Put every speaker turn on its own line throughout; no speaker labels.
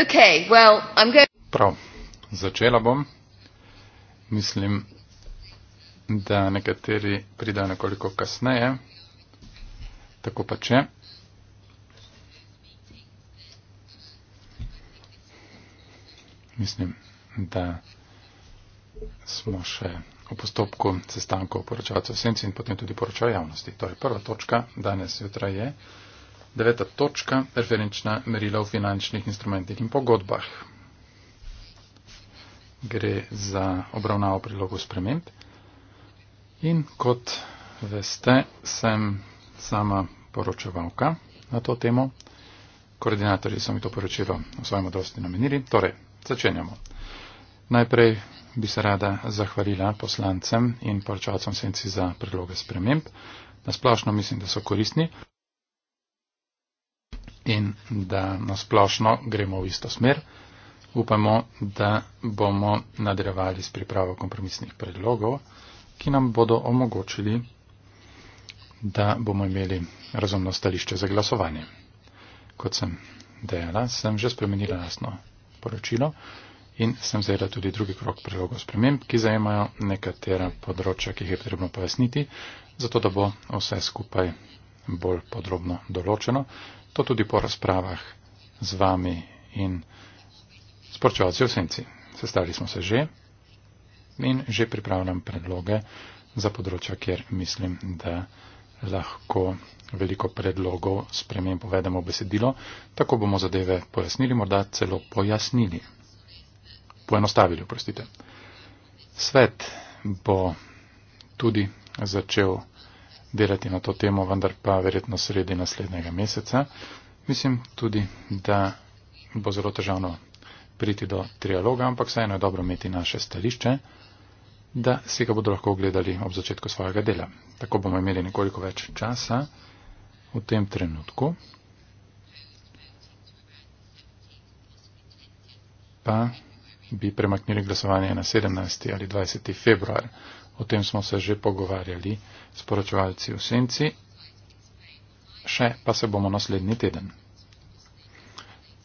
Okay,
well, I'm going...
Prav, začela bom. Mislim, da nekateri pridajo nekoliko kasneje. Tako pa če. Mislim, da smo še v postopku sestankov poročavcev senci in potem tudi poročajo javnosti. To je prva točka. Danes jutra je deveta točka, referenčna merila v finančnih instrumentih in pogodbah. Gre za obravnavo prilogov sprememb. In kot veste, sem sama poročevalka na to temo. Koordinatorji so mi to poročilo v svojem odrosti namenili. Torej, začenjamo. Najprej bi se rada zahvalila poslancem in poročalcem senci za predloge sprememb. Na splošno mislim, da so koristni in da nasplošno gremo v isto smer. Upamo, da bomo nadrevali s pripravo kompromisnih predlogov, ki nam bodo omogočili, da bomo imeli razumno stališče za glasovanje. Kot sem dejala, sem že spremenila jasno poročilo in sem zajela tudi drugi krok predlogov sprememb, ki zajemajo nekatera področja, ki jih je potrebno pojasniti, zato da bo vse skupaj bolj podrobno določeno, to tudi po razpravah z vami in sporočevalci v senci. Sestali smo se že in že pripravljam predloge za področja, kjer mislim, da lahko veliko predlogov spremem povedemo v besedilo, tako bomo zadeve pojasnili, morda celo pojasnili. Poenostavili, oprostite. Svet bo tudi začel delati na to temo, vendar pa verjetno sredi naslednjega meseca. Mislim tudi, da bo zelo težavno priti do trialoga, ampak vseeno je dobro imeti naše stališče, da si ga bodo lahko ogledali ob začetku svojega dela. Tako bomo imeli nekoliko več časa v tem trenutku. Pa bi premaknili glasovanje na 17. ali 20. februar. O tem smo se že pogovarjali s poročevalci v senci, še pa se bomo naslednji teden.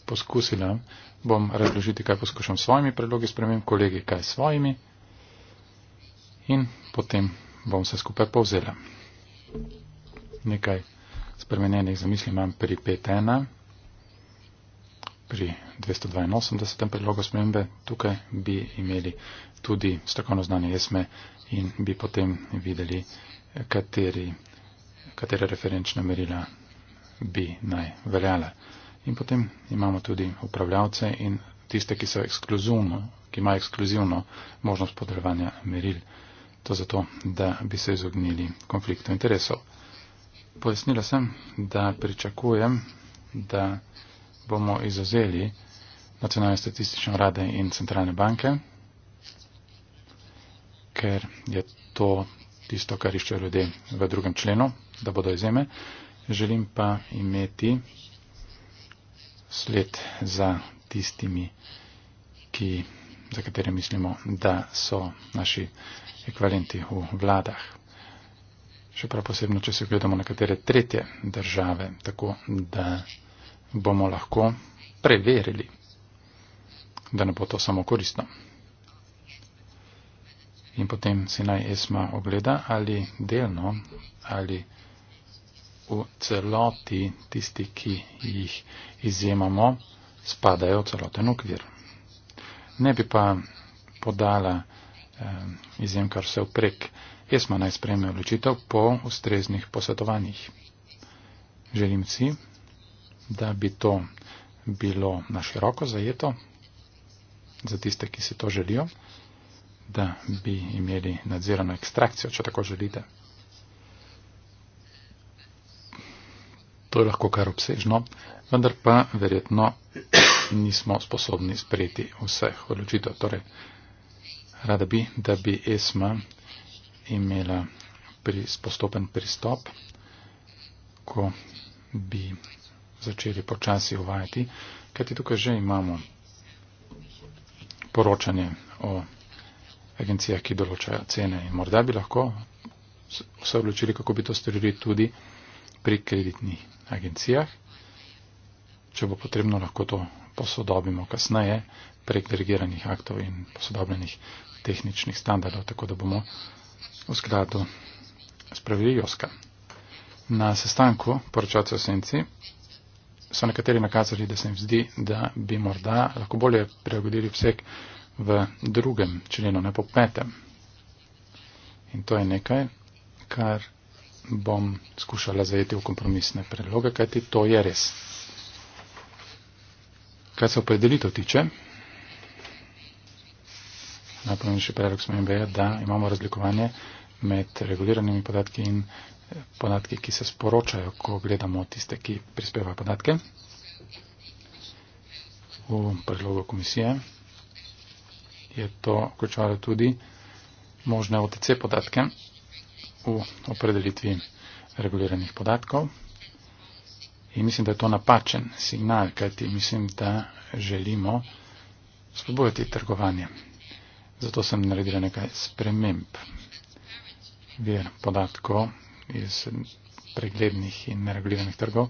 Poskusila bom razložiti, kaj poskušam s svojimi predlogi spremem, kolegi kaj s svojimi in potem bom se skupaj povzela. Nekaj spremenjenih zamisli imam pri 5.1. Pri 282. predlogu spremembe tukaj bi imeli tudi strokovno znanje jesme in bi potem videli, kateri, katera referenčna merila bi naj veljala. In potem imamo tudi upravljavce in tiste, ki so ekskluzivno, ki imajo ekskluzivno možnost podrevanja meril. To zato, da bi se izognili konfliktu interesov. Pojasnila sem, da pričakujem, da bomo izazeli nacionalne statistične urade in centralne banke, ker je to tisto, kar išče ljudje v drugem členu, da bodo izjeme. Želim pa imeti sled za tistimi, ki, za katere mislimo, da so naši ekvalenti v vladah. Še prav posebno, če se gledamo nekatere tretje države, tako da bomo lahko preverili, da ne bo to samo koristno in potem si naj Esma ogleda ali delno ali v celoti tisti, ki jih izjemamo, spadajo v celoten okvir. Ne bi pa podala eh, izjem kar vse vprek. Esma naj spreme odločitev po ustreznih posvetovanjih. Želim si, da bi to bilo na široko zajeto za tiste, ki se to želijo da bi imeli nadzirano ekstrakcijo, če tako želite. To je lahko kar obsežno, vendar pa verjetno nismo sposobni sprejeti vseh odločitev. Torej, rada bi, da bi ESMA imela pri, spostopen pristop, ko bi začeli počasi uvajati, kajti tukaj že imamo poročanje o agencijah, ki določajo cene. In morda bi lahko se odločili, kako bi to storili tudi pri kreditnih agencijah. Če bo potrebno, lahko to posodobimo kasneje prek delegiranih aktov in posodobljenih tehničnih standardov, tako da bomo v skladu spravili Joska. Na sestanku poročati o senci so nekateri nakazali, da se jim zdi, da bi morda lahko bolje prilagodili vseh v drugem členu, ne po petem. In to je nekaj, kar bom skušala zajeti v kompromisne predloge, kajti to je res. Kaj se opredelitev tiče, najpomembnejši predlog smo imeli, da imamo razlikovanje med reguliranimi podatki in eh, podatki, ki se sporočajo, ko gledamo tiste, ki prispevajo podatke v predlogu komisije je to vključevalo tudi možne OTC podatke v opredelitvi reguliranih podatkov. In mislim, da je to napačen signal, kajti mislim, da želimo spodbujati trgovanje. Zato sem naredila nekaj sprememb. Vir podatkov iz preglednih in nereguliranih trgov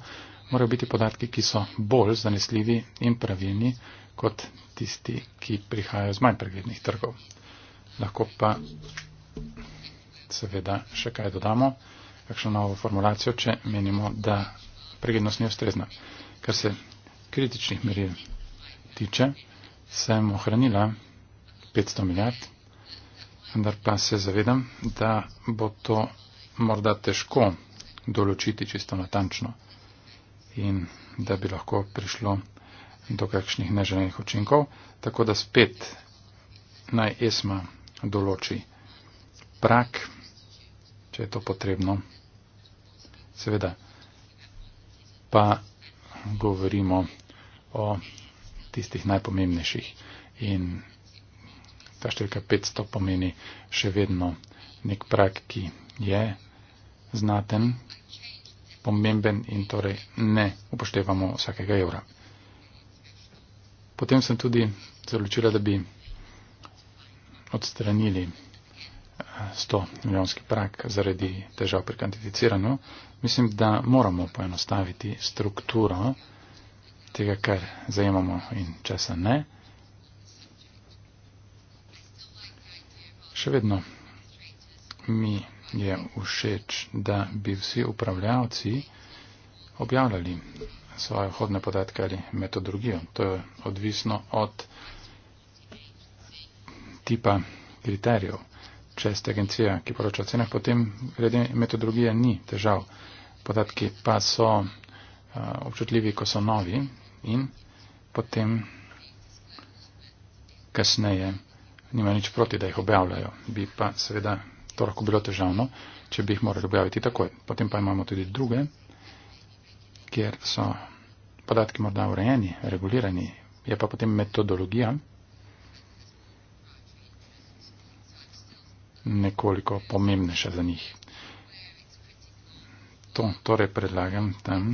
morajo biti podatki, ki so bolj zanesljivi in pravilni, kot tisti, ki prihajajo z manj preglednih trgov. Lahko pa seveda še kaj dodamo, kakšno novo formulacijo, če menimo, da preglednost ni ustrezna. Kar se kritičnih meril tiče, sem ohranila 500 milijard, vendar pa se zavedam, da bo to morda težko določiti čisto natančno in da bi lahko prišlo do kakšnih neželenih učinkov, tako da spet naj ESMA določi prak, če je to potrebno. Seveda pa govorimo o tistih najpomembnejših in ta številka 500 pomeni še vedno nek prak, ki je znaten, pomemben in torej ne upoštevamo vsakega evra. Potem sem tudi zaločila, da bi odstranili 100 eh, milijonski prak zaradi težav pri kvantificiranju. Mislim, da moramo poenostaviti strukturo tega, kar zajemamo in česa ne. Še vedno mi je všeč, da bi vsi upravljavci objavljali svoje vhodne podatke ali metodologijo. To je odvisno od tipa kriterijev. Če ste agencija, ki poroča o cenah, potem glede metodologije ni težav. Podatki pa so uh, občutljivi, ko so novi in potem kasneje nima nič proti, da jih objavljajo. Bi pa seveda to lahko bilo težavno, če bi jih morali objaviti takoj. Potem pa imamo tudi druge kjer so podatki morda urejeni, regulirani, je pa potem metodologija nekoliko pomembnejša za njih. To torej predlagam tam,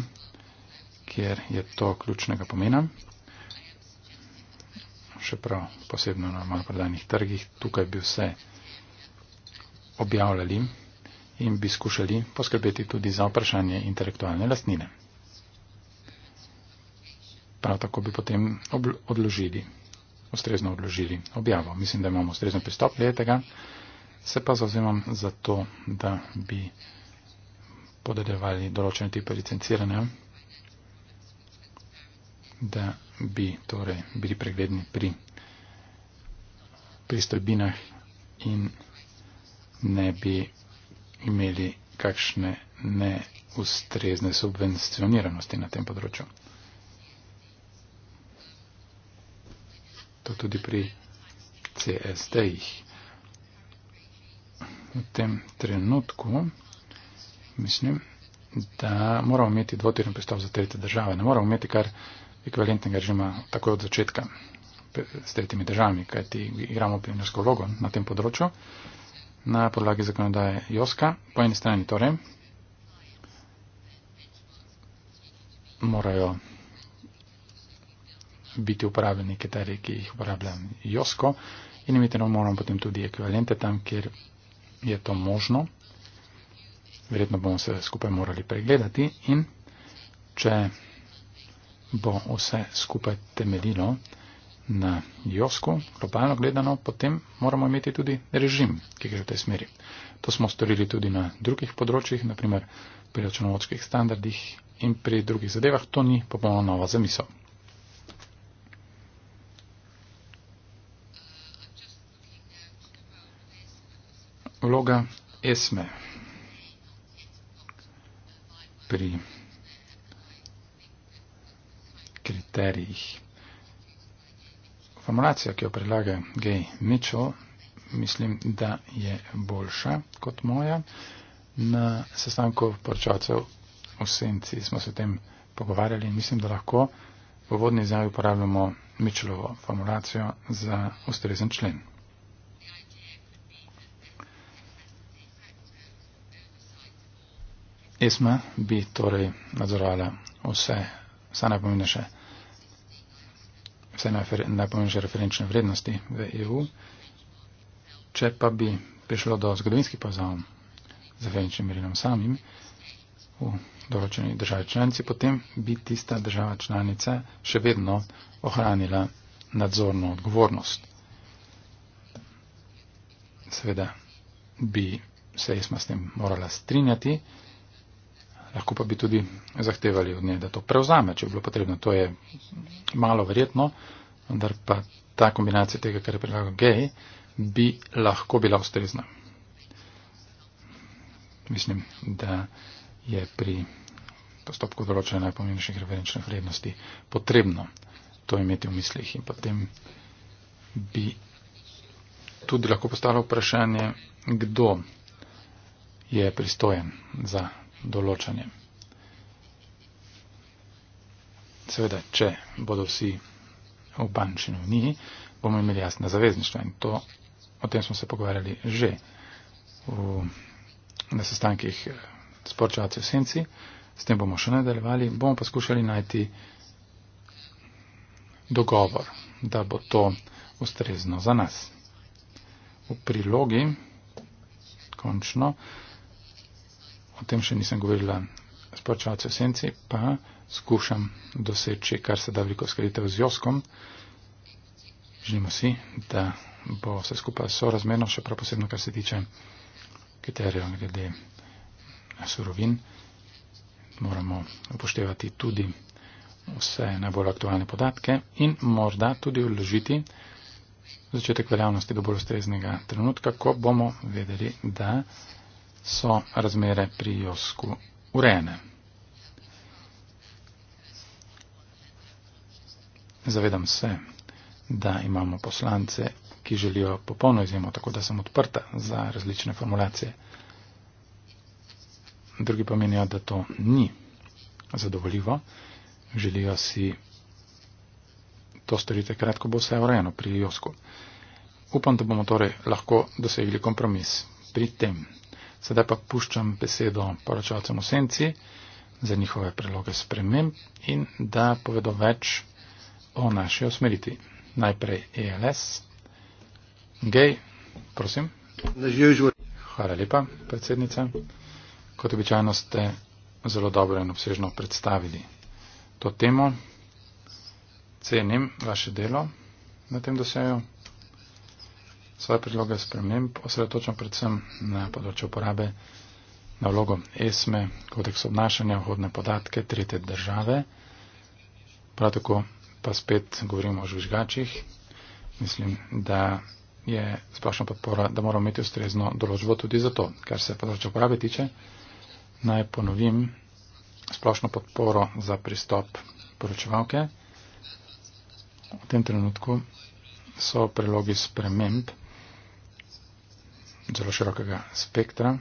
kjer je to ključnega pomena. Še prav posebno na maloprodajnih trgih, tukaj bi vse objavljali in bi skušali poskrbeti tudi za vprašanje intelektualne lastnine prav tako bi potem odložili, ustrezno odložili objavo. Mislim, da imamo ustrezno pristop do tega, se pa zauzemam za to, da bi podedevali določene tipe licenciranja, da bi torej bili pregledni pri pristojbinah in ne bi imeli kakšne neustrezne subvencioniranosti na tem področju. to tudi pri CSD-jih. V tem trenutku mislim, da moramo imeti dvotirni pristop za tretje države. Ne moramo imeti kar ekvivalentnega režima takoj od začetka s tretjimi državami, kajti igramo pionersko vlogo na tem področju na podlagi zakonodaje Joska. Po eni strani torej morajo biti uporabljeni kitari, ki jih uporablja Josko in imeti moram potem tudi ekvivalente tam, kjer je to možno. Verjetno bomo se skupaj morali pregledati in če bo vse skupaj temeljilo na Josku, globalno gledano, potem moramo imeti tudi režim, ki gre v tej smeri. To smo storili tudi na drugih področjih, naprimer pri računovodskih standardih in pri drugih zadevah, to ni popolnoma nova zamisel. vloga Esme pri kriterijih. Formulacija, ki jo predlaga gej Mitchell, mislim, da je boljša kot moja. Na sestanku poročalcev v Senci smo se o tem pogovarjali in mislim, da lahko v vodni izjavi uporabljamo Mitchellovo formulacijo za ustrezen člen. Esma bi torej nadzorovala vse, vse najpomembnejše vse najpomembnejše referenčne vrednosti v EU. Če pa bi prišlo do zgodovinskih povzav z referenčnim merilom samim v določeni državi članici, potem bi tista država članica še vedno ohranila nadzorno odgovornost. Seveda bi se jaz s tem morala strinjati, lahko pa bi tudi zahtevali od nje, da to prevzame, če bi bilo potrebno. To je malo verjetno, vendar pa ta kombinacija tega, kar je predlagal gej, bi lahko bila ustrezna. Mislim, da je pri postopku določene najpomembnejših referenčnih vrednosti potrebno to imeti v mislih in potem bi tudi lahko postalo vprašanje, kdo je pristojen za določanje. Seveda, če bodo vsi v bančini uniji, bomo imeli jasne zavezništva in to, o tem smo se pogovarjali že v, na sestankih eh, s poročevalcem v Senci, s tem bomo še nadaljevali, bomo poskušali najti dogovor, da bo to ustrezno za nas. V prilogi, končno, o tem še nisem govorila. Sporočalce v senci pa skušam doseči, kar se da veliko skladitev z Joskom. Želimo si, da bo vse skupaj sorazmerno, še prav posebno, kar se tiče kriterijev glede surovin. Moramo upoštevati tudi vse najbolj aktualne podatke in morda tudi vložiti začetek veljavnosti do bolj ustreznega trenutka, ko bomo vedeli, da so razmere pri Josku urejene. Zavedam se, da imamo poslance, ki želijo popolno izjemo, tako da sem odprta za različne formulacije. Drugi pa menijo, da to ni zadovoljivo. Želijo si to storite kratko, bo vse urejeno pri Josku. Upam, da bomo torej lahko dosegli kompromis pri tem. Sedaj pa puščam besedo poročalcem v senci za njihove predloge sprememb in da povedo več o naši osmeriti. Najprej ELS. Gej, prosim. Hvala lepa, predsednica. Kot običajno ste zelo dobro in obsežno predstavili to temo. Cenim vaše delo na tem dosegu svoje predloge spremljem, osredotočam predvsem na področje uporabe na vlogo ESME, kodeks obnašanja, vhodne podatke, tretje države, prav tako pa spet govorimo o žvižgačih. Mislim, da je splošna podpora, da moramo imeti ustrezno določbo tudi za to. Kar se področje uporabe tiče, naj ponovim splošno podporo za pristop poročevalke. V tem trenutku so prelogi sprememb zelo širokega spektra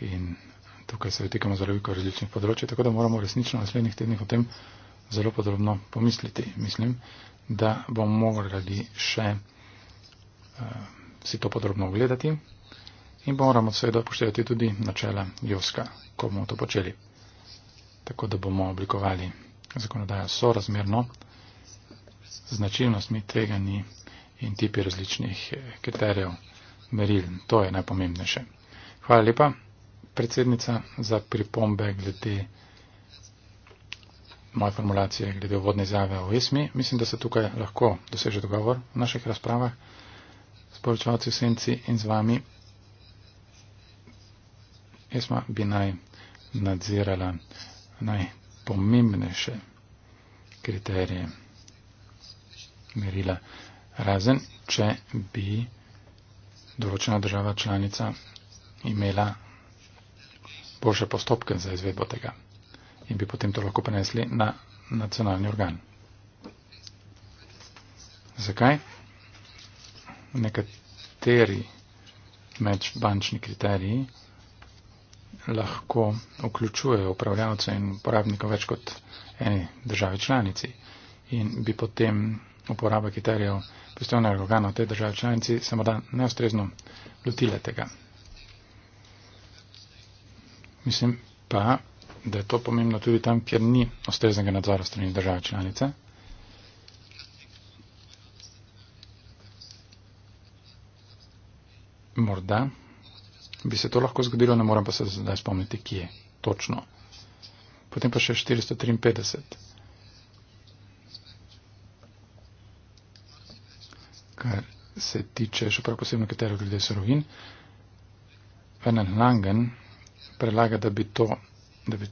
in tukaj se vtikamo zelo veliko različnih področji, tako da moramo resnično v naslednjih tednih o tem zelo podrobno pomisliti. Mislim, da bomo morali še uh, si to podrobno ogledati in moramo seveda upoštevati tudi načela Joska, ko bomo to počeli. Tako da bomo oblikovali zakonodajo sorazmerno z značilnostmi, tveganji in tipi različnih eh, kriterijev meril. To je najpomembnejše. Hvala lepa, predsednica, za pripombe glede moje formulacije, glede vodne izjave o esmi. Mislim, da se tukaj lahko doseže dogovor v naših razpravah s poročevalci v senci in z vami. Esma bi naj nadzirala najpomembnejše kriterije merila, razen če bi določena država članica imela boljše postopke za izvedbo tega in bi potem to lahko prenesli na nacionalni organ. Zakaj? Nekateri medbančni kriteriji lahko vključujejo upravljavce in uporabnika več kot eni državi članici in bi potem uporaba kriterijev pristojne organe v tej državi članici, samo da neostrezno lotile tega. Mislim pa, da je to pomembno tudi tam, kjer ni ostreznega nadzora strani države članice. Morda bi se to lahko zgodilo, ne morem pa se zdaj spomniti, kje točno. Potem pa še 453. kar se tiče še prav posebno katero glede sorovin. Venen Langen predlaga, da bi to, da bi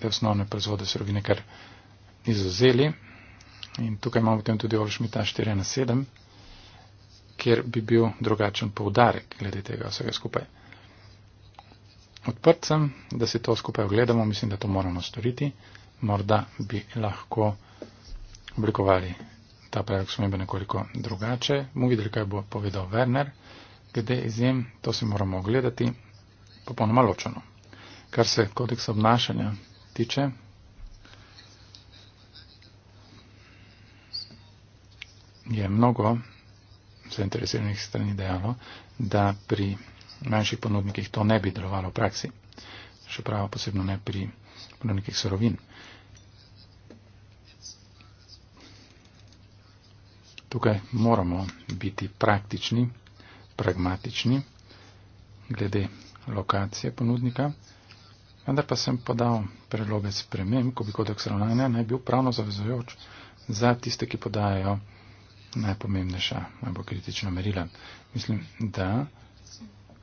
te osnovne proizvode sorovine kar izuzeli. In tukaj imamo potem tudi Olšmita 4 na 7, kjer bi bil drugačen poudarek glede tega vsega skupaj. Odprt sem, da si to skupaj ogledamo, mislim, da to moramo storiti. Morda bi lahko oblikovali ta predlog spremembe nekoliko drugače. Bomo videli, kaj bo povedal Werner, glede izjem, to si moramo ogledati popolnoma ločeno. Kar se kodeksa obnašanja tiče, je mnogo zainteresiranih strani dejalo, da pri manjših ponudnikih to ne bi delovalo v praksi. Še pravo posebno ne pri ponudnikih sorovin. tukaj moramo biti praktični, pragmatični glede lokacije ponudnika, vendar pa sem podal predloge sprememb, ko bi kodeks ravnanja naj bil pravno zavezojoč za tiste, ki podajajo najpomembnejša, najbolj kritična merila. Mislim, da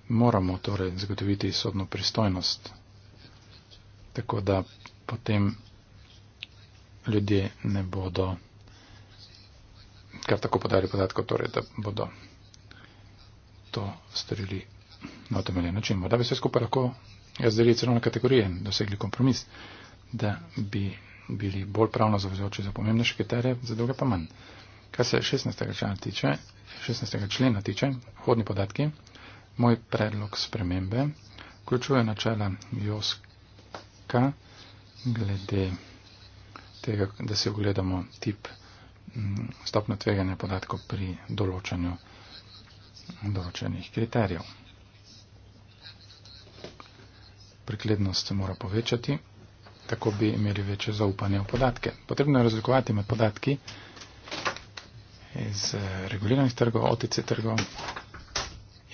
moramo torej zagotoviti sodno pristojnost, tako da potem ljudje ne bodo kar tako podali podatko, torej, da bodo to storili na otemeljen način. Morda bi se skupaj lahko razdelili celo na kategorije in dosegli kompromis, da bi bili bolj pravno zavezujoči za pomembnejše kriterije, za druge pa manj. Kar se 16. člena tiče, 16. člena tiče, hodni podatki, moj predlog spremembe vključuje načela JOSKA glede tega, da si ogledamo tip stopnjo tveganja podatkov pri določanju določenih kriterijev. Preglednost se mora povečati, tako bi imeli večje zaupanje v podatke. Potrebno je razlikovati med podatki iz eh, reguliranih trgov, OTC trgov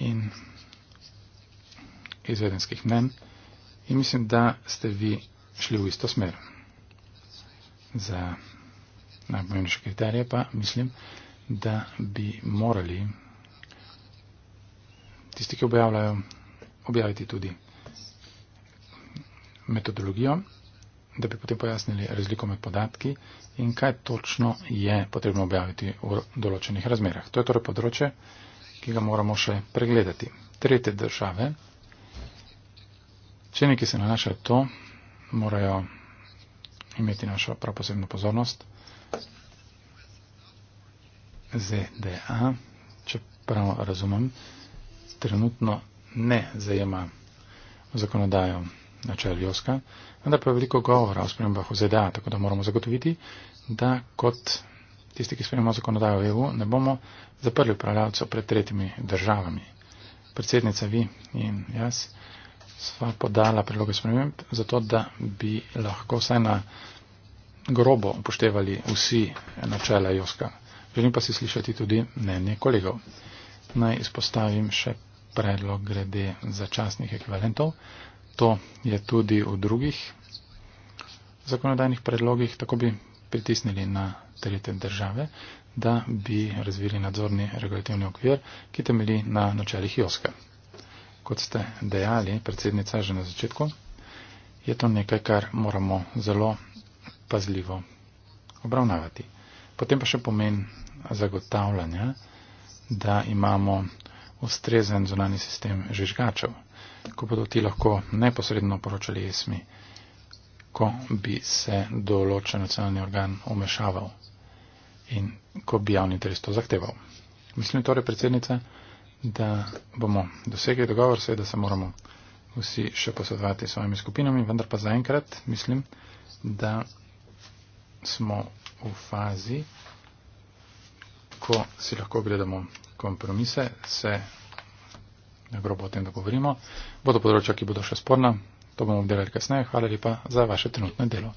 in izvedenskih mnen in mislim, da ste vi šli v isto smer. 在。najpomembnejše kriterije, pa mislim, da bi morali tisti, ki objavljajo, objaviti tudi metodologijo, da bi potem pojasnili razliko med podatki in kaj točno je potrebno objaviti v določenih razmerah. To je torej področje, ki ga moramo še pregledati. Tretje države, členi, ki se nanašajo to, morajo imeti našo prav posebno pozornost. ZDA, čeprav razumem, trenutno ne zajema zakonodajo načel Joska, vendar pa je veliko govora o spremembah v ZDA, tako da moramo zagotoviti, da kot tisti, ki spremljamo zakonodajo v EU, ne bomo zaprli upravljavcev pred tretjimi državami. Predsednica vi in jaz sva podala predloge sprememb, zato da bi lahko vsaj na grobo upoštevali vsi načela Joska. Želim pa si slišati tudi mnenje kolegov. Naj izpostavim še predlog grede začasnih ekvivalentov. To je tudi v drugih zakonodajnih predlogih, tako bi pritisnili na tretje države, da bi razvili nadzorni regulativni okvir, ki temelji na načelih Joska. Kot ste dejali, predsednica, že na začetku, je to nekaj, kar moramo zelo pazljivo obravnavati. Potem pa še pomen zagotavljanja, da imamo ustrezen zunani sistem žvižgačev, ko bodo ti lahko neposredno poročali esmi, ko bi se določen nacionalni organ umešaval in ko bi javni interes to zahteval. Mislim torej, predsednica, da bomo dosegli dogovor, seveda se moramo vsi še posvetovati s svojimi skupinami, vendar pa zaenkrat mislim, da smo v fazi, ko si lahko gledamo kompromise, se grobo o tem dogovorimo. Bodo področja, ki bodo še sporna, to bomo obdelali kasneje. Hvala lepa za vaše trenutno delo.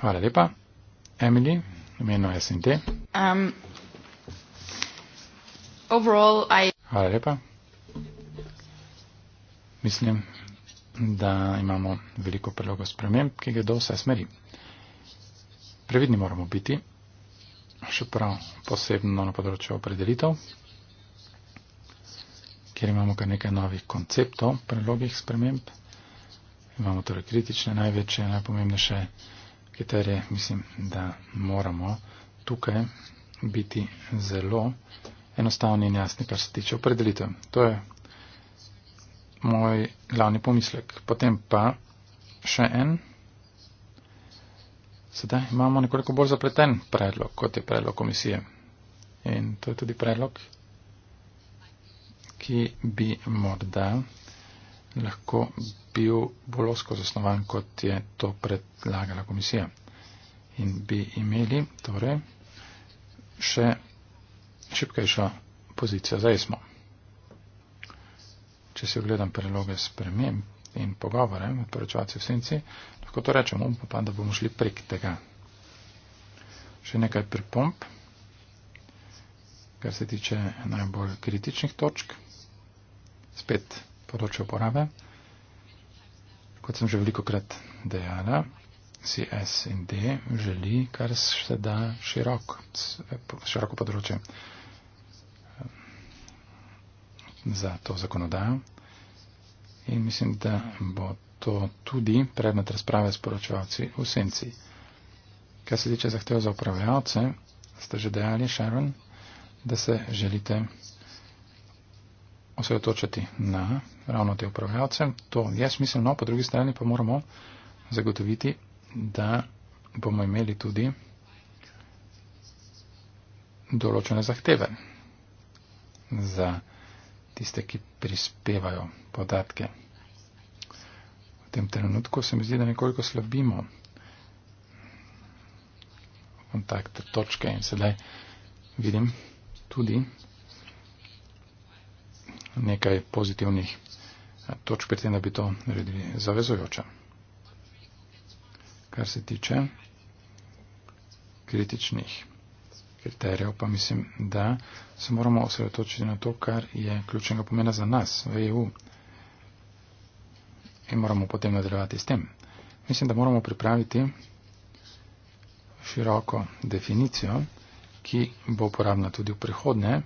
Hvala lepa. Emily, imeno SND. Um, overall, I... Hvala lepa. Mislim, da imamo veliko predlogov sprememb, ki gredo vse smeri. Previdni moramo biti, še prav posebno na področju opredelitev, kjer imamo kar nekaj novih konceptov, prelogih sprememb. Imamo torej kritične, največje, najpomembnejše kriterije. Mislim, da moramo tukaj biti zelo enostavni in jasni, kar se tiče opredelitev. To je moj glavni pomislek. Potem pa še en Sedaj imamo nekoliko bolj zapleten predlog, kot je predlog komisije. In to je tudi predlog, ki bi morda lahko bil bolj osko zasnovan, kot je to predlagala komisija. In bi imeli torej še šipkejšo pozicijo. Zdaj smo. Če si ogledam preloge spremem in pogovore med poročevalci v senci, Tako to rečem, upam pa, da bomo šli prek tega. Še nekaj pripomp, kar se tiče najbolj kritičnih točk, spet področje uporabe. Kot sem že veliko krat dejala, CS in D želi, kar se da širok, široko področje ehm, za to zakonodajo. In mislim, da bo to tudi predmet razprave s poročevalci v senci. Kar se tiče zahtev za upravljalce, ste že dejali, Sharon, da se želite osredotočiti na ravno te upravljalce. To je smiselno, po drugi strani pa moramo zagotoviti, da bomo imeli tudi določene zahteve za tiste, ki prispevajo podatke tem trenutku se mi zdi, da nekoliko slabimo kontakte, točke in sedaj vidim tudi nekaj pozitivnih točk pri tem, da bi to naredili zavezojoče. Kar se tiče kritičnih kriterijev, pa mislim, da se moramo osredotočiti na to, kar je ključnega pomena za nas v EU in moramo potem nadaljevati s tem. Mislim, da moramo pripraviti široko definicijo, ki bo uporabna tudi v prihodnje,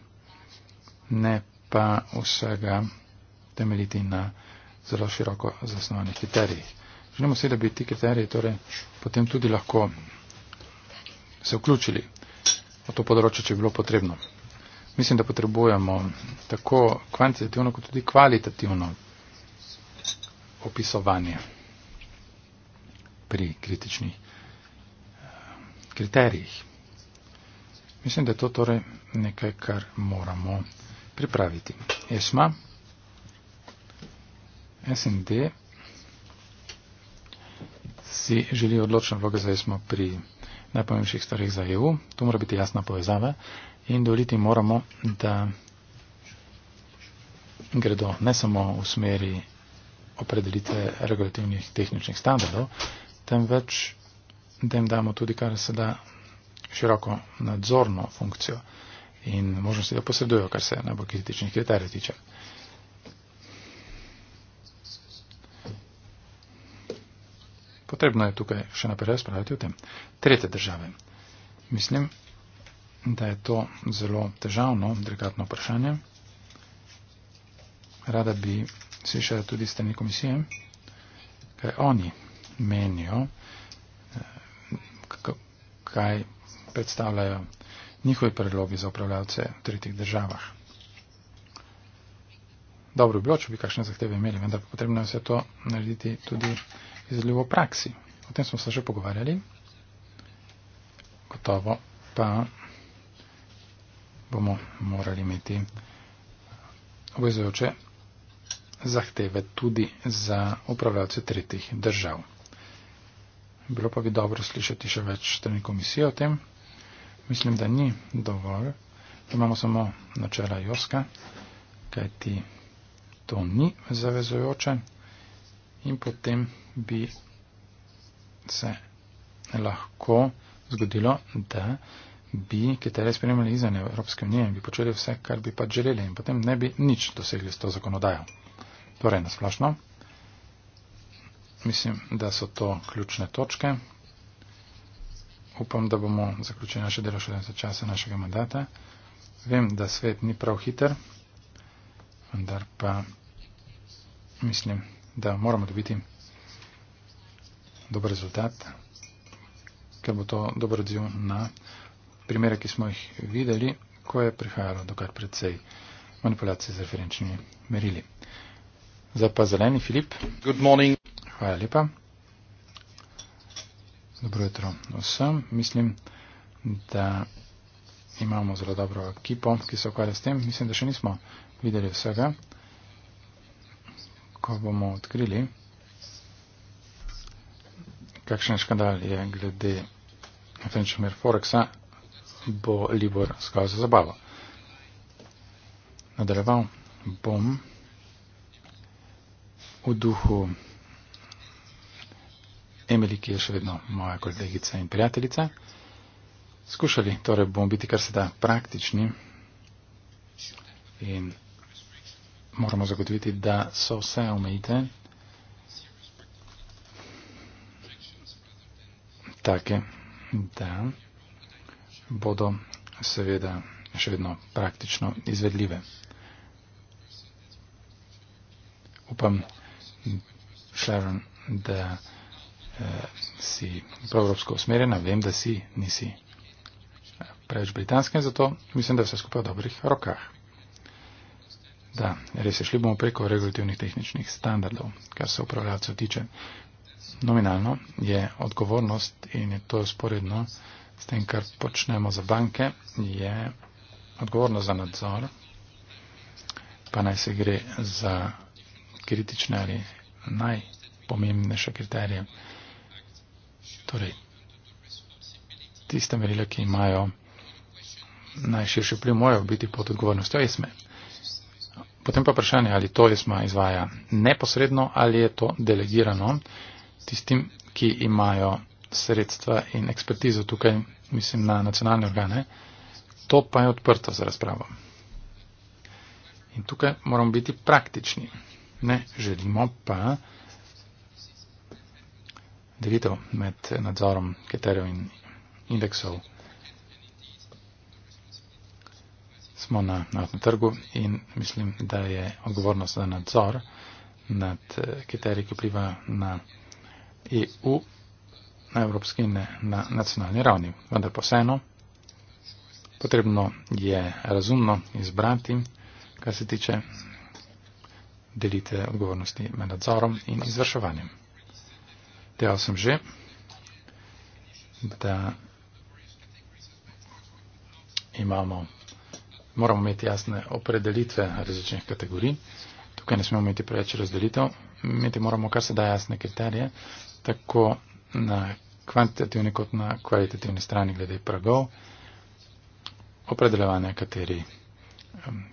ne pa vsega temeljiti na zelo široko zasnovanih kriterijih. Želimo si, da bi ti kriteriji torej potem tudi lahko se vključili v to področje, če je bilo potrebno. Mislim, da potrebujemo tako kvantitativno kot tudi kvalitativno opisovanje pri kritičnih eh, kriterijih. Mislim, da je to torej nekaj, kar moramo pripraviti. ESMA, SND, si želi odločno vloge za ESMA pri najpomembnejših stvarih za EU. To mora biti jasna povezava in dovoliti moramo, da gredo ne samo v smeri opredelitve regulativnih tehničnih standardov, temveč da jim damo tudi kar se da široko nadzorno funkcijo in možnosti, da posredujo, kar se najbolj kritičnih kriterijev tiče. Potrebno je tukaj še naprej razpravljati o tem. Tretje države. Mislim, da je to zelo težavno, delikatno vprašanje. Rada bi slišala tudi strani komisije, kaj oni menijo, eh, kaj predstavljajo njihovi predlogi za upravljavce v tretjih državah. Dobro bi bilo, če bi kakšne zahteve imeli, vendar pa potrebno je vse to narediti tudi izljivo v praksi. O tem smo se že pogovarjali. Gotovo pa bomo morali imeti obvezujoče zahteve tudi za upravljalce tretjih držav. Bilo pa bi dobro slišati še več strani komisije o tem. Mislim, da ni dovolj. Imamo samo načela Joska, kajti to ni zavezojoče in potem bi se lahko zgodilo, da bi kitere sprejemali izven Evropske unije in bi počeli vse, kar bi pa želeli in potem ne bi nič dosegli s to zakonodajo. Torej, nasplošno, mislim, da so to ključne točke. Upam, da bomo zaključili naše delo še za časa našega mandata. Vem, da svet ni prav hiter, vendar pa mislim, da moramo dobiti dober rezultat, ker bo to dober odziv na primere, ki smo jih videli, ko je prihajalo dokaj precej manipulacije z referenčnimi merili. Zdaj pa zeleni Filip. Hvala lepa. Dobro jutro vsem. Mislim, da imamo zelo dobro ekipo, ki se ukvarja s tem. Mislim, da še nismo videli vsega. Ko bomo odkrili, kakšen škandal je glede Fenčemer Forexa, bo Libor skal za zabavo. Nadaljeval bom v duhu Emily, ki je še vedno moja kolegica in prijateljica. Skušali, torej bomo biti kar se da praktični in moramo zagotoviti, da so vse omejite take, da bodo seveda še vedno praktično izvedljive. Upam, Sharon, da eh, si proevropsko usmerjena, vem, da si, nisi eh, preveč britanska in zato mislim, da vse skupaj v dobrih rokah. Da, res je, šli bomo preko regulativnih tehničnih standardov, kar se upravljalcev tiče. Nominalno je odgovornost in je to sporedno s tem, kar počnemo za banke, je odgovornost za nadzor, pa naj se gre za kritične ali najpomembnejše kriterije. Torej, tiste merile, ki imajo najširši vpliv, morajo biti pod odgovornostjo ESME. Potem pa vprašanje, ali to ESMA izvaja neposredno ali je to delegirano tistim, ki imajo sredstva in ekspertizo tukaj, mislim, na nacionalne organe. To pa je odprto za razpravo. In tukaj moramo biti praktični ne želimo pa delitev med nadzorom keterjev in indeksov. Smo na naftnem trgu in mislim, da je odgovornost za nadzor nad eh, keterji, ki vpliva na EU, na evropski in na nacionalni ravni. Vendar pa vseeno, potrebno je razumno izbrati, kar se tiče delite odgovornosti med nadzorom in izvrševanjem. Dejal sem že, da imamo, moramo imeti jasne opredelitve različnih kategorij. Tukaj ne smemo imeti preveč razdelitev. Imeti moramo kar se da jasne kriterije, tako na kvantitativni kot na kvalitativni strani glede pragov, opredeljevanja, kateri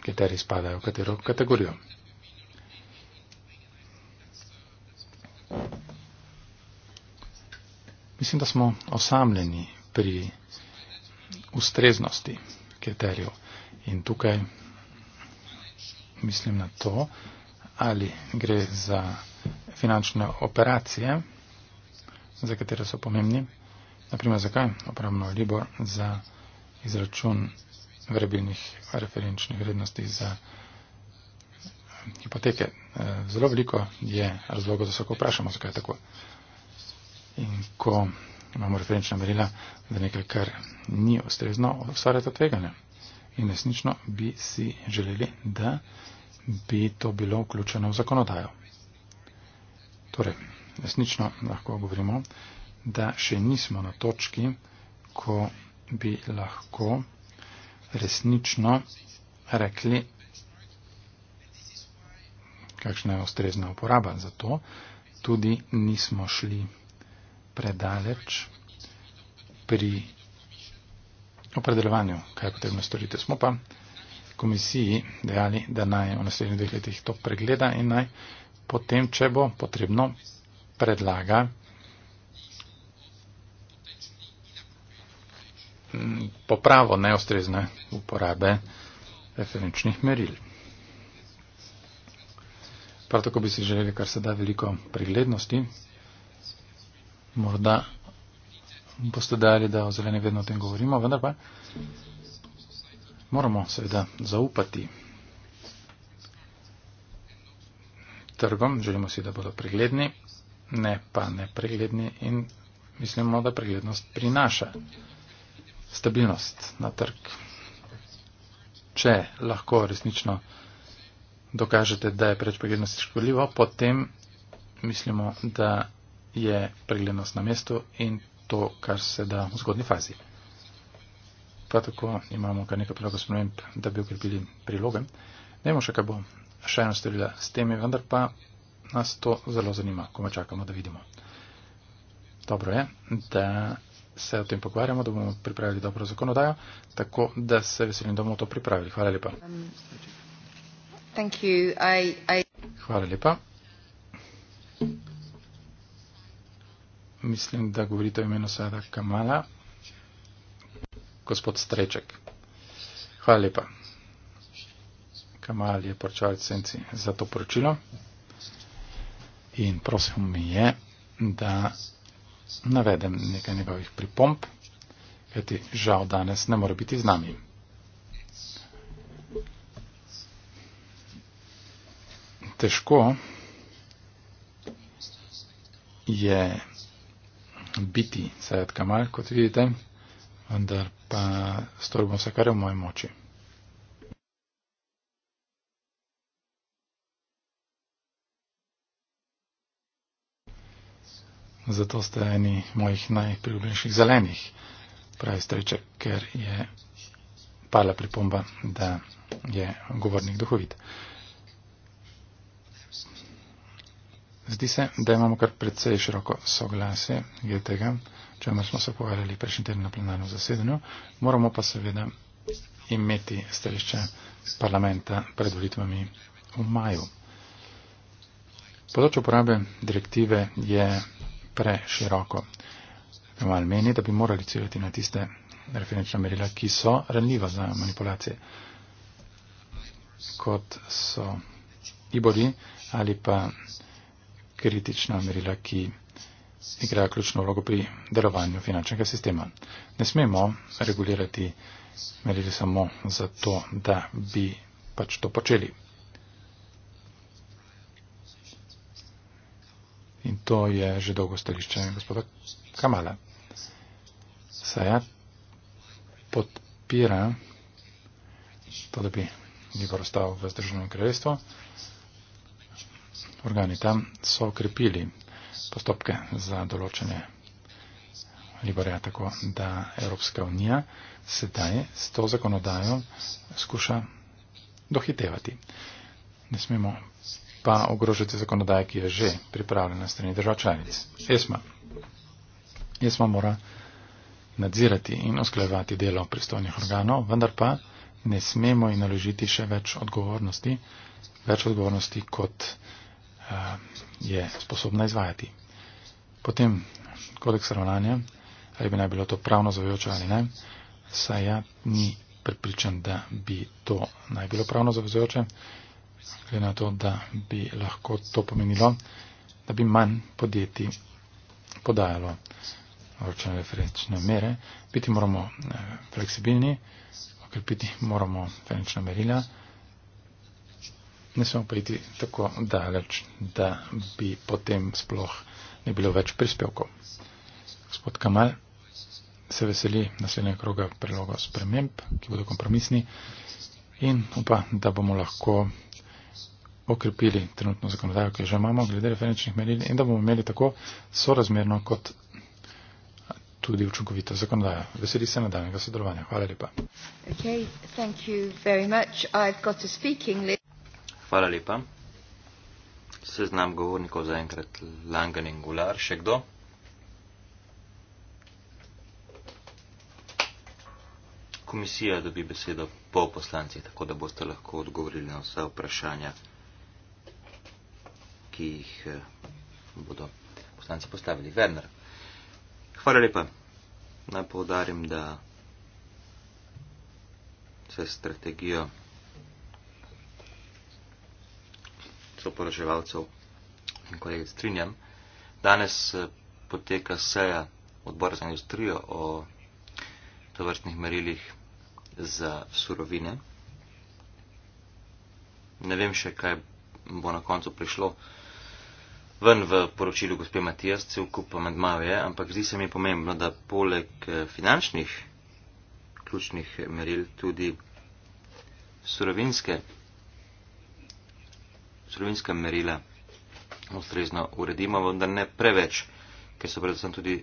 kriteriji spadajo v katero kategorijo. Mislim, da smo osamljeni pri ustreznosti kriterijev. In tukaj mislim na to, ali gre za finančne operacije, za katere so pomembni. Naprimer, zakaj opravno Libor za izračun variabilnih referenčnih vrednosti za hipoteke. Eh, zelo veliko je razlogov, da se lahko vprašamo, zakaj je tako. In ko imamo referenčna merila, da nekaj, kar ni ustrezno, ustvarja to tveganje. In resnično bi si želeli, da bi to bilo vključeno v zakonodajo. Torej, resnično lahko govorimo, da še nismo na točki, ko bi lahko resnično rekli, kakšna je ustrezna uporaba. Zato tudi nismo šli predaleč pri opredeljevanju, kaj je potrebno storiti. Smo pa komisiji dejali, da naj v naslednjih dveh letih to pregleda in naj potem, če bo potrebno, predlaga mm, popravo neostrezne uporabe referenčnih meril. Prav tako bi si želeli kar se da veliko preglednosti morda boste dali, da o zelenem vedno o tem govorimo, vendar pa moramo seveda zaupati trgom, želimo si, da bodo pregledni, ne pa nepregledni in mislimo, da preglednost prinaša stabilnost na trg. Če lahko resnično dokažete, da je predpreglednost škodljivo, potem mislimo, da je preglednost na mestu in to, kar se da v zgodni fazi. Pa tako imamo kar nekaj predlogov sprememb, da bi ukrepili priloge. Ne vemo še, kaj bo še eno storila s temi, vendar pa nas to zelo zanima, ko me čakamo, da vidimo. Dobro je, da se o tem pogovarjamo, da bomo pripravili dobro zakonodajo, tako da se veselim, da bomo to pripravili. Hvala lepa.
Um, thank you. I, I...
Hvala lepa. mislim, da govorite o imenu Sada Kamala, gospod Streček. Hvala lepa. Kamal je poročal senci za to poročilo in prosil mi je, da navedem nekaj njegovih pripomp, kajti žal danes ne more biti z nami. Težko je biti sajat kamal, kot vidite, vendar pa storim vse, kar je v moji moči. Zato ste eni mojih najpriljubljenših zelenih, pravi stariček, ker je pala pripomba, da je govornik duhovit. Uh, Zdi se, da imamo kar precej široko soglasje glede tega, če smo se pogovarjali prejšnji teden na plenarnem zasedanju. Moramo pa seveda imeti stališče parlamenta pred volitvami v maju. Področje uporabe direktive je preširoko. Normal meni, da bi morali ciljati na tiste referenčna merila, ki so ranljiva za manipulacije, kot so iboli ali pa kritična merila, ki igrajo ključno vlogo pri delovanju finančnega sistema. Ne smemo regulirati merili samo zato, da bi pač to počeli. In to je že dolgo stališče gospoda Kamala. Saja podpira to, da bi Libor ostal v Združenem kraljestvu organi tam so ukrepili postopke za določene liberja, tako da Evropska unija sedaj s to zakonodajo skuša dohitevati. Ne smemo pa ogrožiti zakonodaje, ki je že pripravljena strani držav članic. ESMA. ESMA mora nadzirati in usklajevati delo pristojnih organov, vendar pa ne smemo in naložiti še več odgovornosti, več odgovornosti kot Eh, je sposobna izvajati. Potem kodeks ravnanja, ali bi naj bilo to pravno zavezujoče ali ne, saj ja ni pripričan, da bi to naj bilo pravno zavezujoče, glede na to, da bi lahko to pomenilo, da bi manj podjetij podajalo vročene referenčne mere, biti moramo eh, fleksibilni, okrepiti moramo referenčna merila ne smemo priti tako daleč, da bi potem sploh ne bilo več prispevkov. Gospod Kamal se veseli naslednjega kroga prelogov sprememb, ki bodo kompromisni in upa, da bomo lahko okrepili trenutno zakonodajo, ki jo že imamo glede referenčnih meril in da bomo imeli tako sorazmerno kot tudi učinkovito zakonodajo. Veseli se nadaljnega sodelovanja. Hvala lepa.
Okay,
Hvala lepa. Seznam govornikov zaenkrat Langen in Gular. Še kdo? Komisija dobi besedo po poslancih, tako da boste lahko odgovorili na vse vprašanja, ki jih eh, bodo poslanci postavili. Werner. Hvala lepa. Naj povdarim, da se strategijo vodstvo poraževalcev. In ko je strinjam, danes eh, poteka seja odbora za industrijo o tovrstnih merilih za surovine. Ne vem še, kaj bo na koncu prišlo ven v poročilu gospe Matijas, cel kup amendmajev je, ampak zdi se mi pomembno, da poleg eh, finančnih ključnih meril tudi surovinske vsebinska merila ustrezno uredimo, vendar ne preveč, ker so predvsem tudi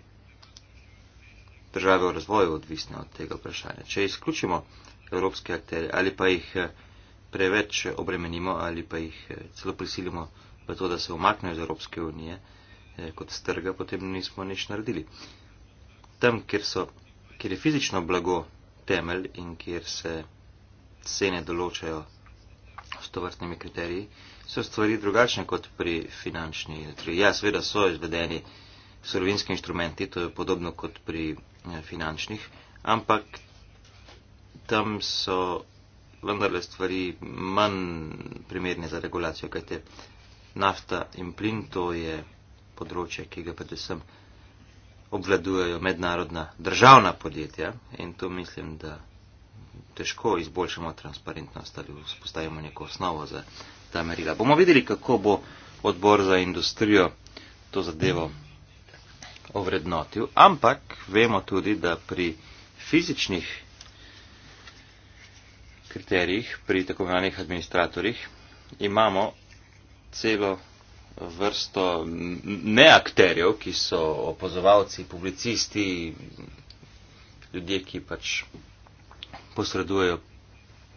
države v razvoju odvisne od tega vprašanja. Če izključimo evropske akterje ali pa jih eh, preveč obremenimo ali pa jih eh, celo prisilimo v to, da se umaknejo iz Evropske unije eh, kot strga, potem nismo nič naredili. Tam, kjer, so, kjer je fizično blago temelj in kjer se cene določajo s tovrstnimi kriteriji, so stvari drugačne kot pri finančni industriji. Ja, seveda so izvedeni surovinski inštrumenti, to je podobno kot pri eh, finančnih, ampak tam so vendarle stvari manj primerne za regulacijo, kaj te nafta in plin, to je področje, ki ga predvsem obvladujejo mednarodna državna podjetja in to mislim, da težko izboljšamo transparentnost ali vzpostavimo neko osnovo za ta merila. Bomo videli, kako bo odbor za industrijo to zadevo ovrednotil, ampak vemo tudi, da pri fizičnih kriterijih, pri tako imenovanih administratorjih, imamo celo vrsto neakterjev, ki so opozovalci, publicisti, ljudje, ki pač posredujejo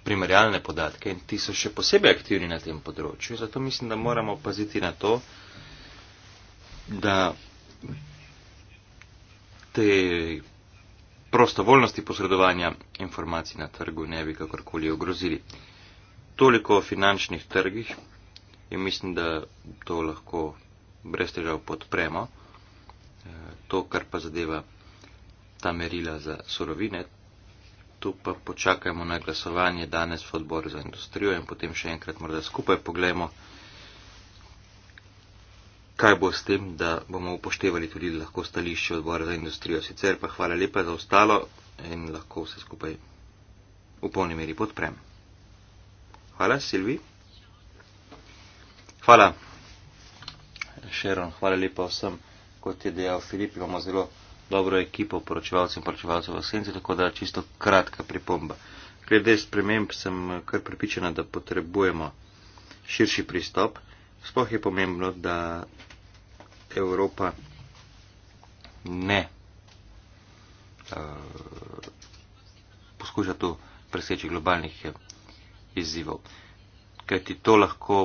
primerjalne podatke in ti so še posebej aktivni na tem področju. Zato mislim, da moramo paziti na to, da te prostovoljnosti posredovanja informacij na trgu ne bi kakorkoli ogrozili. Toliko o finančnih trgih in mislim, da to lahko brez težav podpremo. E, to, kar pa zadeva ta merila za surovine, tu pa počakajmo na glasovanje danes v odboru za industrijo in potem še enkrat morda skupaj pogledamo, kaj bo s tem, da bomo upoštevali tudi lahko stališče odbora za industrijo. Sicer pa hvala lepa za ostalo in lahko vse skupaj v polni meri podprem. Hvala, Silvi. Hvala, Šeron. Hvala lepa vsem, kot je dejal Filip, imamo zelo dobro ekipo poročevalcev in poročevalcev v senci, tako da čisto kratka pripomba. Glede sprememb sem eh, kar pripričana, da potrebujemo širši pristop. Sploh je pomembno, da Evropa ne uh, poskuša tu preseči globalnih eh, izzivov, kajti to lahko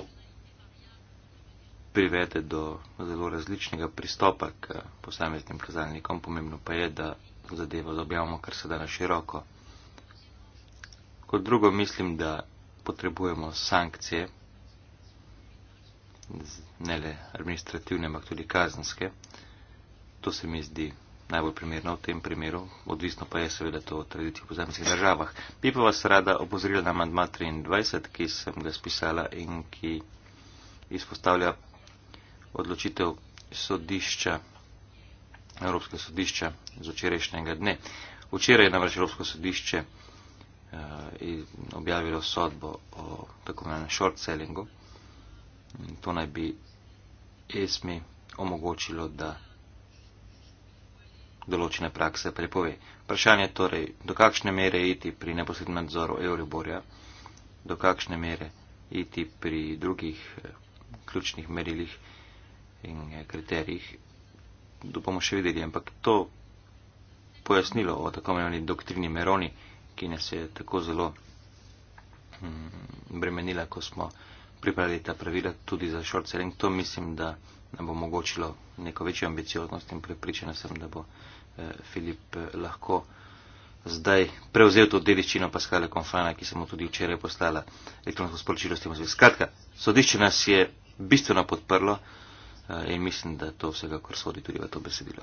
privede do zelo različnega pristopa k eh, posameznim kazalnikom. Pomembno pa je, da zadevo dobjamo kar se da na široko. Kot drugo mislim, da potrebujemo sankcije, ne le administrativne, ampak tudi kazenske. To se mi zdi najbolj primerno v tem primeru, odvisno pa je seveda to o tradiciji v posameznih državah. Bi pa vas rada opozorila na mandma 23, ki sem ga spisala in ki izpostavlja odločitev sodišča, Evropske sodišča z včerajšnjega dne. Včeraj je namreč Evropsko sodišče uh, objavilo sodbo o tako imenem short sellingu. To naj bi ESMI omogočilo, da določene prakse prepove. Vprašanje je torej, do kakšne mere iti pri neposrednem nadzoru Euriborja, do kakšne mere iti pri drugih eh, ključnih merilih, in eh, kriterijih. To bomo še videli, ampak to pojasnilo o tako imenovani doktrini Meroni, ki nas je tako zelo mm, bremenila, ko smo pripravili ta pravila tudi za short selling, to mislim, da nam bo omogočilo neko večjo ambicioznost in prepričana sem, da bo eh, Filip eh, lahko zdaj prevzel to dediščino Paskale Konfana, ki sem mu tudi včeraj poslala elektronsko sporočilo s tem. Skratka, sodišče nas je bistveno podprlo. Eh, in mislim, da to vsekakor sodi tudi v to besedilo.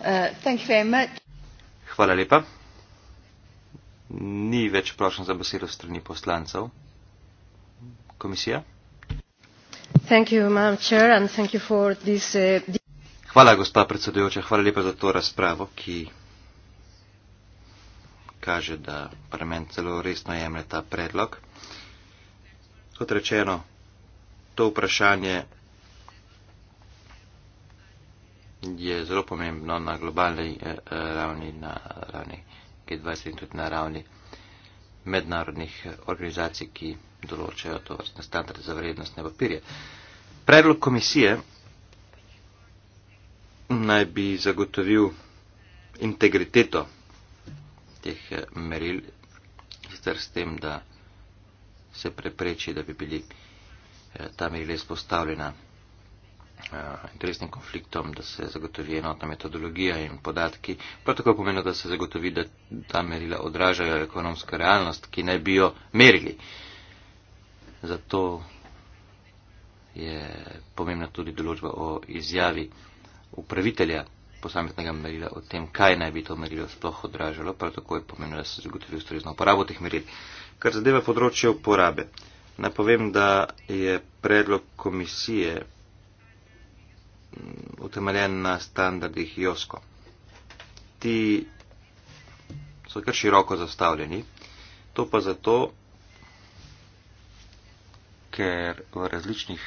Eh, Hvala lepa. Ni več prošen za besedo strani poslancev. Komisija. Eh, Hvala, gospa predsedujoča. Hvala lepa za to razpravo, ki kaže, da parlament zelo resno jemlje ta predlog. Kot rečeno, to vprašanje je zelo pomembno na globalni eh, eh, ravni, na ravni G20 in tudi na ravni mednarodnih eh, organizacij, ki določajo to vrstne standarde za vrednostne papirje. Predlog komisije naj bi zagotovil integriteto teh meril, sicer s tem, da se prepreči, da bi bili tam je bila izpostavljena eh, interesnim konfliktom, da se zagotovi enotna metodologija in podatki. Prav tako pomeni, da se zagotovi, da ta merila odražajo ekonomsko realnost, ki naj bi jo merili. Zato je pomembna tudi določba o izjavi upravitelja posameznega merila o tem, kaj naj bi to merilo sploh odražalo. Prav tako je pomembno, da se zagotovi ustrezno uporabo teh meril. Kar zadeva področje uporabe. Napovem, da je predlog komisije mm, utemeljen na standardih JOSKO. Ti so kar široko zastavljeni. To pa zato, ker v različnih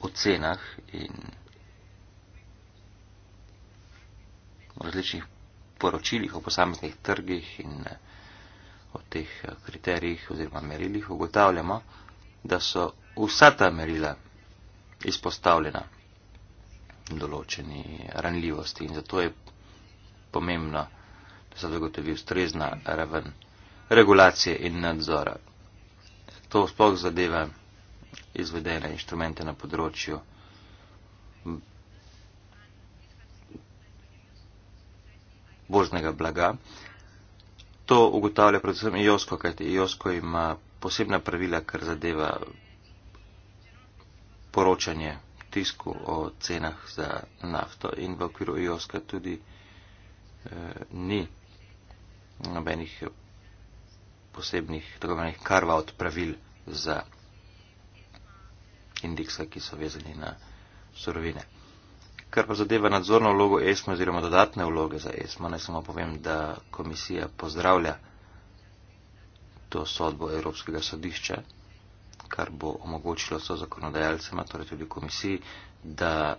ocenah in v različnih poročilih o posameznih trgih in eh, o teh eh, kriterijih oziroma merilih ugotavljamo, da so vsa ta merila izpostavljena določeni ranljivosti in zato je pomembno, da se zagotovi ustrezna raven regulacije in nadzora. To sploh zadeva izvedene inštrumente na področju božnega blaga. To ugotavlja predvsem IOSKO, kajti IOSKO ima posebna pravila, kar zadeva poročanje tisku o cenah za nafto in v okviru IOSKA tudi eh, ni nobenih posebnih, tako imenih karva od pravil za indeksa, ki so vezani na sorovine. Kar pa zadeva nadzorno vlogo ESMA oziroma dodatne vloge za ESMA, naj samo povem, da komisija pozdravlja to sodbo Evropskega sodišča, kar bo omogočilo so zakonodajalcema, torej tudi komisiji, da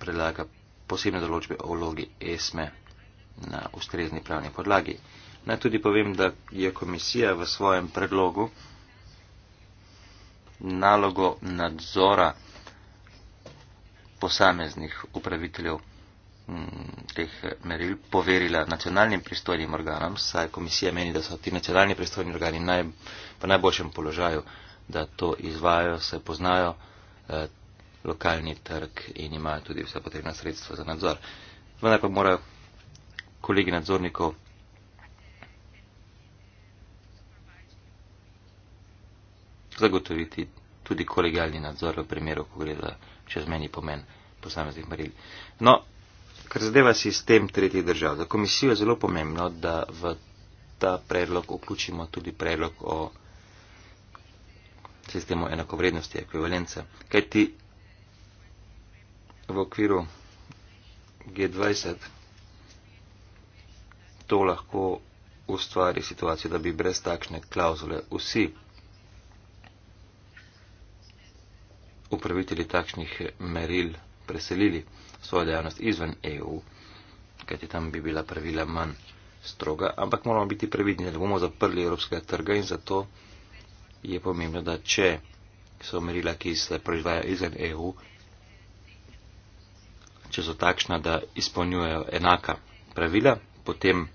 predlaga posebne določbe o vlogi ESME na ustrezni pravni podlagi. Naj tudi povem, da je komisija v svojem predlogu nalogo nadzora posameznih upraviteljev Mm, teh meril poverila nacionalnim pristojnim organom, saj komisija meni, da so ti nacionalni pristojni organi naj, v najboljšem položaju, da to izvajo, se poznajo eh, lokalni trg in imajo tudi vse potrebna sredstva za nadzor. Vendar pa morajo kolegi nadzornikov. zagotoviti tudi kolegialni nadzor v primeru, ko gre za čezmeni pomen posameznih meril. No, Kar zadeva sistem tretjih držav, za komisijo je zelo pomembno, da v ta predlog vključimo tudi predlog o sistemu enakovrednosti, ekvivalence. Kaj ti v okviru G20 to lahko ustvari situacijo, da bi brez takšne klauzule vsi upraviteli takšnih meril preselili svojo dejavnost izven EU, kajti tam bi bila pravila manj stroga, ampak moramo biti previdni, da bomo zaprli evropskega trga in zato je pomembno, da če so merila, ki se proizvajajo izven EU, če so takšna, da izpolnjujejo enaka pravila, potem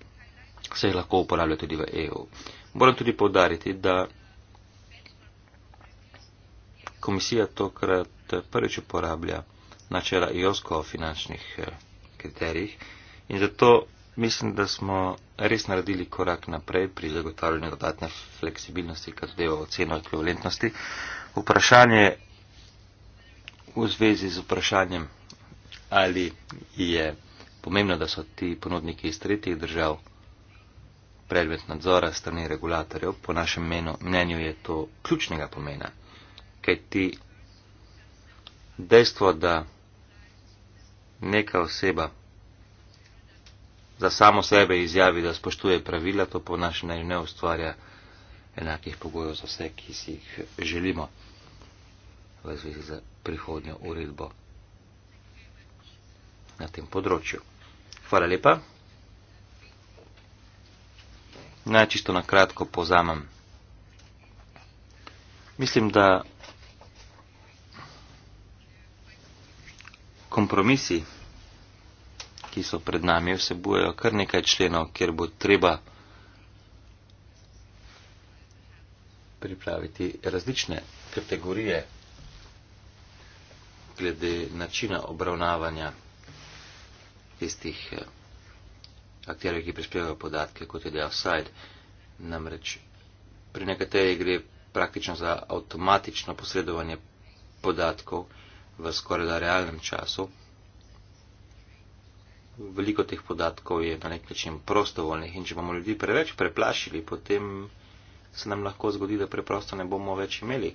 se jih lahko uporablja tudi v EU. Moram tudi povdariti, da komisija tokrat prvič uporablja načela IOSCO o finančnih eh, kriterijih in zato mislim, da smo res naredili korak naprej pri zagotavljanju dodatne fleksibilnosti, kar zadeva oceno ekvivalentnosti. Vprašanje v zvezi z vprašanjem, ali je pomembno, da so ti ponudniki iz tretjih držav predmet nadzora strani regulatorjev, po našem menu, mnenju je to ključnega pomena, kaj ti dejstvo, da neka oseba za samo sebe izjavi, da spoštuje pravila, to po našem naj ne ustvarja enakih pogojev za vse, ki si jih želimo v zvezi z prihodnjo uredbo na tem področju. Hvala lepa. Najčisto na kratko pozamem. Mislim, da kompromisi, ki so pred nami, vsebujejo kar nekaj členov, kjer bo treba pripraviti različne kategorije glede načina obravnavanja tistih eh, akterjev, ki prispevajo podatke, kot je dejal Said. Namreč pri nekaterih gre praktično za avtomatično posredovanje podatkov v skoraj da realnem času. Veliko teh podatkov je na nek način prostovoljnih in če bomo ljudi preveč preplašili, potem se nam lahko zgodi, da preprosto ne bomo več imeli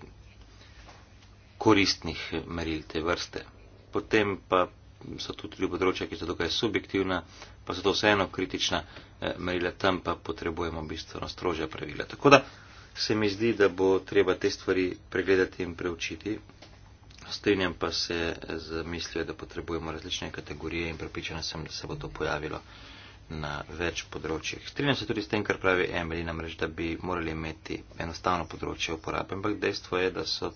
koristnih meril te vrste. Potem pa so tudi tudi področja, ki so dokaj subjektivna, pa so to vseeno kritična eh, merila, tam pa potrebujemo bistveno strožja pravila. Tako da se mi zdi, da bo treba te stvari pregledati in preučiti strinjam pa se z mislijo, da potrebujemo različne kategorije in prepričana sem, da se bo to pojavilo na več področjih. Strinjam se tudi s tem, kar pravi Emily, namreč, da bi morali imeti enostavno področje uporabe, ampak dejstvo je, da so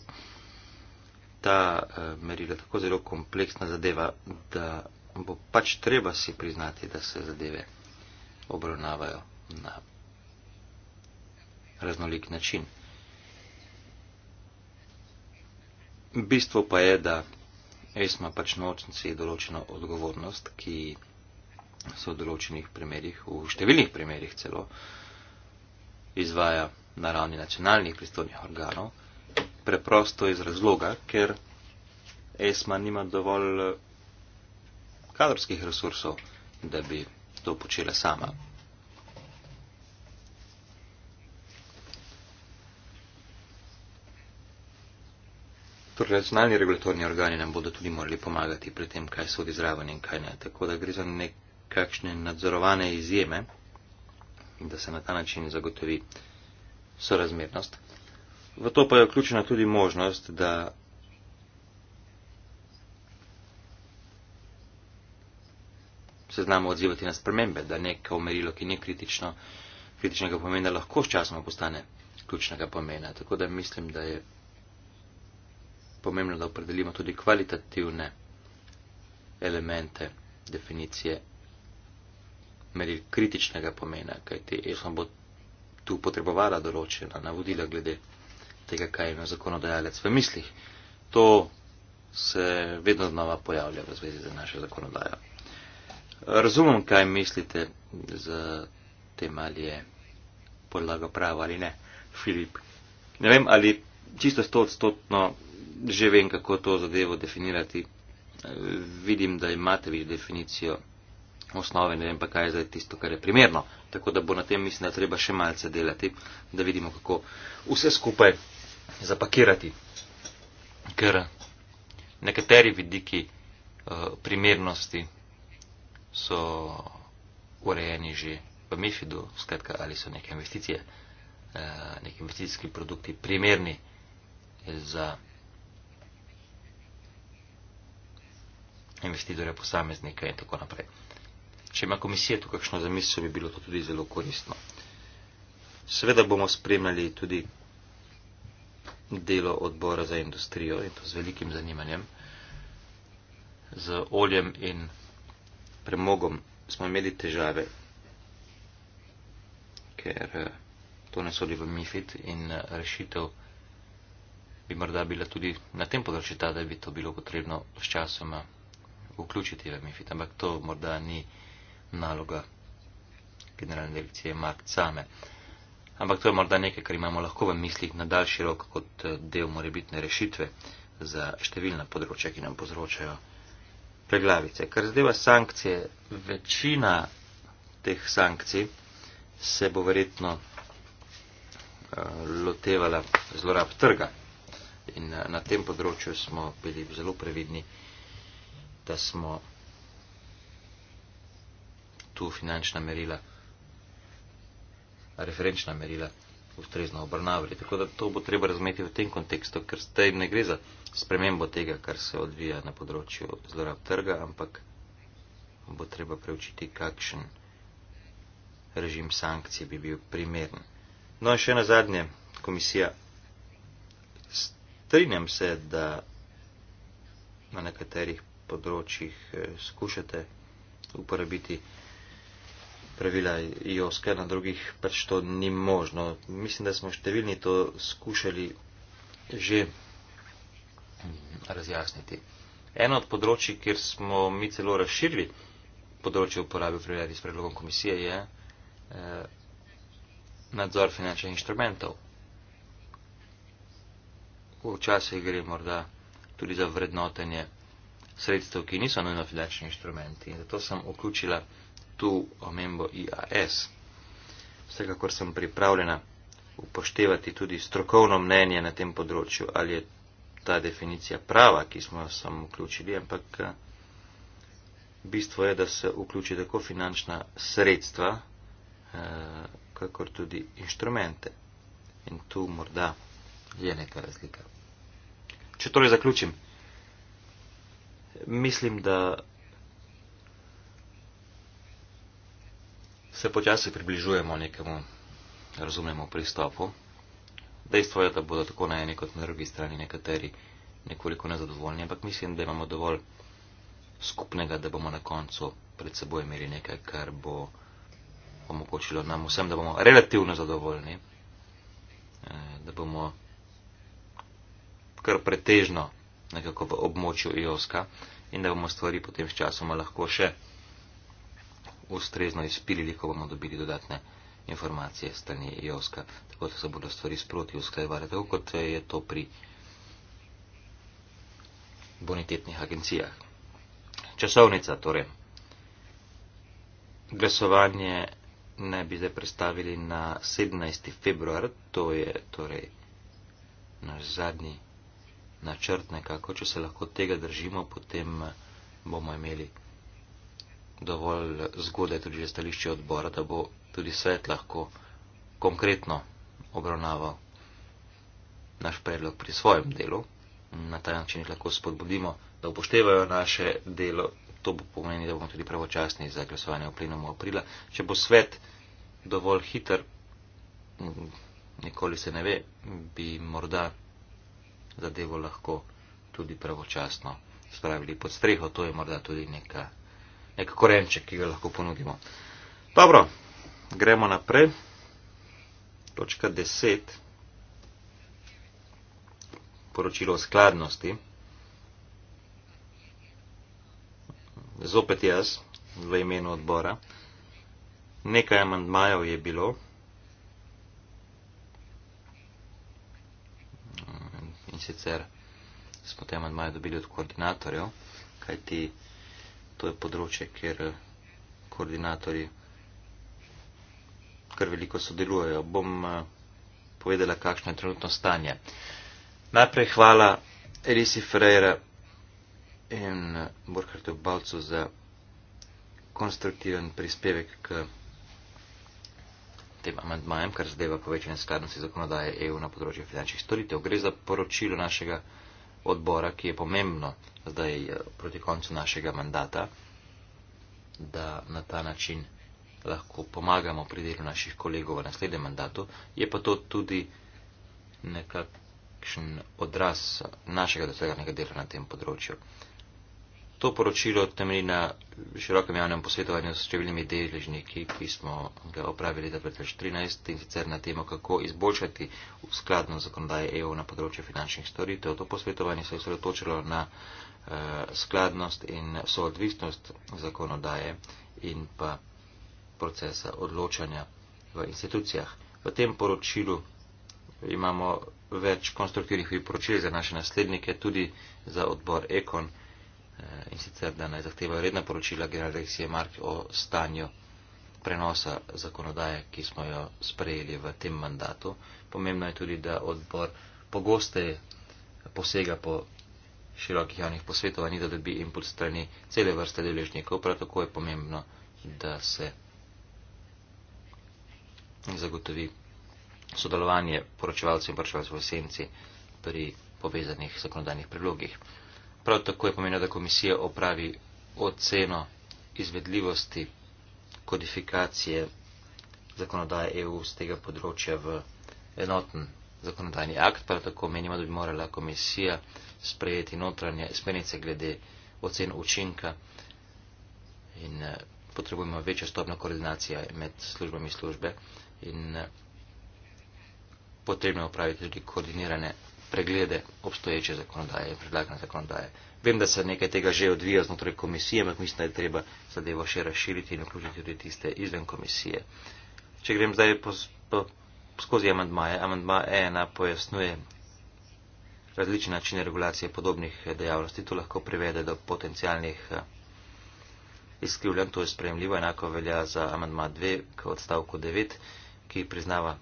ta eh, merila tako zelo kompleksna zadeva, da bo pač treba si priznati, da se zadeve obravnavajo na raznolik način. bistvo pa je, da jaz ima pač nočnici določeno odgovornost, ki so v določenih primerjih, v številnih primerjih celo, izvaja na ravni nacionalnih pristojnih organov, preprosto iz razloga, ker ESMA nima dovolj kadrovskih resursov, da bi to počela sama. Torej, nacionalni regulatorni organi nam bodo tudi morali pomagati pri tem, kaj so odizraveni in kaj ne. Tako da gre za nekakšne nadzorovane izjeme, da se na ta način zagotovi sorazmernost. V to pa je vključena tudi možnost, da se znamo odzivati na spremembe, da neko merilo, ki ni kritično, kritičnega pomena, lahko sčasoma postane ključnega pomena. Tako da mislim, da je pomembno, da opredelimo tudi kvalitativne elemente definicije meril kritičnega pomena, kajti ESM bo tu potrebovala določena navodila glede tega, kaj ima zakonodajalec v mislih. To se vedno znova pojavlja v zvezi z našo zakonodajo. Razumem, kaj mislite z tem, ali je podlaga prava ali ne, Filip. Ne vem, ali čisto stotno že vem, kako to zadevo definirati. Vidim, da imate vi definicijo osnove, ne vem pa, kaj je zdaj tisto, kar je primerno. Tako da bo na tem, mislim, da treba še malce delati, da vidimo, kako vse skupaj zapakirati. Ker nekateri vidiki eh, primernosti so urejeni že v Mifidu, skratka, ali so neke investicije, eh, neki investicijski produkti primerni za. investitorja, posameznika in tako naprej. Če ima komisija tu kakšno zamisel, bi bilo to tudi zelo koristno. Seveda bomo spremljali tudi delo odbora za industrijo in to z velikim zanimanjem. Z oljem in premogom smo imeli težave, ker eh, to ne sodi v MIFID in eh, rešitev bi morda bila tudi na tem področju ta, da bi to bilo potrebno s časoma eh, vključiti v MIFID, ampak to morda ni naloga generalne direkcije Mark same. Ampak to je morda nekaj, kar imamo lahko v mislih na daljši rok kot eh, del morebitne rešitve za številna področja, ki nam povzročajo preglavice. Kar zadeva sankcije, večina teh sankcij se bo verjetno eh, lotevala zlorab trga. In eh, na tem področju smo bili zelo previdni da smo tu finančna merila, referenčna merila ustrezno obrnavali. Tako da to bo treba razumeti v tem kontekstu, ker s tem ne gre za spremembo tega, kar se odvija na področju zlorab trga, ampak bo treba preučiti, kakšen režim sankcij bi bil primeren. No in še na zadnje, komisija. Strinjam se, da na nekaterih področjih eh, skušate uporabiti pravila IOSKE, na drugih pač to ni možno. Mislim, da smo številni to skušali že mm, razjasniti. Eno od področji, kjer smo mi celo razširili področje uporabe pravila s predlogom komisije, je eh, nadzor finančnih inštrumentov. Včasih gre morda tudi za vrednotenje sredstev, ki niso nujno finančni inštrumenti. In zato sem vključila tu omembo IAS. Vsekakor sem pripravljena upoštevati tudi strokovno mnenje na tem področju, ali je ta definicija prava, ki smo jo sam vključili, ampak eh, bistvo je, da se vključi tako finančna sredstva, eh, kakor tudi inštrumente. In tu morda je neka razlika. Če torej zaključim mislim, da se počasi približujemo nekemu razumnemu pristopu. Dejstvo je, da bodo tako na eni kot na drugi strani nekateri nekoliko nezadovoljni, ampak mislim, da imamo dovolj skupnega, da bomo na koncu pred seboj imeli nekaj, kar bo omogočilo nam vsem, da bomo relativno zadovoljni, eh, da bomo kar pretežno nekako v območju Ioska in da bomo stvari potem s časoma lahko še ustrezno izpilili, ko bomo dobili dodatne informacije strani Ioska, tako da se bodo stvari sproti usklajevale, tako kot je to pri bonitetnih agencijah. Časovnica torej. Glasovanje ne bi zdaj predstavili na 17. februar, to je torej naš zadnji načrt nekako, če se lahko tega držimo, potem bomo imeli dovolj zgodaj tudi že stališče odbora, da bo tudi svet lahko konkretno obravnaval naš predlog pri svojem delu. Na ta način jih lahko spodbudimo, da upoštevajo naše delo. To bo pomeni, da bomo tudi pravočasni za glasovanje v plenumu aprila. Če bo svet dovolj hiter, nikoli se ne ve, bi morda zadevo lahko tudi pravočasno spravili pod streho. To je morda tudi neka, neka korenček, ki ga lahko ponudimo. Dobro, gremo naprej. Točka 10. Poročilo o skladnosti. Zopet jaz v imenu odbora. Nekaj amandmajev je bilo. sicer smo te manj dobili od koordinatorjev, kajti to je področje, kjer koordinatorji kar veliko sodelujejo. Bom eh, povedala, kakšno je trenutno stanje. Najprej hvala Elisi Ferreira in Borkartu Balcu za konstruktiven prispevek k tem amendmajem, kar zadeva povečanje skladnosti zakonodaje EU na področju finančnih storitev. Gre za poročilo našega odbora, ki je pomembno zdaj eh, proti koncu našega mandata, da na ta način lahko pomagamo pri delu naših kolegov v naslednjem mandatu. Je pa to tudi nekakšen odraz našega doseganega dela na tem področju. To poročilo temelji na širokem javnem posvetovanju s številnimi deležniki, ki smo ga opravili leta 2014 in sicer na temo, kako izboljšati skladno zakonodaje EU na področju finančnih storitev. To posvetovanje se je osredotočilo na uh, skladnost in soodvisnost zakonodaje in pa procesa odločanja v institucijah. V tem poročilu imamo več konstruktivnih priporočil za naše naslednike, tudi za odbor Ekon. Eh, in sicer, da naj zahtevajo redna poročila generalne direkcije Mark o stanju prenosa zakonodaje, ki smo jo sprejeli v tem mandatu. Pomembno je tudi, da odbor pogosteje posega po širokih javnih posvetovanjih, da dobi impuls strani cele vrste deležnikov. Prav tako je pomembno, da se zagotovi sodelovanje poročevalcev in poročevalcev v senci pri povezanih zakonodajnih predlogih. Prav tako je pomenilo, da komisija opravi oceno izvedljivosti kodifikacije zakonodaje EU z tega področja v enoten zakonodajni akt. Prav tako menimo, da bi morala komisija sprejeti notranje smernice glede ocen učinka in eh, potrebujemo večjo stopno koordinacije med službami službe in eh, potrebno je opraviti tudi koordinirane preglede obstoječe zakonodaje in predlagane zakonodaje. Vem, da se nekaj tega že odvija znotraj komisije, ampak mislim, da je treba zadevo še razširiti in vključiti tudi tiste izven komisije. Če grem zdaj po, po, skozi amandmaje, amandma ena pojasnuje različne načine regulacije podobnih eh, dejavnosti, to lahko privede do potencijalnih eh, izkrivljanj, to je spremljivo, enako velja za amandma 2 k odstavku 9, ki priznava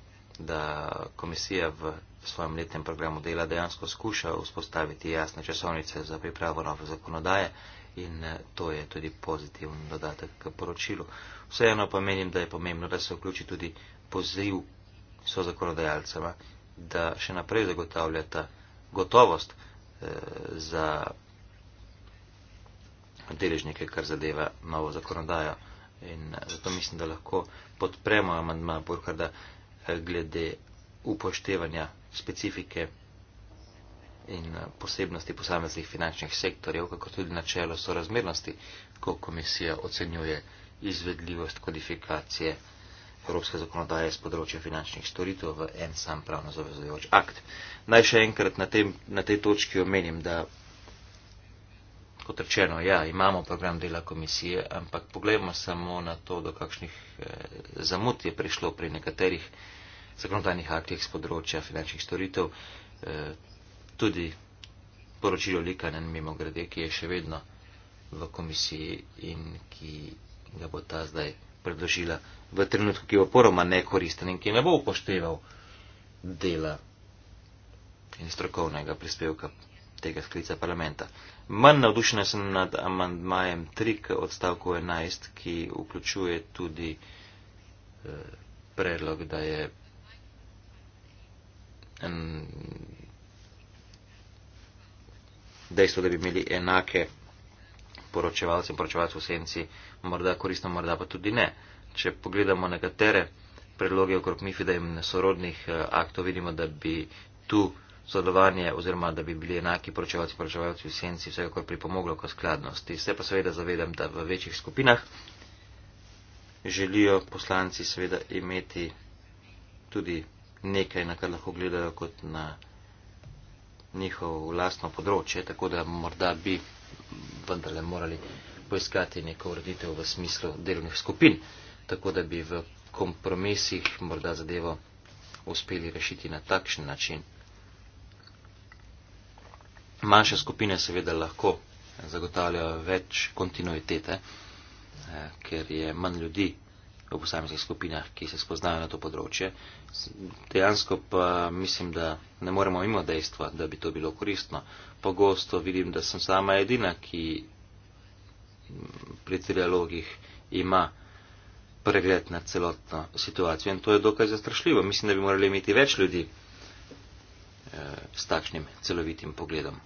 da komisija v svojem letnem programu dela dejansko skuša vzpostaviti jasne časovnice za pripravo nove zakonodaje in eh, to je tudi pozitiven dodatek k poročilu. Vseeno pa menim, da je pomembno, da se vključi tudi poziv so zakonodajalcema, da še naprej zagotavljata gotovost eh, za deležnike, kar zadeva novo zakonodajo. In eh, zato mislim, da lahko podpremo amandma Burkarda, Eh, glede upoštevanja specifike in eh, posebnosti posameznih finančnih sektorjev, kako tudi načelo sorazmernosti, ko komisija ocenjuje izvedljivost kodifikacije evropske zakonodaje z področja finančnih storitev v en sam pravno zavezujoč akt. Naj še enkrat na, tem, na tej točki omenim, da kot rečeno, ja, imamo program dela komisije, ampak pogledamo samo na to, do kakšnih eh, zamud je prišlo pri nekaterih zakonodajnih aktih z področja finančnih storitev. Eh, tudi poročilo Likanen mimo grede, ki je še vedno v komisiji in ki ga bo ta zdaj predložila v trenutku, ki bo poroma nekoristen in ki ne bo upošteval dela in strokovnega prispevka tega sklica parlamenta. Manj navdušena sem nad amandmajem 3 k odstavku 11, ki vključuje tudi eh, predlog, da je dejstvo, da bi imeli enake poročevalce in poročevalce v senci, morda koristno, morda pa tudi ne. Če pogledamo nekatere predloge okrog MIFID-a in nesorodnih eh, aktov, vidimo, da bi tu sodelovanje oziroma da bi bili enaki poročevalci, poročevalci v senci vsekakor pripomoglo k skladnosti. Se pa seveda zavedam, da v večjih skupinah želijo poslanci seveda imeti tudi nekaj, na kar lahko gledajo kot na njihov vlastno področje, tako da morda bi vendarle morali poiskati neko ureditev v smislu delovnih skupin, tako da bi v kompromisih morda zadevo uspeli rešiti na takšen način manjše skupine seveda lahko zagotavljajo več kontinuitete, eh, ker je manj ljudi v posameznih skupinah, ki se spoznajo na to področje. Dejansko pa mislim, da ne moremo mimo dejstva, da bi to bilo koristno. Pogosto vidim, da sem sama edina, ki pri trialogih ima pregled na celotno situacijo in to je dokaj zastrašljivo. Mislim, da bi morali imeti več ljudi eh, s takšnim celovitim pogledom.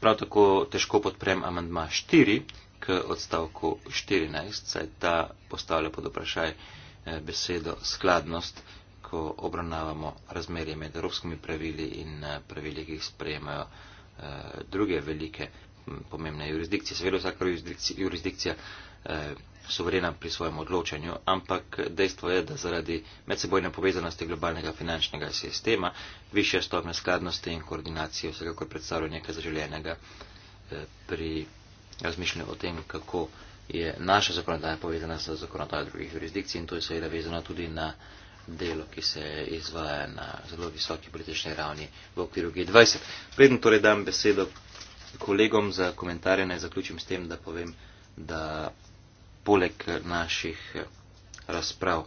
Prav tako težko podprem amandma 4 k odstavku 14, saj ta postavlja pod vprašaj eh, besedo skladnost, ko obravnavamo razmerje med evropskimi pravili in eh, pravili, ki jih sprejemajo eh, druge velike hm, pomembne jurisdikcije. Seveda vsaka jurisdikcija, jurisdikcija suverena pri svojem odločanju, ampak dejstvo je, da zaradi medsebojne povezanosti globalnega finančnega sistema više stopne skladnosti in koordinacije vsekakor predstavlja nekaj zaželjenega eh, pri razmišljanju o tem, kako je naša zakonodaja povezana z zakonodajo drugih jurisdikcij in to je seveda vezano tudi na delo, ki se izvaja na zelo visoki politični ravni v okviru G20. Preden torej dam besedo kolegom za komentarje, naj zaključim s tem, da povem, da poleg naših eh, razprav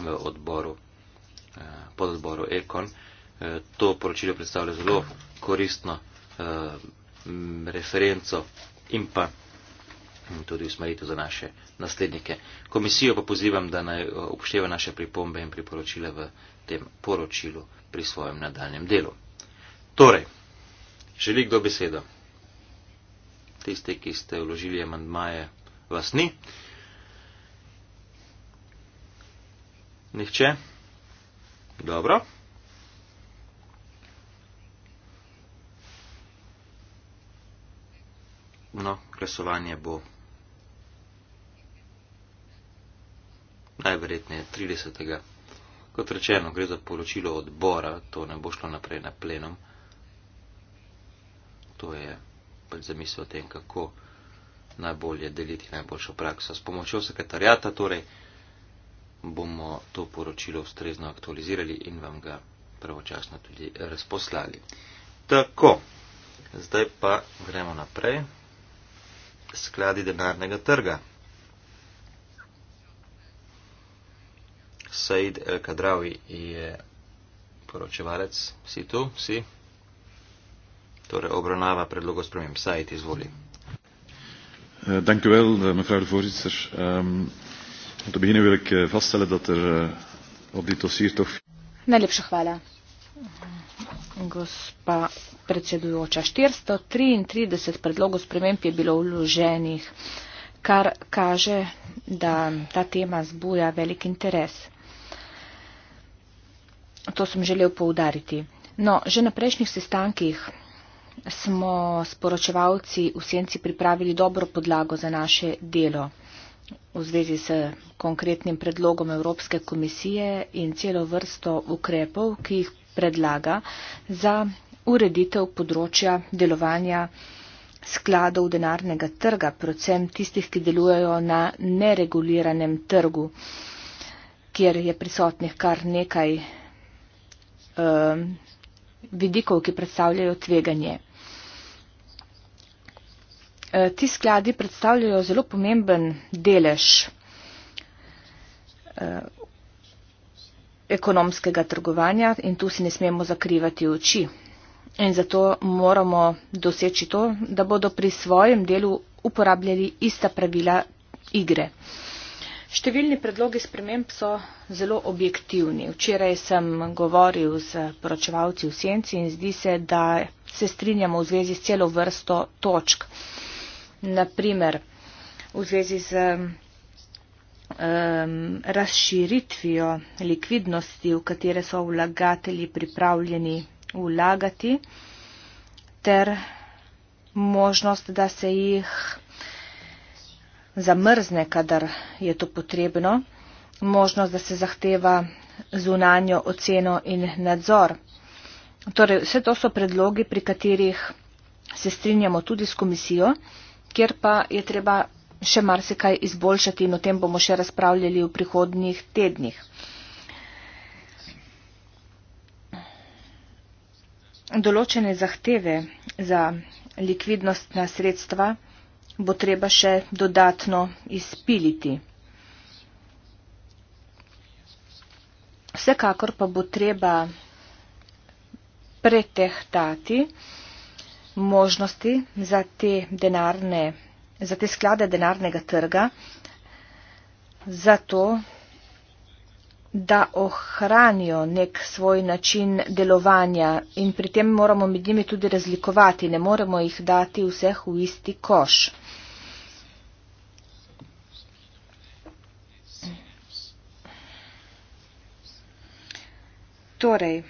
v odboru, eh, pododboru Ekon, eh, to poročilo predstavlja zelo koristno referenco in pa tudi usmeritev za naše naslednike. Komisijo pa pozivam, da naj upošteva naše pripombe in priporočila v tem poročilu pri svojem nadaljem delu. Torej, želi kdo besedo? Tiste, ki ste vložili amandmaje vas ni. Nihče? Dobro. No, glasovanje bo najverjetneje 30. Kot rečeno, gre za poročilo odbora, to ne bo šlo naprej na plenom. To je pač zamisel o tem, kako najbolje deliti najboljšo prakso. S pomočjo sekretarjata torej bomo to poročilo ustrezno aktualizirali in vam ga pravočasno tudi razposlali. Tako, zdaj pa gremo naprej. Skladi denarnega trga. Said El Kadravi je poročevalec, si tu, si. Torej obravnava predlogo spremem. Said, izvoli. Mm -hmm.
Eh, dank u wel, eh, mevrouw de voorzitter. Ehm, om te beginnen wil ik eh, vaststellen dat er op dit dossier toch.
Najlepša hvala. Gospa predsedujoča, 433 predlogov sprememb je bilo vloženih, kar kaže, da ta tema zbuja velik interes. To sem želel poudariti. No, že na prejšnjih sestankih smo sporočevalci v senci pripravili dobro podlago za naše delo v zvezi s konkretnim predlogom Evropske komisije in celo vrsto ukrepov, ki jih predlaga za ureditev področja delovanja skladov denarnega trga, predvsem tistih, ki delujejo na nereguliranem trgu, kjer je prisotnih kar nekaj um, vidikov, ki predstavljajo tveganje. Eh, ti skladi predstavljajo zelo pomemben delež eh, ekonomskega trgovanja in tu si ne smemo zakrivati oči. In zato moramo doseči to, da bodo pri svojem delu uporabljali ista pravila igre. Številni predlogi sprememb so zelo objektivni. Včeraj sem govoril z poročevalci v Senci in zdi se, da se strinjamo v zvezi s celo vrsto točk. Uh, naprimer v zvezi z um, razširitvijo likvidnosti, v katere so vlagatelji pripravljeni vlagati, ter možnost, da se jih zamrzne, kadar je to potrebno, možnost, da se zahteva zunanjo oceno in nadzor. Torej, vse to so predlogi, pri katerih se strinjamo tudi s komisijo kjer pa je treba še marsikaj izboljšati in o tem bomo še razpravljali v prihodnjih tednih. Določene zahteve za likvidnostna sredstva bo treba še dodatno izpiliti. Vsekakor pa bo treba pretehtati, možnosti za te, denarne, za te sklade denarnega trga, zato da ohranijo nek svoj način delovanja in pri tem moramo med njimi tudi razlikovati, ne moremo jih dati vseh v isti koš. Torej,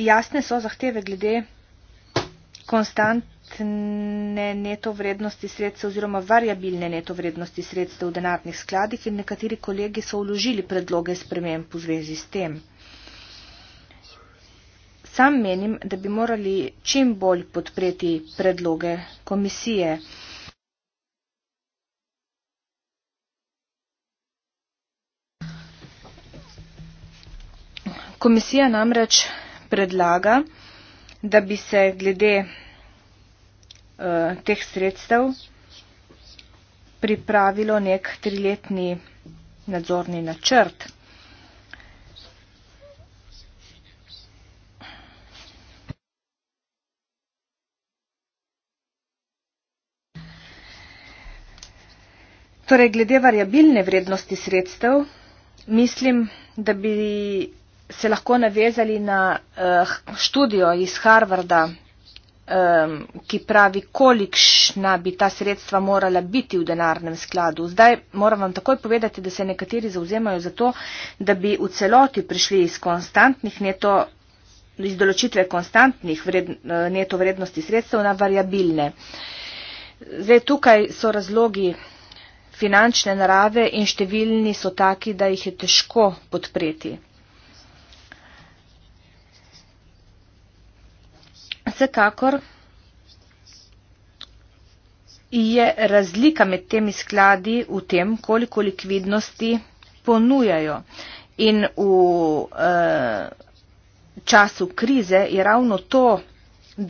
jasne so zahteve glede konstantne neto vrednosti sredstev oziroma variabilne neto vrednosti sredstev v denarnih skladih in nekateri kolegi so uložili predloge sprememb v zvezi s tem. Sam menim, da bi morali čim bolj podpreti predloge komisije. Komisija namreč predlaga, da bi se glede uh, teh sredstev pripravilo nek triletni nadzorni načrt. Torej, glede variabilne vrednosti sredstev, mislim, da bi se lahko navezali na uh, študijo iz Harvarda, um, ki pravi, kolikšna bi ta sredstva morala biti v denarnem skladu. Zdaj moram vam takoj povedati, da se nekateri zauzemajo za to, da bi v celoti prišli iz konstantnih neto iz določitve konstantnih vredno, eh, neto vrednosti sredstev na variabilne. Zdaj tukaj so razlogi finančne narave in številni so taki, da jih je težko podpreti. Vsekakor je razlika med temi skladi v tem, koliko likvidnosti ponujajo. In v eh, času krize je ravno to,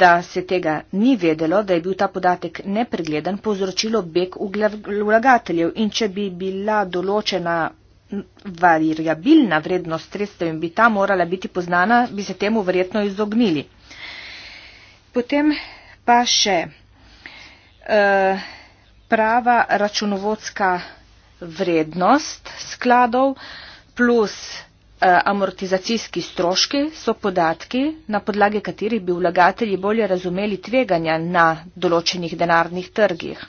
da se tega ni vedelo, da je bil ta podatek nepregleden, povzročilo beg vlagateljev. In če bi bila določena variabilna vrednost sredstev in bi ta morala biti poznana, bi se temu verjetno izognili. Potem pa še eh, prava računovodska vrednost skladov plus eh, amortizacijski stroški so podatki, na podlagi katerih bi vlagatelji bolje razumeli tveganja na določenih denarnih trgih.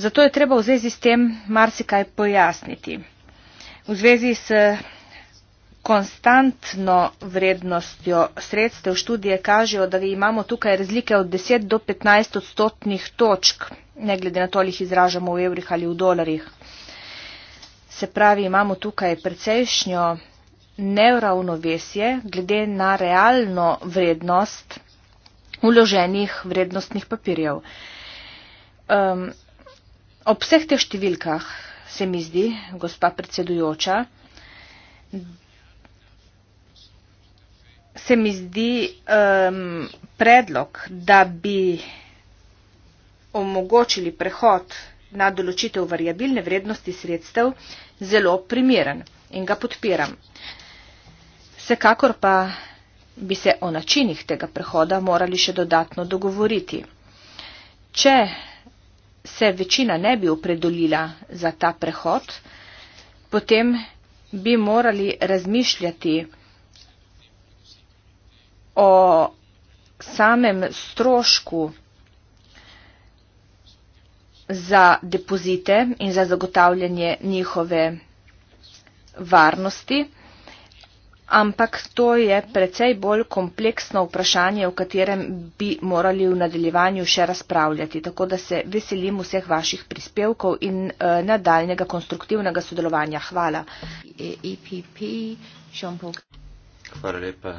Zato je treba v zvezi s tem marsikaj pojasniti. V zvezi s konstantno vrednostjo sredstev študije kažejo, da imamo tukaj razlike od 10 do 15 odstotnih točk, ne glede na to, ali jih izražamo v evrih ali v dolarjih. Se pravi, imamo tukaj precejšnjo neravnovesje glede na realno vrednost uloženih vrednostnih papirjev. Um, ob vseh teh številkah se mi zdi, gospa predsedujoča, se mi zdi um, predlog, da bi omogočili prehod na določitev variabilne vrednosti sredstev zelo primeren in ga podpiram. Vsekakor pa bi se o načinih tega prehoda morali še dodatno dogovoriti. Če se večina ne bi opredolila za ta prehod, potem bi morali razmišljati, o samem strošku za depozite in za zagotavljanje njihove varnosti, ampak to je precej bolj kompleksno vprašanje, o katerem bi morali v nadaljevanju še razpravljati. Tako da se veselim vseh vaših prispevkov in uh, eh, nadaljnega konstruktivnega sodelovanja. Hvala. E e Hvala lepa.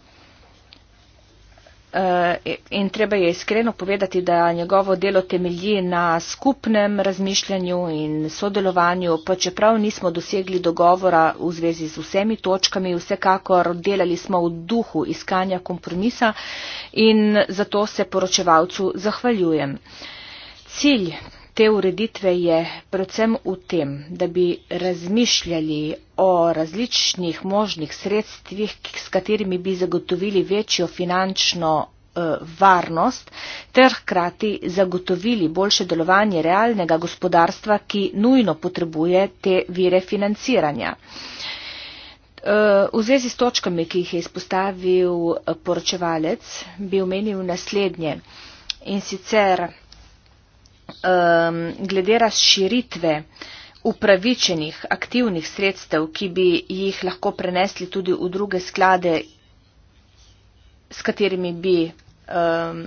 Eh, in treba je iskreno povedati, da njegovo delo temelji na skupnem razmišljanju in sodelovanju, pa čeprav nismo dosegli dogovora v zvezi z vsemi točkami, vsekakor delali smo v duhu iskanja kompromisa in zato se poročevalcu zahvaljujem. Cilj te ureditve je predvsem v tem, da bi razmišljali o različnih možnih sredstvih, s katerimi bi zagotovili večjo finančno eh, varnost ter hkrati zagotovili boljše delovanje realnega gospodarstva, ki nujno potrebuje te vire financiranja. Eh, v zvezi s točkami, ki jih je izpostavil eh, poročevalec, bi omenil naslednje in sicer um, glede razširitve upravičenih aktivnih sredstev, ki bi jih lahko prenesli tudi v druge sklade, s katerimi bi, um,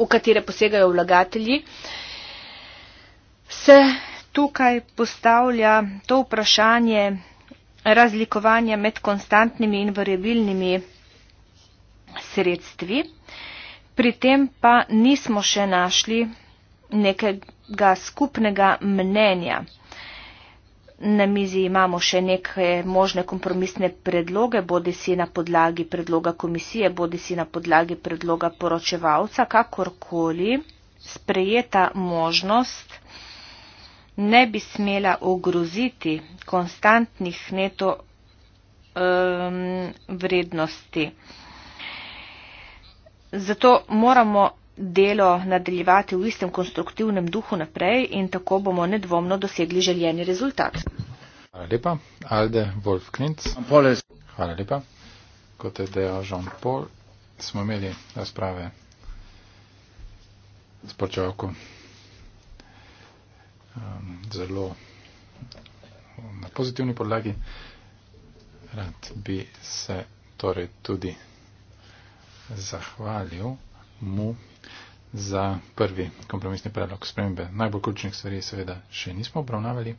v katere posegajo vlagatelji, se tukaj postavlja to vprašanje razlikovanja med konstantnimi in variabilnimi sredstvi. Uh, pri tem pa nismo še našli nekega skupnega mnenja. Na mizi imamo še neke možne kompromisne predloge, bodi si na podlagi predloga komisije, bodi si na podlagi predloga poročevalca, kakorkoli sprejeta možnost ne bi smela ogroziti konstantnih neto um, vrednosti. Zato moramo delo nadaljevati v istem konstruktivnem duhu naprej in tako bomo nedvomno dosegli željeni rezultat.
Hvala lepa. Alde Wolf Klinc. Hvala lepa. Kot je dejal Jean Paul, smo imeli razprave s počevalko um, zelo na pozitivni podlagi. Rad bi se torej tudi zahvalil mu za prvi kompromisni predlog spremembe. Najbolj ključnih stvari seveda še nismo obravnavali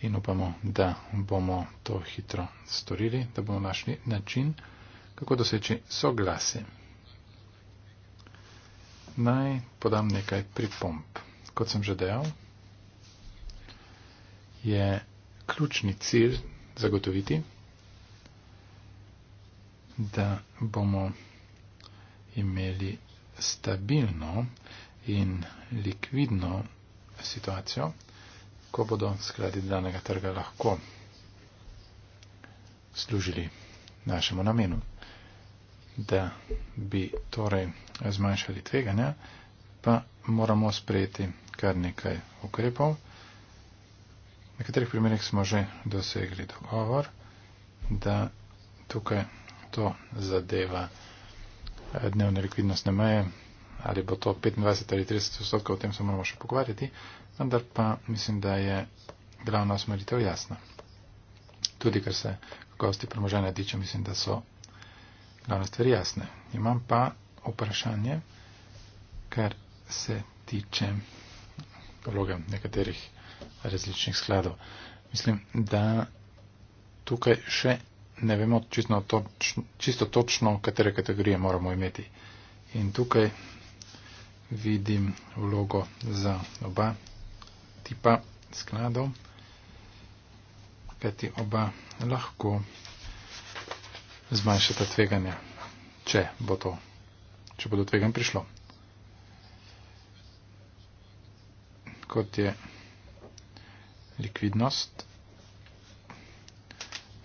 in upamo, da bomo to hitro storili, da bomo našli način, kako doseči soglasje. Naj podam nekaj pripomp. Kot sem že dejal, je ključni cilj zagotoviti, da bomo imeli stabilno in likvidno situacijo, ko bodo skladi danega trga lahko služili našemu namenu. Da bi torej zmanjšali tveganja, pa moramo sprejeti kar nekaj ukrepov. Na katerih primerih smo že dosegli dogovor, da tukaj to zadeva dnevne likvidnostne meje, ali bo to 25 ali 30 odstotkov, o tem se moramo še pogovarjati, vendar pa mislim, da je glavna usmeritev jasna. Tudi, ker se kakovosti premoženja tiče, mislim, da so glavne stvari jasne. Imam pa vprašanje, kar se tiče vloge nekaterih različnih skladov. Mislim, da tukaj še ne vemo čisto točno, čisto točno katere kategorije moramo imeti. In tukaj vidim vlogo za oba tipa skladov, kajti oba lahko zmanjšata tveganja, če bo to, če bo do tvegan prišlo. Kot je likvidnost,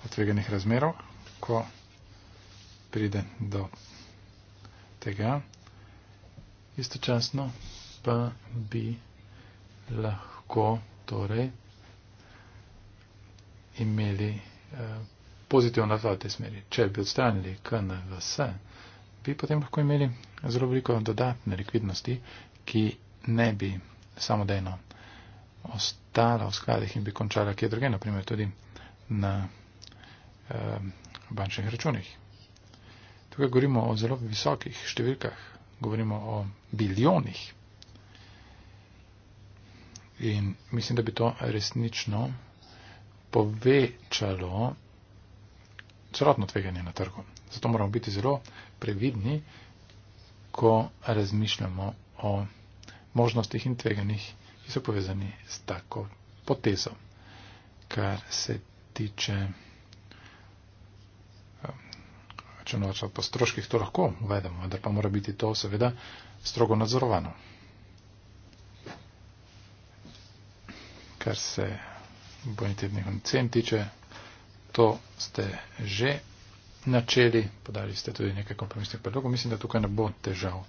odveganih razmerov, ko pride do tega. Istočasno pa bi lahko torej imeli eh, pozitivna dva te smeri. Če bi odstranili KNVS, bi potem lahko imeli zelo veliko dodatne likvidnosti, ki ne bi samodejno ostala v skladih in bi končala kje druge, naprimer tudi na eh, bančnih računih. Tukaj govorimo o zelo visokih številkah, govorimo o bilijonih. In mislim, da bi to resnično povečalo celotno tveganje na trgu. Zato moramo biti zelo previdni, ko razmišljamo o možnostih in tveganjih, ki so povezani s tako potezo, kar se tiče če noče po stroških, to lahko uvedemo, vendar pa mora biti to seveda strogo nadzorovano. Kar se bonitetnih cen tiče, to ste že načeli, podali ste tudi nekaj kompromisnih predlogov, mislim, da tukaj ne bo težav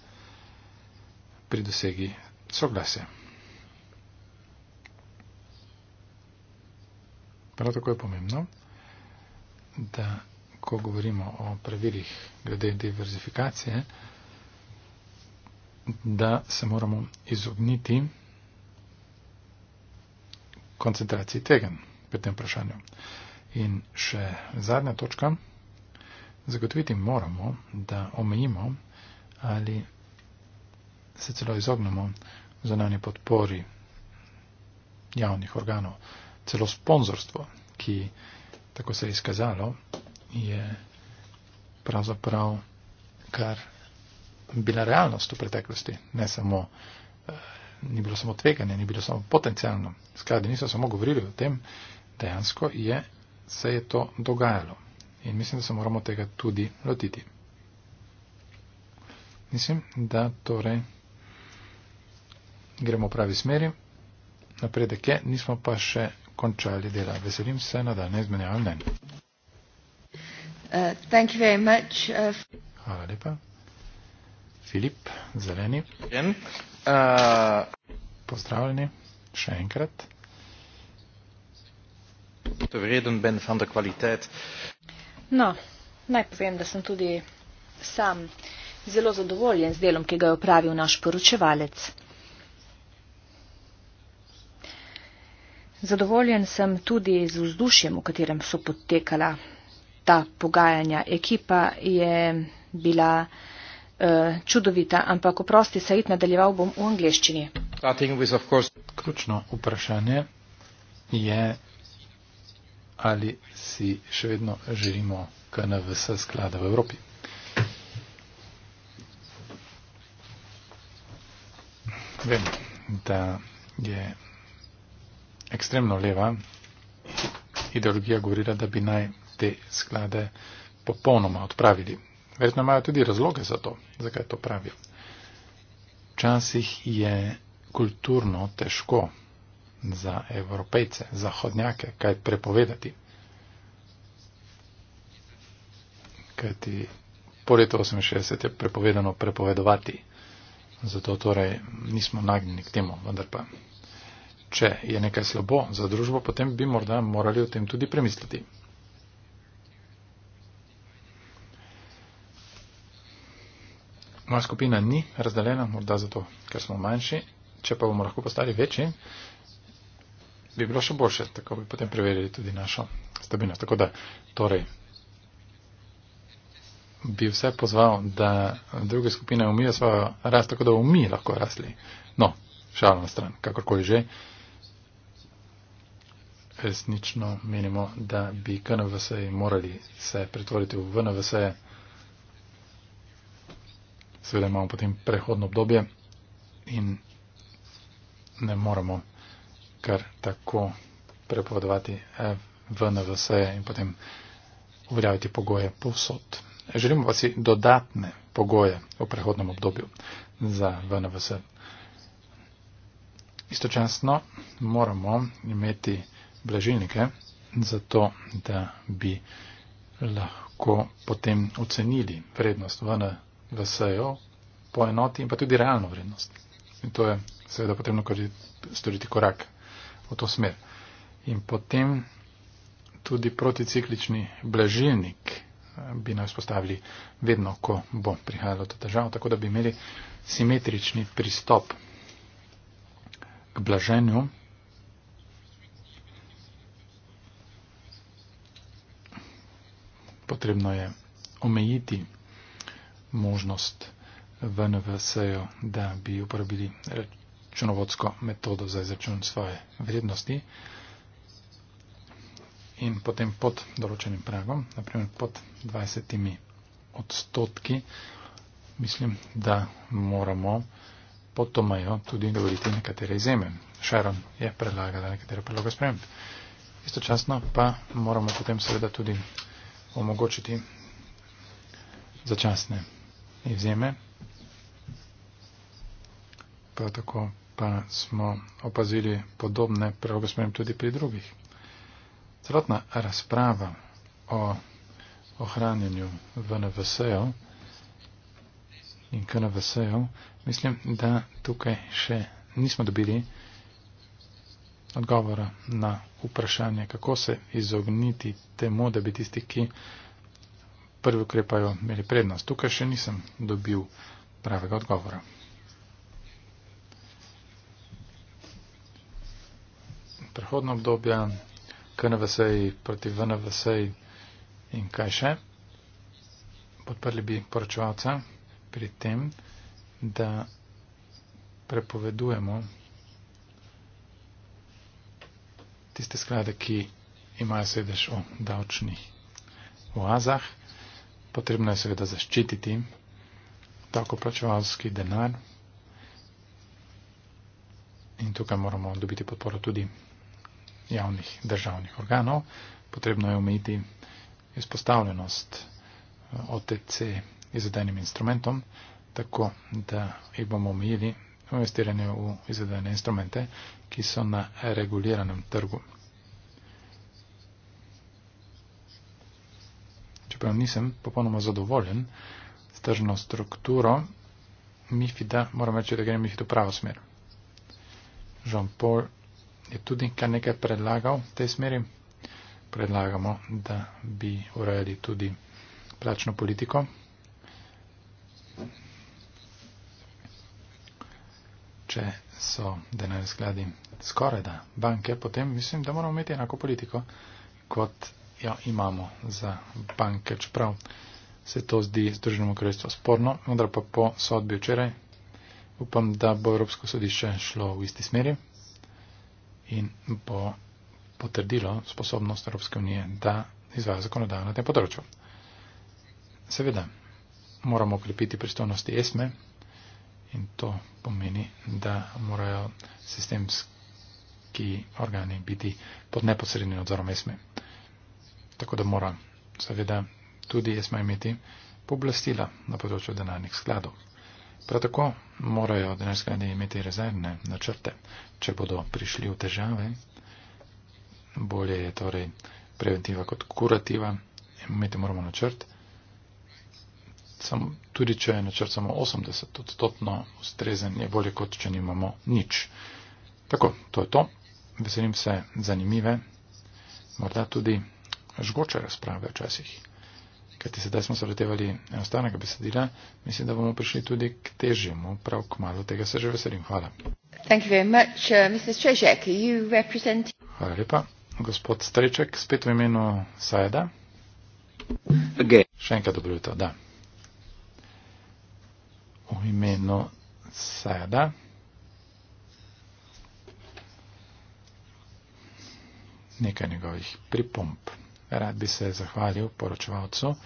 pri dosegi soglasja. Prav tako je pomembno, da ko govorimo o pravilih glede diverzifikacije, da se moramo izogniti koncentraciji tega pri tem vprašanju. In še zadnja točka. Zagotoviti moramo, da omejimo ali se celo izognemo zunanje podpori javnih organov, celo sponzorstvo, ki tako se je izkazalo, je pravzaprav kar bila realnost v preteklosti. Ne samo, eh, ni bilo samo tveganje, ni bilo samo potencijalno. Skladi niso samo govorili o tem, dejansko je, se je to dogajalo. In mislim, da se moramo tega tudi lotiti. Mislim, da torej gremo v pravi smeri. Napredek je, nismo pa še končali dela. Veselim se na dan izmenjavanja mnenja.
Uh, thank you very much. Uh,
Hvala lepa. Filip, zeleni. Uh, Pozdravljeni, še enkrat. To vreden ben fan da kvalitet.
No, naj povem, da sem tudi sam zelo zadovoljen z delom, ki ga je opravil naš poročevalec. Zadovoljen sem tudi z vzdušjem, v katerem so potekala ta pogajanja. Ekipa je bila uh, čudovita, ampak oprosti, Said, nadaljeval bom v angleščini.
Ključno vprašanje je, ali si še vedno želimo KNVS sklada v Evropi. Vem, da je ekstremno leva ideologija govorila, da bi naj te sklade popolnoma odpravili. Verjetno imajo tudi razloge za to, zakaj to pravijo. Včasih je kulturno težko za evropejce, zahodnjake, kaj prepovedati. Kajti po letu 68 je prepovedano prepovedovati, zato torej nismo nagnjeni k temu, vendar pa. Če je nekaj slabo za družbo, potem bi morda morali o tem tudi premisliti. Moja skupina ni razdeljena, morda zato, ker smo manjši. Če pa bomo lahko postali večji, bi bilo še boljše, tako bi potem preverili tudi našo stabilnost. Tako da, torej, bi vse pozval, da druge skupine umijo svojo rast, tako da umi lahko rasli. No, šalo na stran, kakorkoli že. Resnično menimo, da bi KNVS morali se pretvoriti v NVS. -je seveda imamo potem prehodno obdobje in ne moramo kar tako prepovedovati eh, VNVS in potem uveljaviti pogoje povsod. Želimo pa si dodatne pogoje v prehodnem obdobju za VNVS. Istočasno moramo imeti blažilnike za to, da bi lahko potem ocenili vrednost VNVS v sejo po enoti in pa tudi realno vrednost. In to je seveda potrebno storiti korak v to smer. In potem tudi proticiklični blažilnik eh, bi naj vzpostavili vedno, ko bo prihajalo do težav, tako da bi imeli simetrični pristop k blaženju. Potrebno je omejiti možnost v NVS-ju, da bi uporabili računovodsko metodo za izračun svoje vrednosti in potem pod določenim pragom, naprimer pod 20 odstotki, mislim, da moramo pod to majo tudi govoriti nekatere izjeme. Sharon je predlagala nekatere predloge sprememb. Istočasno pa moramo potem seveda tudi omogočiti začasne izjeme. Prav tako pa smo opazili podobne preobesmem tudi pri drugih. Celotna razprava o ohranjanju VNVS-ev in KNVS-ev, mislim, da tukaj še nismo dobili odgovora na vprašanje, kako se izogniti temu, da bi tisti, ki prvi ukrepajo, imeli prednost. Tukaj še nisem dobil pravega odgovora. Prehodno obdobje, KNVS proti VNVS in kaj še. Podprli bi poročevalca pri tem, da prepovedujemo tiste sklade, ki imajo sedež v davčnih oazah. Potrebno je seveda zaščititi tako plačevalski denar in tukaj moramo dobiti podporo tudi javnih državnih organov. Potrebno je omejiti izpostavljenost eh, OTC izvedenim instrumentom, tako da jih bomo omejili investiranje v izvedene instrumente, ki so na reguliranem trgu. pravim, nisem popolnoma zadovoljen s tržno strukturo MIFID-a, moram reči, da gre MIFID v pravo smer. Jean-Paul je tudi kar nekaj predlagal v tej smeri. Predlagamo, da bi urejali tudi plačno politiko. Če so denarni skladi skoraj da banke, potem mislim, da moramo imeti enako politiko kot jo ja, imamo za banke, čeprav se to zdi Združenemu kraljestvu sporno, vendar pa po sodbi včeraj upam, da bo Evropsko sodišče šlo v isti smeri in bo potrdilo sposobnost Evropske unije, da izvaja zakonodajo na tem področju. Seveda, moramo okrepiti pristojnosti ESME in to pomeni, da morajo sistemski organi biti pod neposrednim nadzorom ESME tako da mora seveda tudi ESMA imeti pooblastila na področju denarnih skladov. Prav tako morajo denarni skladi imeti rezervne načrte, če bodo prišli v težave. Bolje je torej preventiva kot kurativa, imeti moramo načrt. Samo, tudi če je načrt samo 80 odstotno ustrezen, je bolje kot če nimamo nič. Tako, to je to. Veselim se zanimive, morda tudi žgoče razprave včasih. Kajti sedaj smo se vrtevali enostavnega besedila, mislim, da bomo prišli tudi k težjemu, prav k malu tega se že veselim. Hvala.
Much, Čežek, uh, represent...
Hvala lepa. Gospod Streček, spet v imenu Sajeda. Okay. Še enkrat dobro jutro, da. V imenu Sajeda. Nekaj njegovih pripomp rad bi se zahvalil poročevalcu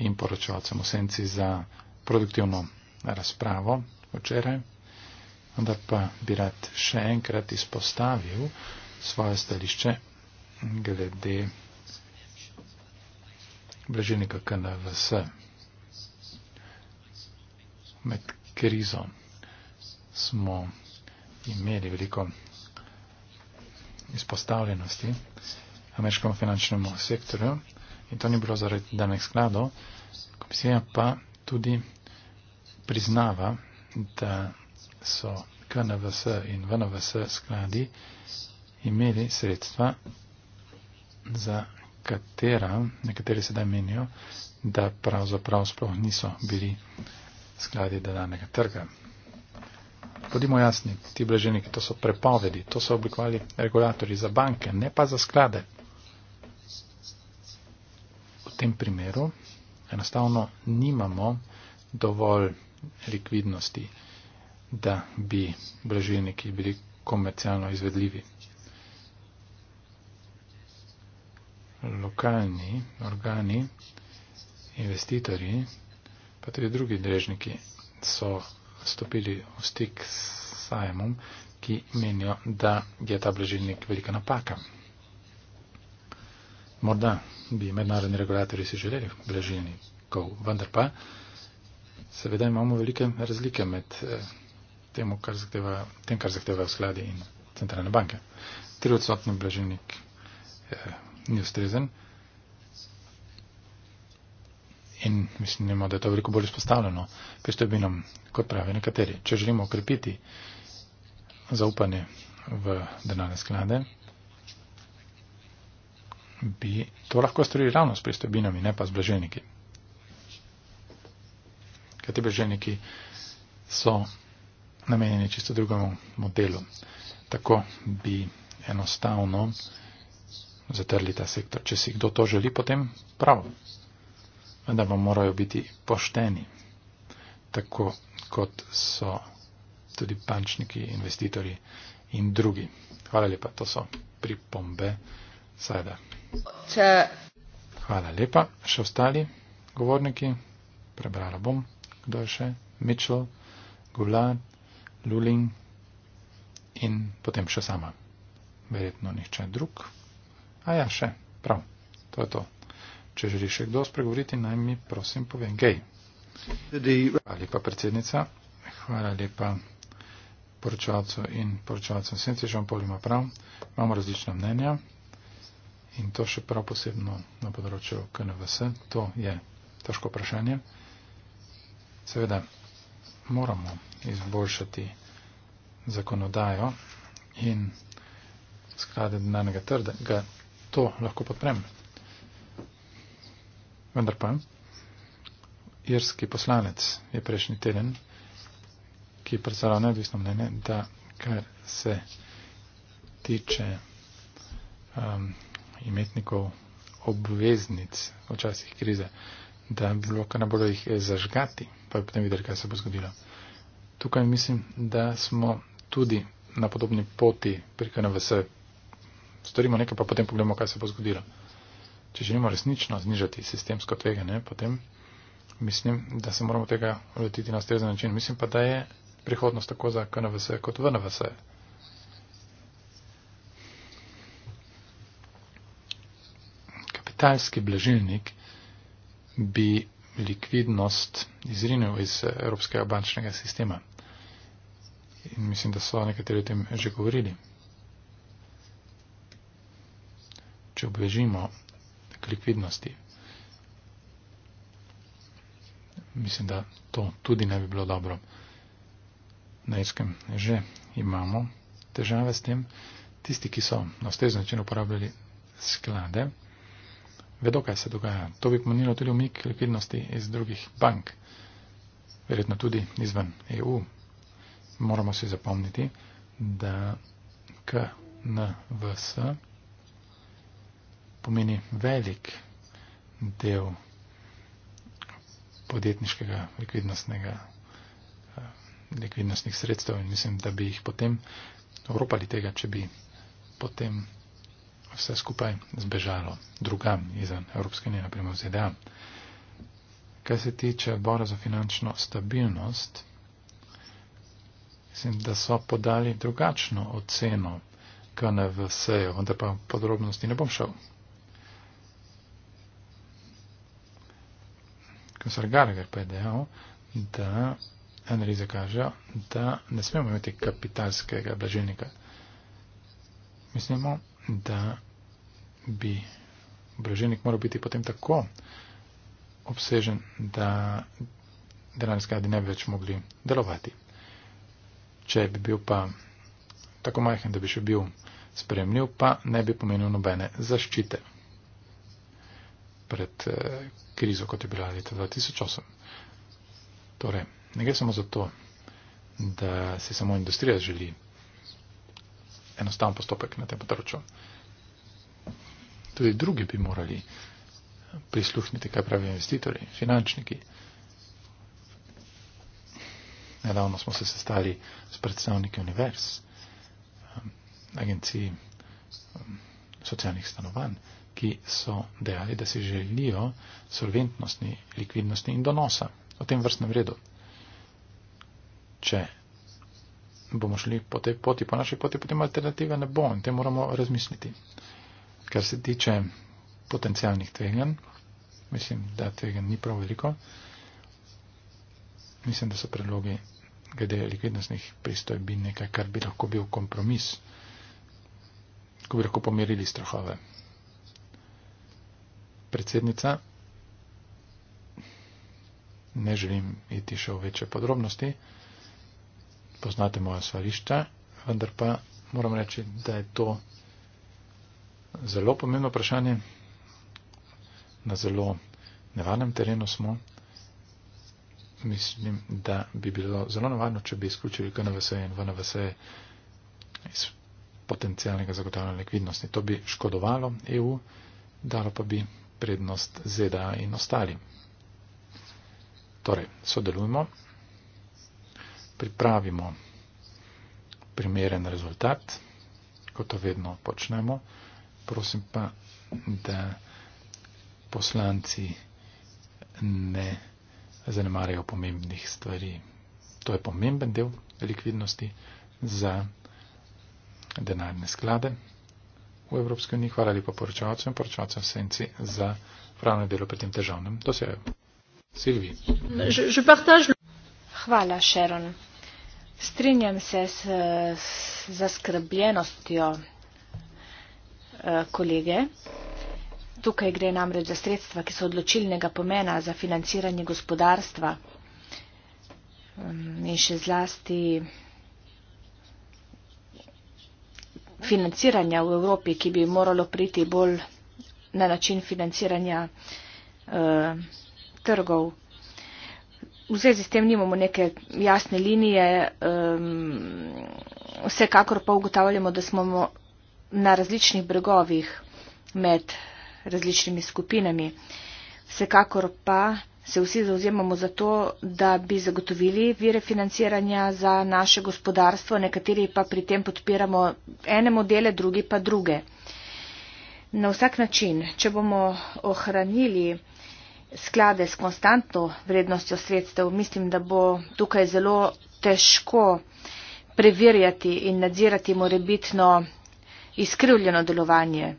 in poročevalcem v senci za produktivno razpravo včeraj, vendar pa bi rad še enkrat izpostavil svoje stališče glede blažilnika KNVS med krizo smo imeli veliko izpostavljenosti ameriškemu finančnemu sektorju in to ni bilo zaradi danih skladov. Komisija pa tudi priznava, da so KNVS in VNVS skladi imeli sredstva, za katera nekateri sedaj menijo, da pravzaprav sploh niso bili skladi danega trga. Bodimo jasni, ti blaženiki, to so prepovedi, to so oblikovali regulatori za banke, ne pa za sklade tem primeru enostavno nimamo dovolj likvidnosti, da bi blažilniki bili komercialno izvedljivi. Lokalni organi, investitorji, pa tudi drugi drežniki so stopili v stik s sajemom, ki menijo, da je ta blažilnik velika napaka. Morda bi mednarodni regulatori si želeli blažilni kov, vendar pa seveda imamo velike razlike med eh, temu, kar zahteva, tem, kar zahteva skladi in centralne banke. Triodstotni blažilnik eh, ni ustrezen in mislim, da je to veliko bolj izpostavljeno, pristojbinom, kot pravi nekateri. Če želimo okrepiti zaupanje v denarne sklade, bi to lahko storili ravno s pristojbinami, ne pa z blaženiki. Ker ti blaženiki so namenjeni čisto drugemu modelu. Tako bi enostavno zatrli ta sektor. Če si kdo to želi, potem prav. Vendar vam morajo biti pošteni, tako kot so tudi pančniki, investitorji in drugi. Hvala lepa, to so pripombe. Sajda. Če... Hvala lepa. Še ostali govorniki? Prebrala bom. Kdo je še? Mitchell, Gulad, Lulin in potem še sama. Verjetno nihče drug. A ja, še. Prav. To je to. Če želi še kdo spregovoriti, naj mi prosim povem. Gej. Hvala lepa, predsednica. Hvala lepa poročalcu in poročalcu Sinci, že vam polima prav. Imamo različna mnenja in to še prav posebno na področju KNVS, to je težko vprašanje. Seveda moramo izboljšati zakonodajo in sklade denarnega trga, to lahko podprem. Vendar pa, irski poslanec je prejšnji teden, ki je predstavljal neodvisno mnenje, da kar se tiče um, imetnikov obveznic v časih krize, da bi bilo kar najbolje jih eh, zažgati, pa bi potem videli, kaj se bo zgodilo. Tukaj mislim, da smo tudi na podobni poti pri KNVS. Storimo nekaj, pa potem pogledamo, kaj se bo zgodilo. Če želimo resnično znižati sistemsko tveganje, potem mislim, da se moramo tega lotiti na ustrezen način. Mislim pa, da je prihodnost tako za KNVS kot v NVS. -e. kitajski blažilnik bi likvidnost izrinil iz evropskega bančnega sistema. In mislim, da so nekateri o tem že govorili. Če obvežimo k likvidnosti, mislim, da to tudi ne bi bilo dobro. Na iskem že imamo težave s tem. Tisti, ki so na ste način uporabljali sklade, vedo, kaj se dogaja. To bi pomenilo tudi umik likvidnosti iz drugih bank, verjetno tudi izven EU. Moramo si zapomniti, da KNVS pomeni velik del podjetniškega likvidnostnega eh, likvidnostnih sredstev in mislim, da bi jih potem Evropa li tega, če bi potem vse skupaj zbežalo drugam izven Evropske unije, naprimer v ZDA. Kaj se tiče bora za finančno stabilnost, mislim, da so podali drugačno oceno KNVS-ju, vendar pa podrobnosti ne bom šel. Komisar Gargar pa je dejal, da analize kažejo, da ne smemo imeti kapitalskega blažilnika. Mislimo, da bi obraženik moral biti potem tako obsežen, da denarni skladi ne bi več mogli delovati. Če bi bil pa tako majhen, da bi še bil spremljiv, pa ne bi pomenil nobene zaščite pred eh, krizo, kot je bila leta 2008. Torej, ne gre samo za to, da se samo industrija želi enostaven postopek na tem področju. Tudi drugi bi morali prisluhniti, kaj pravijo investitorji, finančniki. Nedavno smo se sestali s predstavniki univerz, um, agencij um, socialnih stanovanj, ki so dejali, da si želijo solventnostni, likvidnostni in donosa v tem vrstnem redu. Če bomo šli po tej poti, po naši poti, potem alternativa ne bo in te moramo razmisliti. Kar se tiče potencijalnih tveganj, mislim, da tveganj ni prav veliko. Mislim, da so predlogi glede likvidnostnih pristojbin nekaj, kar bi lahko bil kompromis, ko bi lahko pomirili strahove. Predsednica, ne želim iti še v večje podrobnosti, poznate moja svališča, vendar pa moram reči, da je to zelo pomembno vprašanje. Na zelo nevarnem terenu smo. Mislim, da bi bilo zelo nevarno, če bi izključili KNVS in VNVS iz potencijalnega zagotavljanja likvidnosti. To bi škodovalo EU, dalo pa bi prednost ZDA in ostali. Torej, sodelujmo pripravimo primeren rezultat, kot to vedno počnemo. Prosim pa, da poslanci ne zanemarjajo pomembnih stvari. To je pomemben del likvidnosti za denarne sklade v Evropski uniji. Hvala lepa poročavcem in poročavcem Senci za pravno delo pri tem težavnem dosjeju. Sylvie. Je, je
partage Hvala, Sharon. Strinjam se s, s zaskrbljenostjo eh, kolege. Tukaj gre namreč za sredstva, ki so odločilnega pomena za financiranje gospodarstva mm, in še zlasti financiranja v Evropi, ki bi moralo priti bolj na način financiranja eh, trgov v zvezi s tem nimamo neke jasne linije, um, vsekakor pa ugotavljamo, da smo na različnih bregovih med različnimi skupinami. Vsekakor pa se vsi zauzemamo za to, da bi zagotovili vire financiranja za naše gospodarstvo, nekateri pa pri tem podpiramo ene modele, drugi pa druge. Na vsak način, če bomo ohranili sklade s konstantno vrednostjo sredstev, mislim, da bo tukaj zelo težko preverjati in nadzirati morebitno izkrivljeno delovanje.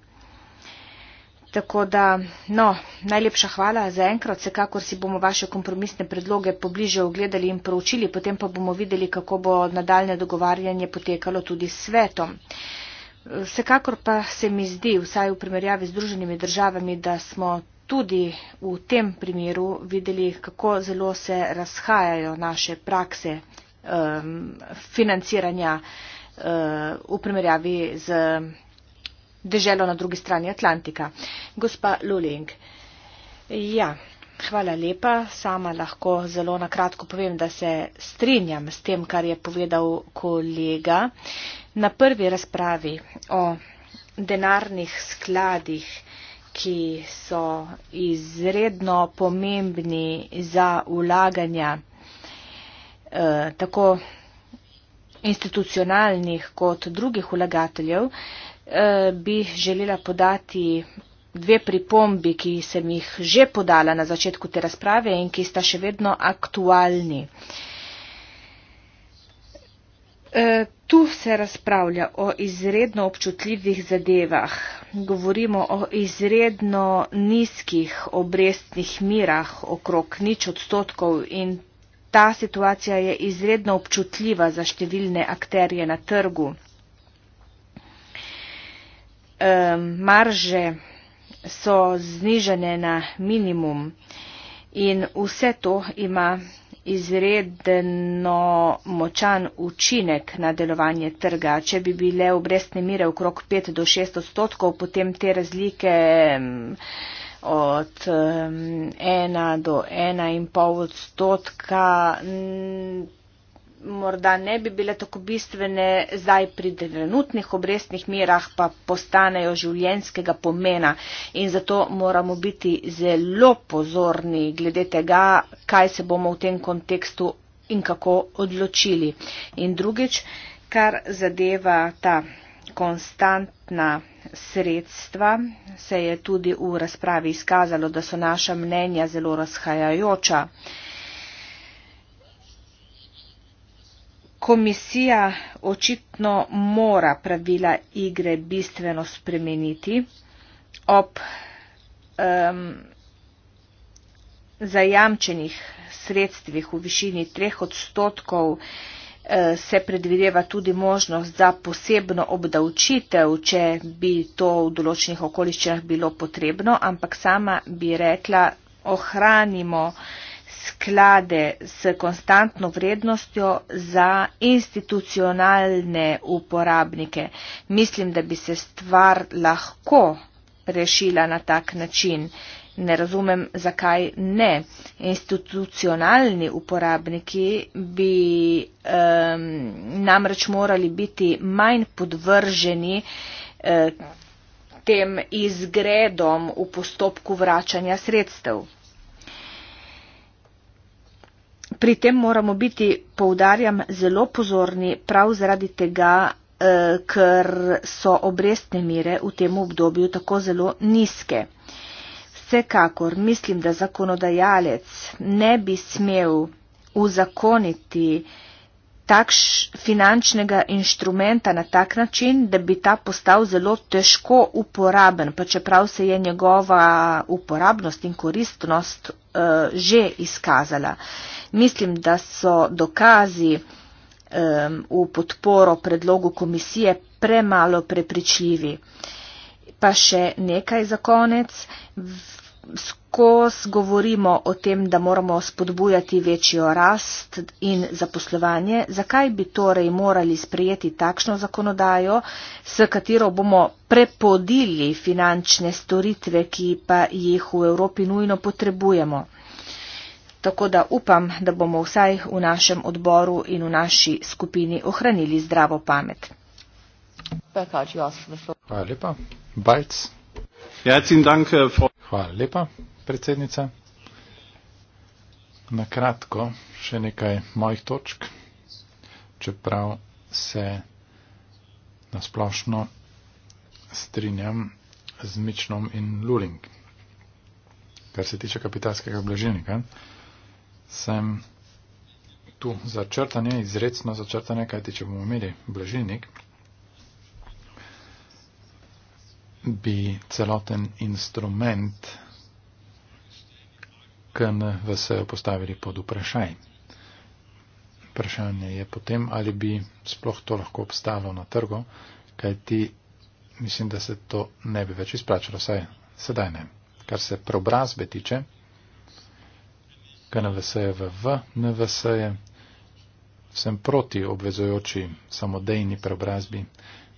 Tako da, no, najlepša hvala za enkrat, vsekakor si bomo vaše kompromisne predloge pobliže ogledali in proučili, potem pa bomo videli, kako bo nadaljne dogovarjanje potekalo tudi s svetom. Vsekakor pa se mi zdi, vsaj v primerjavi z druženimi državami, da smo tudi v tem primeru videli, kako zelo se razhajajo naše prakse um, financiranja uh, v primerjavi z deželo na drugi strani Atlantika. Gospa Luling. Ja, hvala lepa. Sama lahko zelo nakratko povem, da se strinjam s tem, kar je povedal kolega. Na prvi razpravi o denarnih skladih, ki so izredno pomembni za ulaganja eh, tako institucionalnih kot drugih ulagateljev, eh, bi želela podati dve pripombi, ki sem jih že podala na začetku te razprave in ki sta še vedno aktualni. E, tu se razpravlja o izredno občutljivih zadevah, govorimo o izredno nizkih obrestnih mirah okrog nič odstotkov in ta situacija je izredno občutljiva za številne akterje na trgu. E, marže so znižene na minimum in vse to ima izredno močan učinek na delovanje trga. Če bi bile obrestne mire okrog 5 do 6 odstotkov, potem te razlike mm, od 1 mm, do 1,5 odstotka. Mm, morda ne bi bile tako bistvene, zdaj pri trenutnih obrestnih mirah pa postanejo življenskega pomena in zato moramo biti zelo pozorni glede tega, kaj se bomo v tem kontekstu in kako odločili. In drugič, kar zadeva ta konstantna sredstva, se je tudi v razpravi izkazalo, da so naša mnenja zelo razhajajoča. komisija očitno mora pravila igre bistveno spremeniti ob um, zajamčenih sredstvih v višini treh odstotkov eh, se predvideva tudi možnost za posebno obdavčitev, če bi to v določenih okoliščinah bilo potrebno, ampak sama bi rekla, ohranimo eh, sklade s konstantno vrednostjo za institucionalne uporabnike. Mislim, da bi se stvar lahko rešila na tak način. Ne razumem, zakaj ne. Institucionalni uporabniki bi um, namreč morali biti manj podvrženi um, tem izgredom v postopku vračanja sredstev pri tem moramo biti, poudarjam, zelo pozorni prav zaradi tega, eh, ker so obrestne mire v tem obdobju tako zelo nizke. Vsekakor mislim, da zakonodajalec ne bi smel uzakoniti takš finančnega inštrumenta na tak način, da bi ta postal zelo težko uporaben, pa čeprav se je njegova uporabnost in koristnost uh, že izkazala. Mislim, da so dokazi um, v podporo predlogu komisije premalo prepričljivi. Pa še nekaj za konec skozi govorimo o tem, da moramo spodbujati večjo rast in zaposlovanje. Zakaj bi torej morali sprejeti takšno zakonodajo, s katero bomo prepodili finančne storitve, ki pa jih v Evropi nujno potrebujemo? Tako da upam, da bomo vsaj v našem odboru in v naši skupini ohranili zdravo pamet.
Hvala lepa. Bajc. Äh, Hvala lepa, predsednica. Na kratko še nekaj mojih točk, čeprav se nasplošno strinjam z Mičnom in Luling. Kar se tiče kapitalskega blažilnika, sem tu začrtanje, izredno začrtanje, kajti če bomo imeli blažilnik, bi celoten instrument KNVS postavili pod vprašaj. Vprašanje je potem, ali bi sploh to lahko obstalo na trgu, kajti mislim, da se to ne bi več izplačalo, saj sedaj ne. Kar se preobrazbe tiče, KNVS je v VNVS je, sem proti obvezojoči samodejni preobrazbi,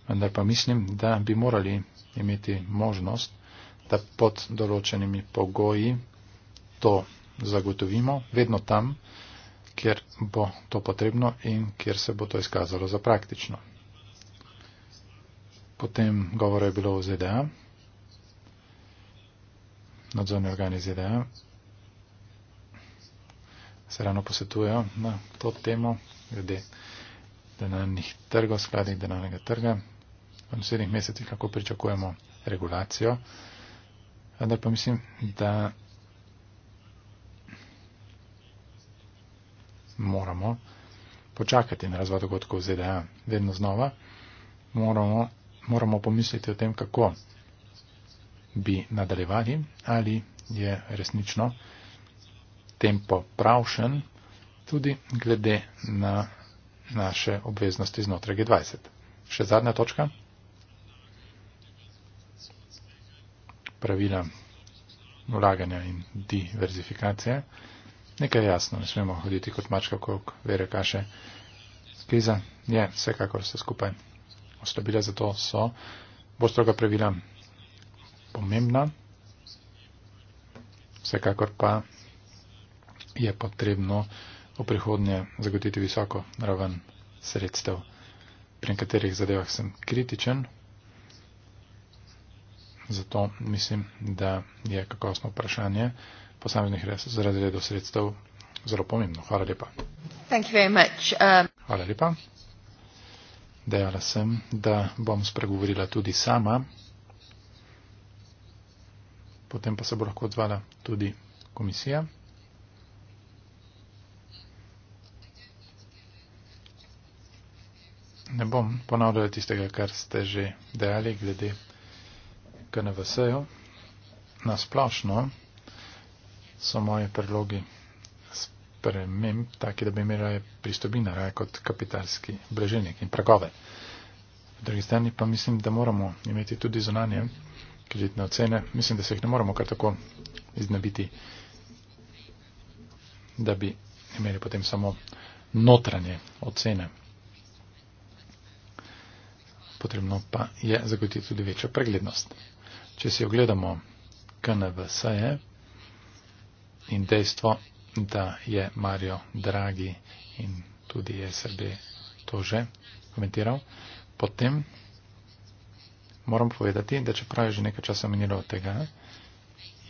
vendar pa mislim, da bi morali imeti možnost, da pod določenimi pogoji to zagotovimo, vedno tam, kjer bo to potrebno in kjer se bo to izkazalo za praktično. Potem govora je bilo o ZDA, nadzorni organi ZDA se rano posvetujejo na to temo, glede denarnih trgov, skladih denarnega trga, v naslednjih mesecih lahko pričakujemo regulacijo. Vendar pa mislim, da moramo počakati na razvoj dogodkov v ZDA. Vedno znova moramo, moramo pomisliti o tem, kako bi nadaljevali, ali je resnično tempo pravšen tudi glede na naše obveznosti znotraj G20. Še zadnja točka. pravila vlaganja in diverzifikacije. Nekaj je jasno, ne smemo hoditi kot mačka, kot vere kaše. Kriza je vsekakor vse skupaj oslabila, zato so bolj stroga pravila pomembna. Vsekakor pa je potrebno v prihodnje zagotiti visoko raven sredstev. Pri nekaterih zadevah sem kritičen, Zato mislim, da je kakosno vprašanje posameznih razredov sredstev zelo pomembno. Hvala lepa. Um, Hvala lepa. Dejala sem, da bom spregovorila tudi sama, potem pa se bo lahko odzvala tudi komisija. Ne bom ponavljala tistega, kar ste že dejali glede KNVS-ju. Na splošno so moje predlogi spremem taki, da bi imela pristobina raje kot kapitalski breženik in pragove. V drugi strani pa mislim, da moramo imeti tudi zunanje kreditne ocene. Mislim, da se jih ne moramo kar tako iznabiti, da bi imeli potem samo notranje ocene. Potrebno pa je zagotiti tudi večjo preglednost če si ogledamo KNVS-je in dejstvo, da je Mario Dragi in tudi SRB to že komentiral, potem moram povedati, da čeprav je že nekaj časa minilo od tega,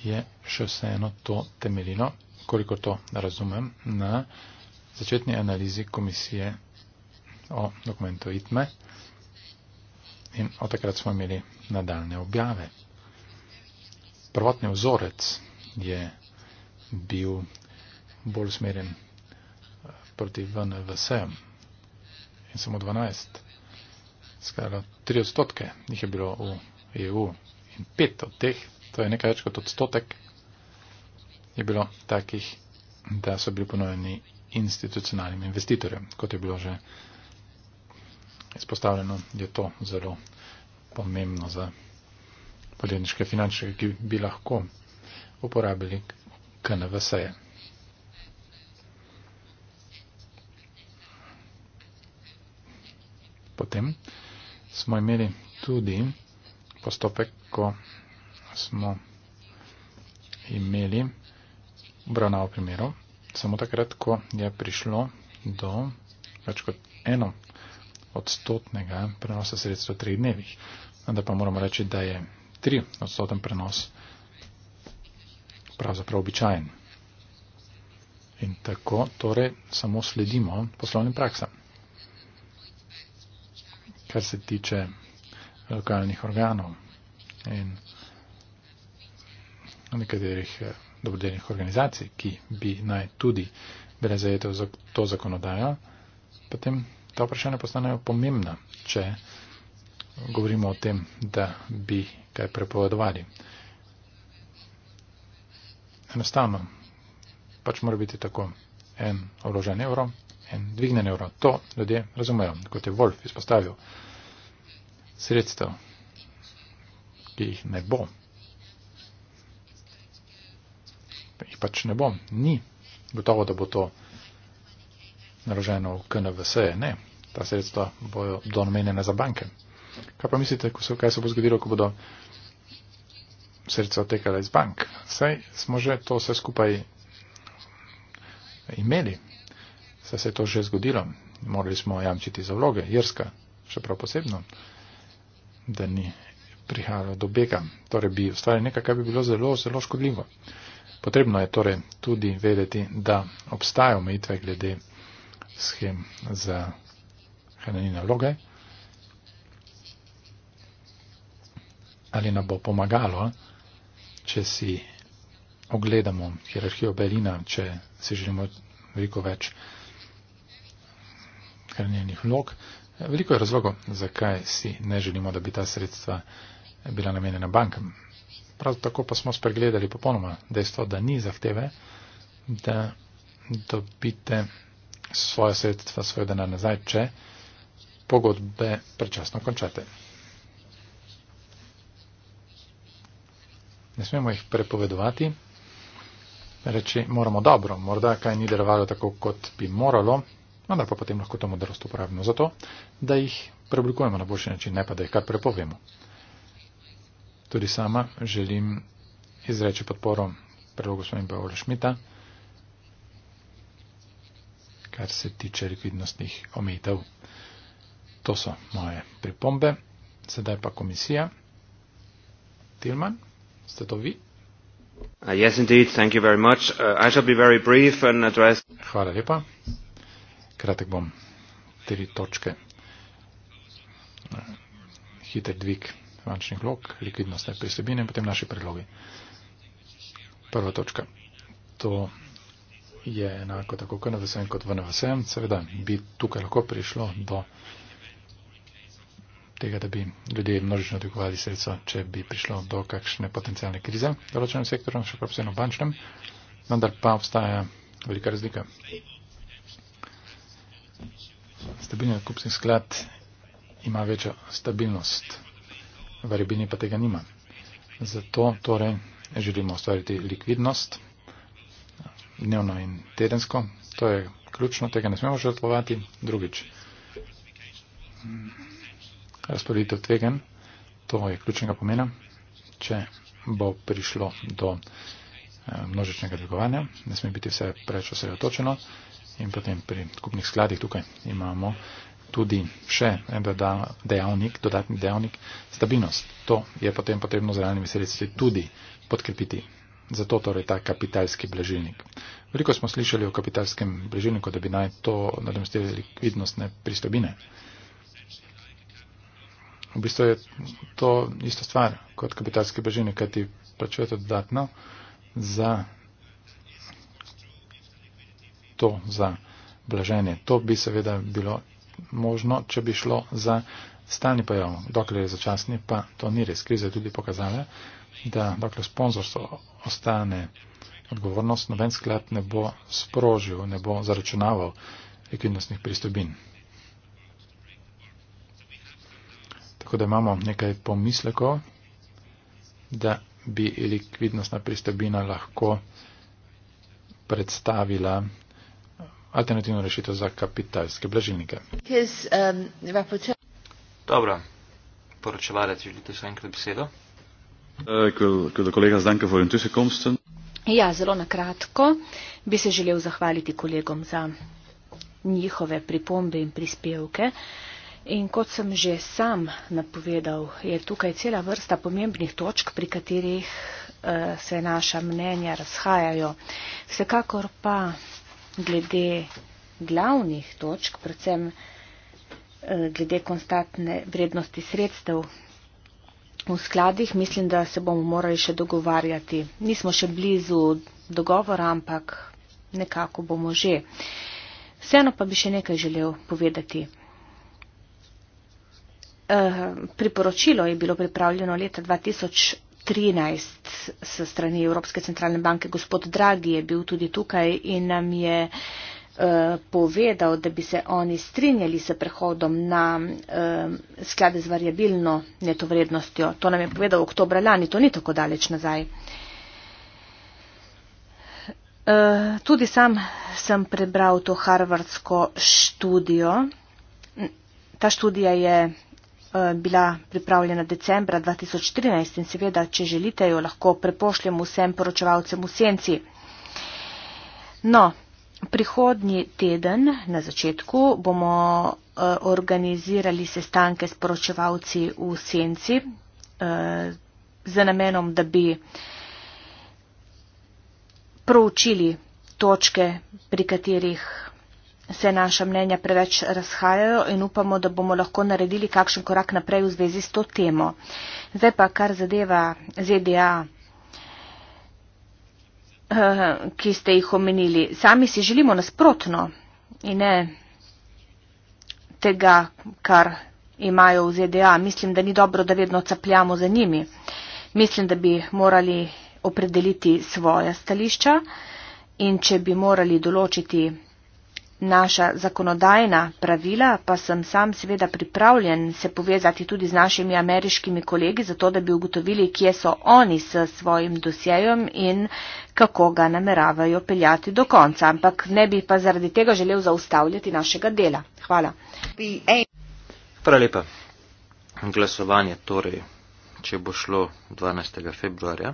je še vseeno to temeljilo, koliko to razumem, na začetni analizi komisije o dokumentu ITME in od takrat smo imeli nadaljne objave prvotni vzorec je bil bolj smeren eh, proti ven v sem. In samo 12, skoraj 3 odstotke jih je bilo v EU in 5 od teh, to je nekaj več kot odstotek, je bilo takih, da so bili ponovljeni institucionalnim investitorjem. Kot je bilo že izpostavljeno, je to zelo pomembno za podjetniške finančnike, ki bi lahko uporabili KNVS-je. Potem smo imeli tudi postopek, ko smo imeli obravnavo primerov, samo takrat, ko je prišlo do več kot eno odstotnega prenosa sredstva v treh dnevih. Da pa moramo reči, da je 0,3 odstoten prenos pravzaprav običajen. In tako torej samo sledimo poslovnim praksam. Kar se tiče eh, lokalnih organov in nekaterih eh, dobrodelnih organizacij, ki bi naj tudi bile zajete v to zakonodajo, potem ta vprašanja postanejo pomembna, če govorimo o tem, da bi kaj prepovedovali. Enostavno, pač mora biti tako. En oložen evro, en dvignen evro. To ljudje razumejo, kot je Wolf izpostavil. Sredstev, ki jih ne bo, jih pač ne bo, ni gotovo, da bo to naroženo v KNVS, ne. Ta sredstva bojo donomenjena za banke. Kaj pa mislite, so, kaj se bo zgodilo, ko bodo srca otekala iz bank? Saj smo že to vse skupaj imeli. Saj se je to že zgodilo. Morali smo jamčiti za vloge. Jerska, še prav posebno, da ni prihajalo do bega. Torej bi ustvarili nekaj, kar bi bilo zelo, zelo škodljivo. Potrebno je torej tudi vedeti, da obstajajo omejitve glede schem za hranjenje vloge. ali nam bo pomagalo, če si ogledamo hierarhijo Berlina, če si želimo veliko več hranjenih vlog. Veliko je razlogov, zakaj si ne želimo, da bi ta sredstva bila namenjena bankam. Prav tako pa smo spregledali popolnoma dejstvo, da ni zahteve, da dobite svoje sredstva, svoje denar nazaj, če pogodbe predčasno končate. Ne smemo jih prepovedovati, reči moramo dobro, morda kaj ni delovalo tako, kot bi moralo, vendar pa potem lahko to modrost uporabimo za to, da jih preoblikujemo na boljši način, ne pa da jih kar prepovemo. Tudi sama želim izreči podporo predlogu svojega Paula Šmita, kar se tiče likvidnostnih omejitev. To so moje pripombe, sedaj pa komisija. Tilman ste to vi? Uh, yes, indeed, thank you very much. Uh, I shall be very brief and address... Hvala lepa. Kratek bom. Tri točke. Hiter dvig finančnih vlog, likvidnost najprej slebine in potem naši predlogi. Prva točka. To je enako tako KNVSM kot VNVSM. Seveda bi tukaj lahko prišlo do uh, tega, da bi ljudje množično dvigovali sredstva, če bi prišlo do kakšne potencijalne krize v določenem sektorju, še posebej v bančnem, vendar pa obstaja velika razlika. Stabilni kupni sklad ima večjo stabilnost, variabilni pa tega nima. Zato torej želimo ustvariti likvidnost dnevno in tedensko. To je ključno, tega ne smemo žrtvovati. Drugič razporeditev tvegen, to je ključnega pomena, če bo prišlo do eh, množičnega dvigovanja, ne sme biti vse preč osredotočeno in potem pri kupnih skladih tukaj imamo tudi še en dejavnik, dodatni dejavnik, stabilnost. To je potem potrebno z realnimi sredstvi tudi podkrepiti. Zato torej ta kapitalski bližilnik. Veliko smo slišali o kapitalskem bližilniku, da bi naj to nadomestili likvidnostne pristobine. V bistvu je to ista stvar kot kapitalske bržine, kaj ti plačujete dodatno za to, za blaženje. To bi seveda bilo možno, če bi šlo za stalni pojav, dokler je začasni, pa to ni res. Kriza je tudi pokazala, da dokler sponzorstvo ostane odgovornost, noben sklad ne bo sprožil, ne bo zaračunaval likvidnostnih pristobin. Tako da imamo nekaj pomislekov, da bi likvidnostna pristojbina lahko predstavila alternativno rešitev za kapitalske blažilnike.
Um,
Dobro, poročevalec, želite še enkrat besedo?
E, kolega Zdanka Volentuse Komsten.
Ja, zelo na kratko bi se želel zahvaliti kolegom za njihove pripombe in prispevke. Uh, In kot sem že sam napovedal, je tukaj cela vrsta pomembnih točk, pri katerih eh, se naša mnenja razhajajo. Vsekakor pa glede glavnih točk, predvsem eh, glede konstantne vrednosti sredstev v skladih, mislim, da se bomo morali še dogovarjati. Nismo še blizu dogovora, ampak nekako bomo že. Vseeno pa bi še nekaj želel povedati. Uh, priporočilo je bilo pripravljeno leta 2013 s strani Evropske centralne banke. Gospod Draghi je bil tudi tukaj in nam je uh, povedal, da bi se oni strinjali s prehodom na uh, sklade z variabilno netovrednostjo. To nam je povedal oktobra lani, to ni tako daleč nazaj. Uh, tudi sam sem prebral to harvardsko študijo. Ta študija je Eh, bila pripravljena decembra 2013 in seveda, če želite, jo lahko prepošljem vsem poročevalcem v senci. No, prihodnji teden na začetku bomo eh, organizirali sestanke s poročevalci v senci eh, z namenom, da bi proučili točke, pri katerih se naša mnenja preveč razhajajo in upamo, da bomo lahko naredili kakšen korak naprej v zvezi s to temo. Zdaj pa, kar zadeva ZDA, eh, ki ste jih omenili. Sami si želimo nasprotno in ne tega, kar imajo v ZDA. Mislim, da ni dobro, da vedno capljamo za njimi. Mislim, da bi morali opredeliti svoja stališča in če bi morali določiti Naša zakonodajna pravila pa sem sam seveda pripravljen se povezati tudi z našimi ameriškimi kolegi, zato da bi ugotovili, kje so oni s svojim dosjejem in kako ga nameravajo peljati do konca. Ampak ne bi pa zaradi tega želel zaustavljati našega dela. Hvala.
Hvala lepa. Glasovanje torej, če bo šlo 12. februarja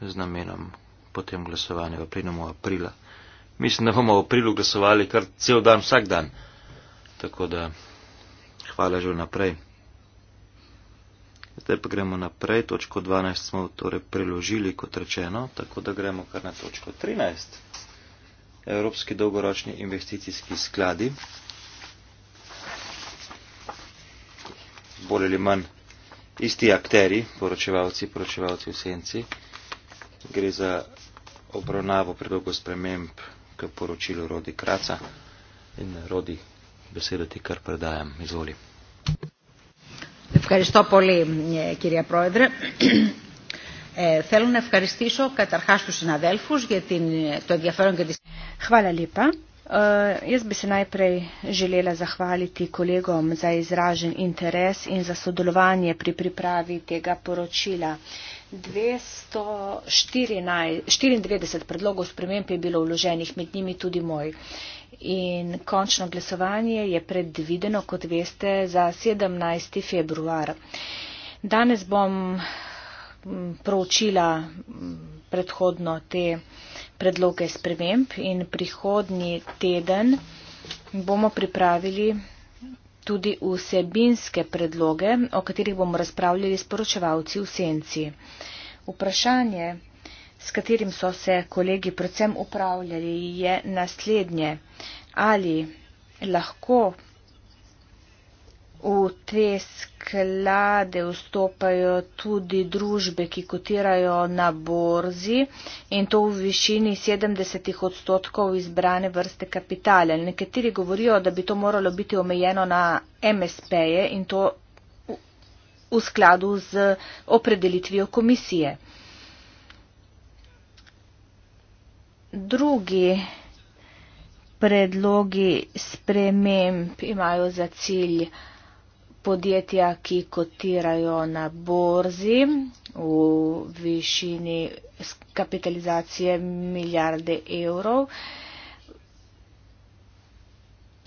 z namenom potem glasovanje v plenumu aprila. Mislim, da bomo v aprilu glasovali kar cel dan, vsak dan. Tako da hvala že naprej. Zdaj pa gremo naprej. Točko 12 smo torej preložili, kot rečeno, tako da gremo kar na točko 13. Evropski dolgoročni investicijski skladi. Bolje ali manj isti akteri, poročevalci, poročevalci v senci gre za obravnavo predlogo sprememb k poročilu Rodi Kraca in Rodi, besedo ti kar predajam, izvoli.
Ευχαριστώ πολύ κυρία Πρόεδρε. Ε, θέλω να ευχαριστήσω καταρχάς τους συναδέλφους για την, το ενδιαφέρον και τη Χαλά λίπα. Jaz bi se najprej želela zahvaliti kolegom za izražen interes in za sodelovanje pri pripravi tega poročila. E, 294 predlogov sprememb je bilo vloženih, med njimi tudi moj. In končno glasovanje je predvideno, kot veste, za 17. februar. Danes bom proučila predhodno te predloge sprememb in prihodnji teden bomo pripravili tudi vsebinske predloge, o katerih bomo razpravljali s poročevalci v senci. Vprašanje, s katerim so se kolegi predvsem upravljali, je naslednje. Ali lahko V te sklade vstopajo tudi družbe, ki kotirajo na borzi in to v višini 70 odstotkov izbrane vrste kapitala. Nekateri govorijo, da bi to moralo biti omejeno na MSP-je in to v skladu z opredelitvijo komisije. Drugi predlogi sprememb imajo za cilj, podjetja, ki kotirajo na borzi v višini kapitalizacije milijarde evrov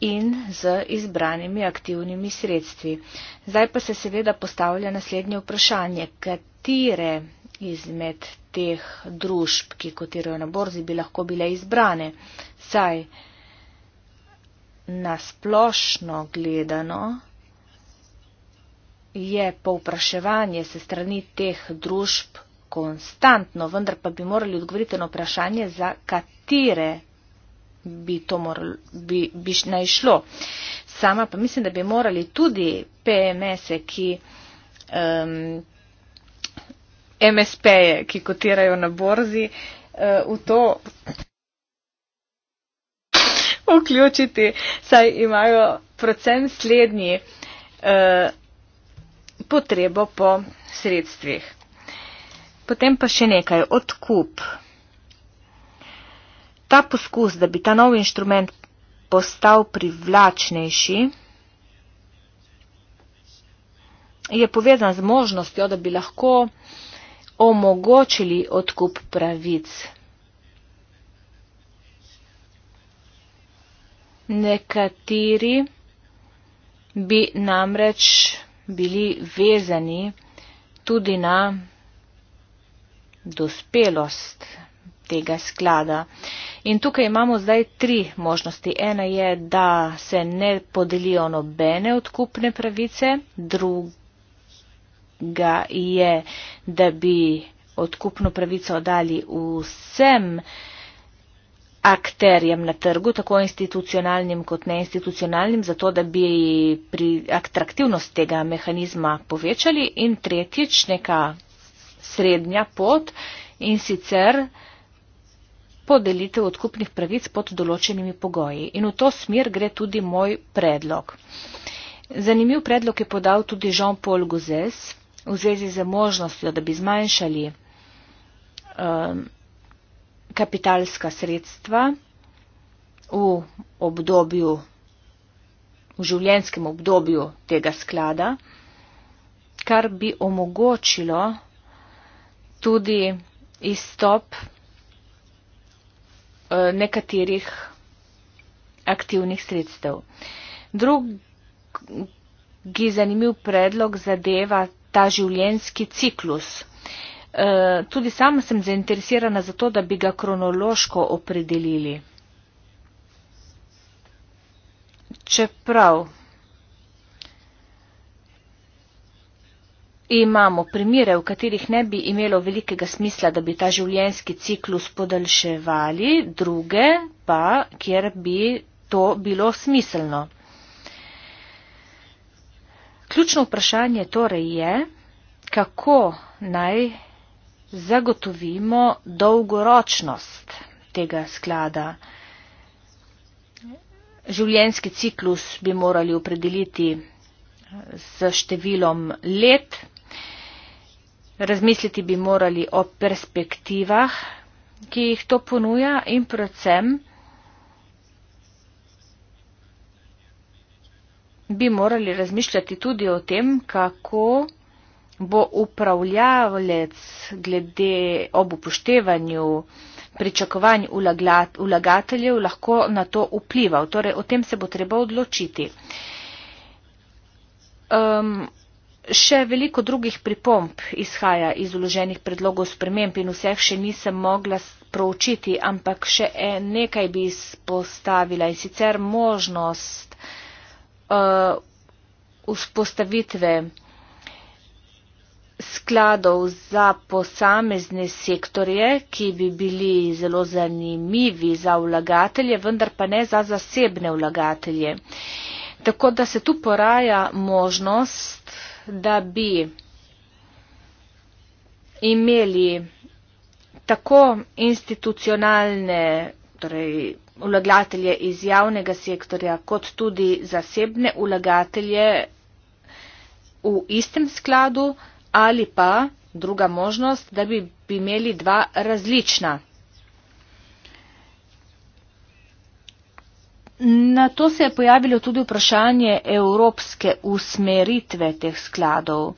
in z izbranimi aktivnimi sredstvi. Zdaj pa se seveda postavlja naslednje vprašanje, katere izmed teh družb, ki kotirajo na borzi, bi lahko bile izbrane. Saj nasplošno gledano je povpraševanje se strani teh družb konstantno, vendar pa bi morali odgovoriti na vprašanje, za katere bi to moral, bi, bi naj šlo. Sama pa mislim, da bi morali tudi PMS-e, ki um, MSP-je, ki kotirajo na borzi, uh, v to vključiti, saj imajo predvsem slednji uh, potrebo po sredstvih. Potem pa še nekaj, odkup. Ta poskus, da bi ta nov inštrument postal privlačnejši, je povezan z možnostjo, da bi lahko omogočili odkup pravic. Nekateri bi namreč bili vezani tudi na dospelost tega sklada. In tukaj imamo zdaj tri možnosti. Ena je, da se ne podelijo nobene odkupne pravice, druga je, da bi odkupno pravico dali vsem, uh, akterjem na trgu, tako institucionalnim kot neinstitucionalnim, zato da bi pri atraktivnost tega mehanizma povečali in tretjič neka srednja pot in sicer podelitev odkupnih pravic pod določenimi pogoji. In v to smer gre tudi moj predlog. Zanimiv predlog je podal tudi Jean-Paul Gouzes v zvezi z možnostjo, da bi zmanjšali um, kapitalska sredstva v obdobju, v življenskem obdobju tega sklada, kar bi omogočilo tudi izstop eh, nekaterih aktivnih sredstev. Drugi zanimiv predlog zadeva ta življenski ciklus Eh, tudi sama sem zainteresirana za to, da bi ga kronološko opredelili. Čeprav imamo primere, v katerih ne bi imelo velikega smisla, da bi ta življenjski ciklus podaljševali, druge pa, kjer bi to bilo smiselno. Ključno vprašanje torej je, kako naj zagotovimo dolgoročnost tega sklada. Življenjski ciklus bi morali opredeliti z številom let, razmisliti bi morali o perspektivah, ki jih to ponuja in predvsem bi morali razmišljati tudi o tem, kako bo upravljalec glede ob upoštevanju pričakovanj vlagateljev lahko na to vplival. Torej, o tem se bo treba odločiti. Um, še veliko drugih pripomp izhaja iz uloženih predlogov sprememb in vseh še nisem mogla proučiti, ampak še e, nekaj bi izpostavila in sicer možnost uh, vzpostavitve skladov za posamezne sektorje, ki bi bili zelo zanimivi za vlagatelje, vendar pa ne za zasebne vlagatelje. Tako da se tu poraja možnost, da bi imeli tako institucionalne, torej vlagatelje iz javnega sektorja, kot tudi zasebne vlagatelje v istem skladu, ali pa druga možnost, da bi imeli dva različna. Na to se je pojavilo tudi vprašanje evropske usmeritve teh skladov.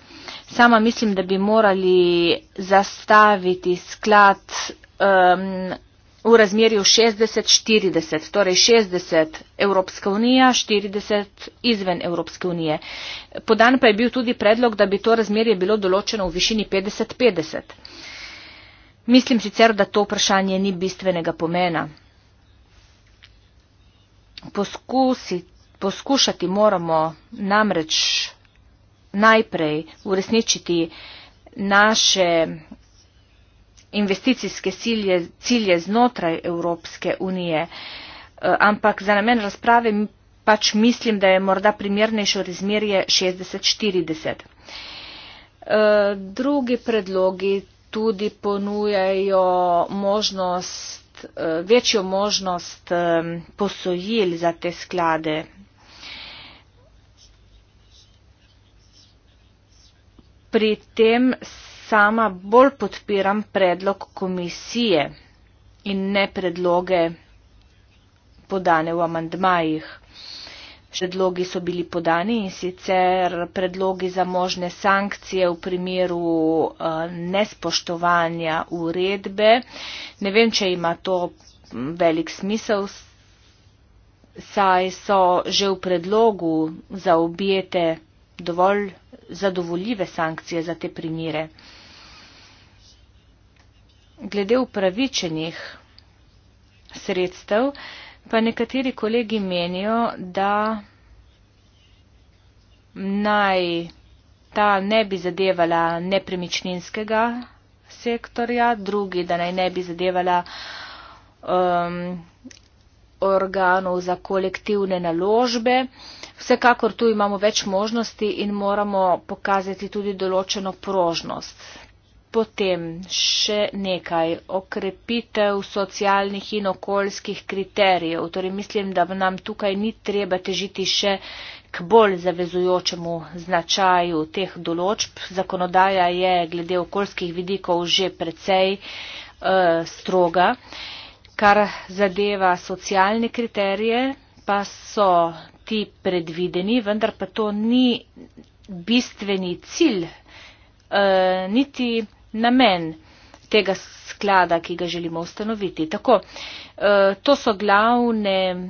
Sama mislim, da bi morali zastaviti sklad um, v razmerju 60-40, torej 60 Evropska unija, 40 izven Evropske unije. Podan pa je bil tudi predlog, da bi to razmerje bilo določeno v višini 50-50. Mislim sicer, da to vprašanje ni bistvenega pomena. Poskusi, poskušati moramo namreč najprej uresničiti naše investicijske cilje, cilje znotraj Evropske unije. Eh, ampak za namen razprave pač mislim, da je morda primernejše razmerje 60-40. Eh, drugi predlogi tudi ponujajo možnost, eh, večjo možnost posojil za te sklade. Pri tem se sama bolj podpiram predlog komisije in ne predloge podane v amandmajih. Predlogi so bili podani in sicer predlogi za možne sankcije v primeru eh, nespoštovanja uredbe. Ne vem, če ima to velik smisel, saj so že v predlogu za objete dovolj zadovoljive sankcije za te primere glede upravičenih sredstev, pa nekateri kolegi menijo, da naj ta ne bi zadevala nepremičninskega sektorja, drugi, da naj ne bi zadevala um, organov za kolektivne naložbe. Vsekakor tu imamo več možnosti in moramo pokazati tudi določeno prožnost. Potem še nekaj okrepitev socialnih in okoljskih kriterijev. Torej mislim, da nam tukaj ni treba težiti še k bolj zavezujočemu značaju teh določb. Zakonodaja je glede okoljskih vidikov že precej e, stroga. Kar zadeva socialne kriterije, pa so ti predvideni, vendar pa to ni bistveni cilj. E, niti namen tega sklada, ki ga želimo ustanoviti. Tako, eh, to so glavne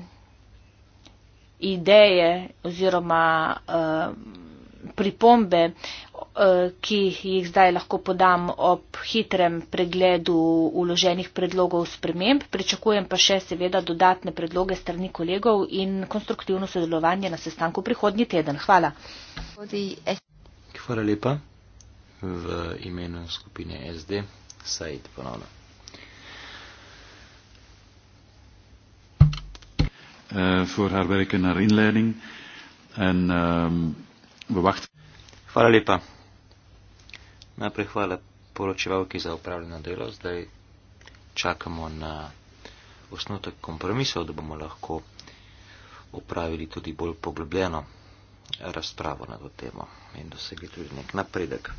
ideje oziroma eh, pripombe, eh, ki jih zdaj lahko podam ob hitrem pregledu uloženih predlogov sprememb. Pričakujem pa še seveda dodatne predloge strani kolegov in konstruktivno sodelovanje na sestanku prihodnji teden. Hvala.
Hvala lepa v imenu skupine SD, Said ponovno.
Uh, um, hvala lepa.
Najprej hvala poročevalki za upravljeno delo. Zdaj čakamo na osnotek kompromisov, da bomo lahko upravili tudi bolj poglobljeno razpravo na to temo in dosegli tudi nek napredek.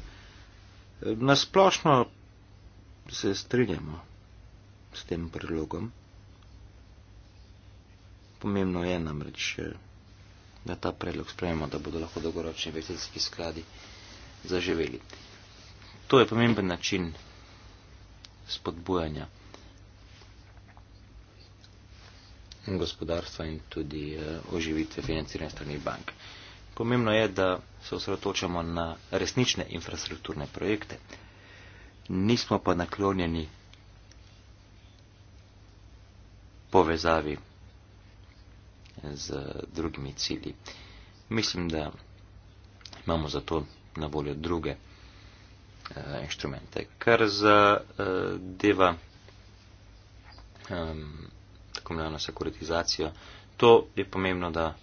Nasplošno se strinjamo s tem predlogom. Pomembno je namreč, da ta predlog sprejemo, da bodo lahko dolgoročni veselski skladi zaživeli. To je pomemben način spodbujanja gospodarstva in tudi eh, oživitve financiranja strani bank. Pomembno je, da se osredotočamo na resnične infrastrukturne projekte. Nismo pa naklonjeni povezavi z drugimi cilji. Mislim, da imamo za to na voljo druge uh, inštrumente. Kar za uh, deva um, ehm, tako imenovano sekuritizacijo, to je pomembno, da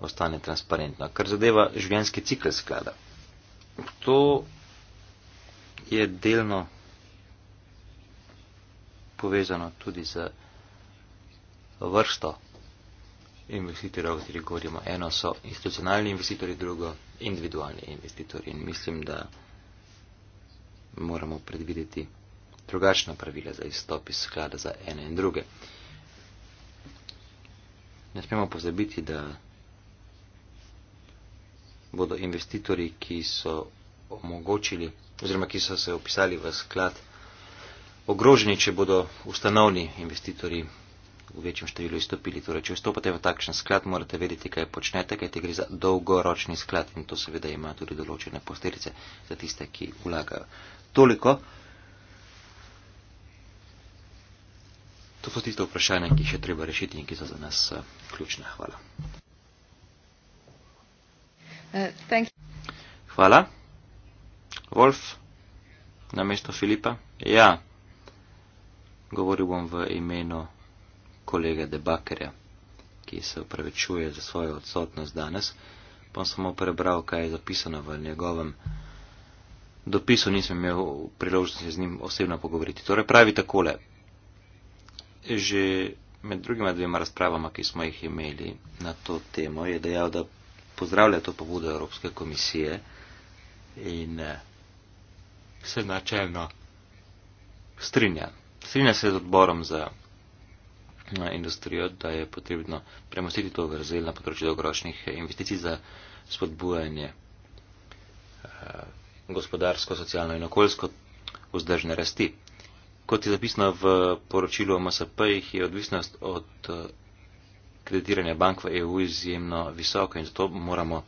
ostane transparentno. Kar zadeva življenjski cikl sklada. To je delno povezano tudi z vrsto investitorjev, o kateri govorimo. Eno so institucionalni investitorji, drugo individualni investitorji. In mislim, da moramo predvideti drugačna pravila za izstop iz sklada za ene in druge. Ne smemo pozabiti, da bodo investitorji, ki so omogočili oziroma ki so se opisali v sklad, ogroženi, če bodo ustanovni investitorji v večjem številu izstopili. Torej, če vstopate v takšen sklad, morate vedeti, kaj počnete, kaj te gre za dolgoročni sklad in to seveda ima tudi določene posterice za tiste, ki vlagajo. Toliko. To so tiste vprašanja, ki jih je treba rešiti in ki so za nas eh, ključne. Hvala. Uh, Hvala. Wolf, na mesto Filipa. Ja, govoril bom v imenu kolega Debakerja, ki se upravičuje za svojo odsotnost danes. Pa samo prebral, kaj je zapisano v njegovem dopisu, nisem imel priložnosti z njim osebno pogovoriti. Torej pravi takole. Že med drugima dvema razpravama, ki smo jih imeli na to temo, je dejal, da pozdravlja to pobudo Evropske komisije in eh, se načelno strinja. Strinja se z odborom za eh, industrijo, da je potrebno premostiti to vrzel na področju dolgoročnih investicij za spodbujanje eh, gospodarsko, socialno in okoljsko vzdržne rasti. Kot je zapisano v poročilu o MSP, jih je odvisnost od kreditiranja bank v EU izjemno visoko in zato moramo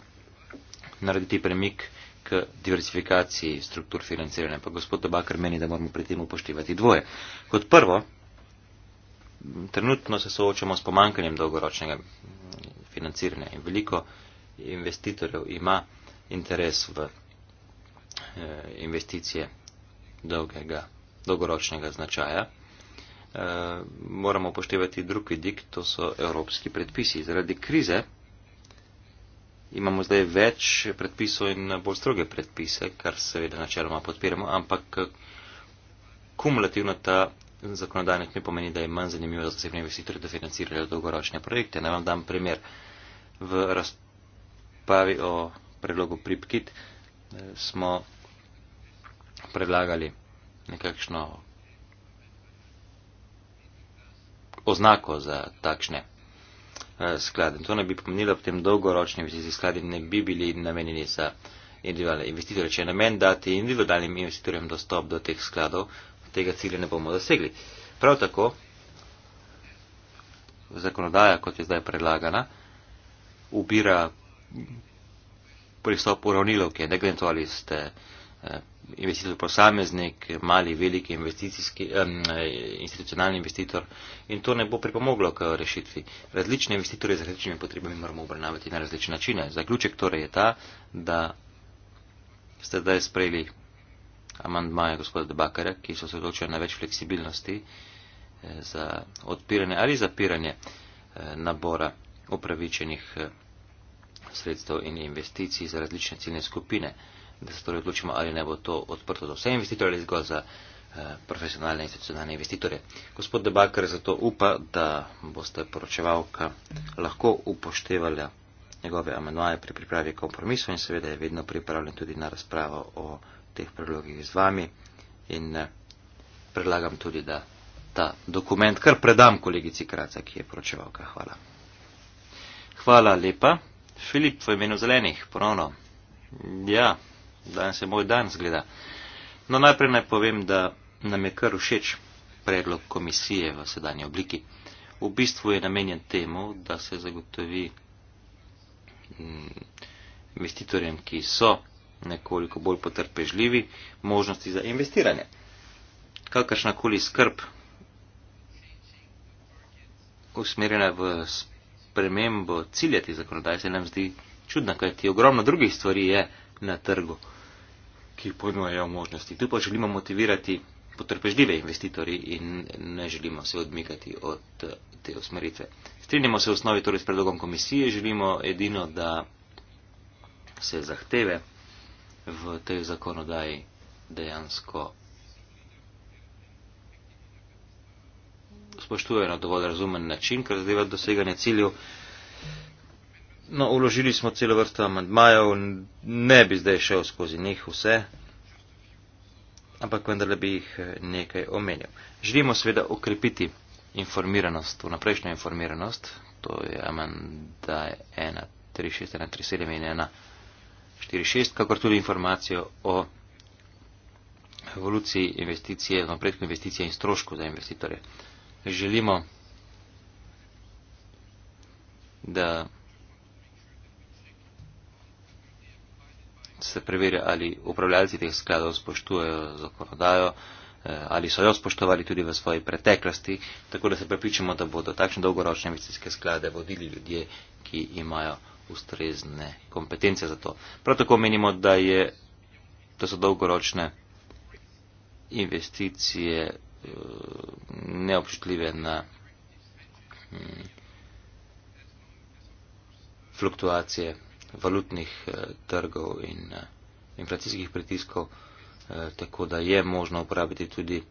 narediti premik k diversifikaciji struktur financiranja. Pa gospod Dobakar meni, da moramo pri tem upoštevati dvoje. Kot prvo, trenutno se soočamo s pomankanjem dolgoročnega financiranja in veliko investitorjev ima interes v eh, investicije dolgega, dolgoročnega značaja. Eh, moramo poštevati drug vidik, to so evropski predpisi. Zaradi krize imamo zdaj več predpisov in bolj stroge predpise, kar seveda načeloma podpiramo, ampak eh, kumulativno ta zakonodajna ne pomeni, da je manj zanimivo za zasebne investitorje, da financirajo dolgoročne projekte. Naj vam dam primer. V razpravi o predlogu PRIPKIT eh, smo predlagali nekakšno oznako za takšne eh, sklade. To ne bi pomenilo potem dolgoročni investicijski skladi, ne bi bili namenjeni za individualne investitore. Če je namen dati individualnim investitorjem dostop do teh skladov, tega cilja ne bomo dosegli. Prav tako zakonodaja, kot je zdaj predlagana, ubira pristop uravnilovke, ne glede na to, ali ste eh, Eh, investitor posameznik, mali, veliki investicijski, eh, institucionalni investitor in to ne bo pripomoglo k rešitvi. Različne investitorje z različnimi potrebami moramo obravnavati na različne načine. Zaključek torej je ta, da ste zdaj sprejeli amandmaje gospoda Debakara, ki so se odločili na več fleksibilnosti eh, za odpiranje ali zapiranje eh, nabora upravičenih sredstev in investicij za različne ciljne skupine da se torej odločimo, ali ne bo to odprto za vse investitorje ali zgolj za eh, profesionalne institucionalne investitore. Gospod Debaker zato upa, da boste poročevalka lahko upoštevali njegove amenoje pri pripravi kompromisov in seveda je vedno pripravljen tudi na razpravo o teh predlogih z vami in eh, predlagam tudi, da ta dokument kar predam kolegici Kraca, ki je poročevalka. Hvala. Hvala lepa. Filip, v imenu zelenih, ponovno. Ja. Danes je moj dan, zgleda. No, najprej naj povem, da nam je kar všeč predlog komisije v sedanji obliki. V bistvu je namenjen temu, da se zagotovi mm, investitorjem, ki so nekoliko bolj potrpežljivi, možnosti za investiranje. Kakršnakoli skrb usmerjena v spremembo cilja te zakonodaje se nam zdi čudna, kajti ogromno drugih stvari je, na trgu, ki ponujajo možnosti. Tu pa želimo motivirati potrpežljive investitorje in ne želimo se odmikati od eh, te usmeritve. Strinjamo se v osnovi torej s predlogom komisije, želimo edino, da se zahteve v tej zakonodaji dejansko spoštujejo na dovolj razumen način, kar zadeva doseganje ciljev. No, uložili smo celo vrsto amandmajev, ne bi zdaj šel skozi njih vse, ampak vendarle bi jih eh, nekaj omenil. Želimo seveda ukrepiti informiranost, vnaprejšnjo informiranost, to je amandaj 1, 3, 6, 1, 3, 7 in 1, 4, 6, kakor tudi informacijo o evoluciji investicije, napredku investicije in strošku za investitorje. Želimo, da. se preverja, ali upravljalci teh skladov spoštujejo zakonodajo, eh, ali so jo spoštovali tudi v svoji preteklosti, tako da se prepričamo, da bodo takšne dolgoročne investicijske sklade vodili ljudje, ki imajo ustrezne kompetence za to. Prav tako menimo, da, je, da so dolgoročne investicije eh, neobčutljive na hm, fluktuacije valutnih eh, trgov in eh, inflacijskih pritiskov, eh, tako da je možno uporabiti tudi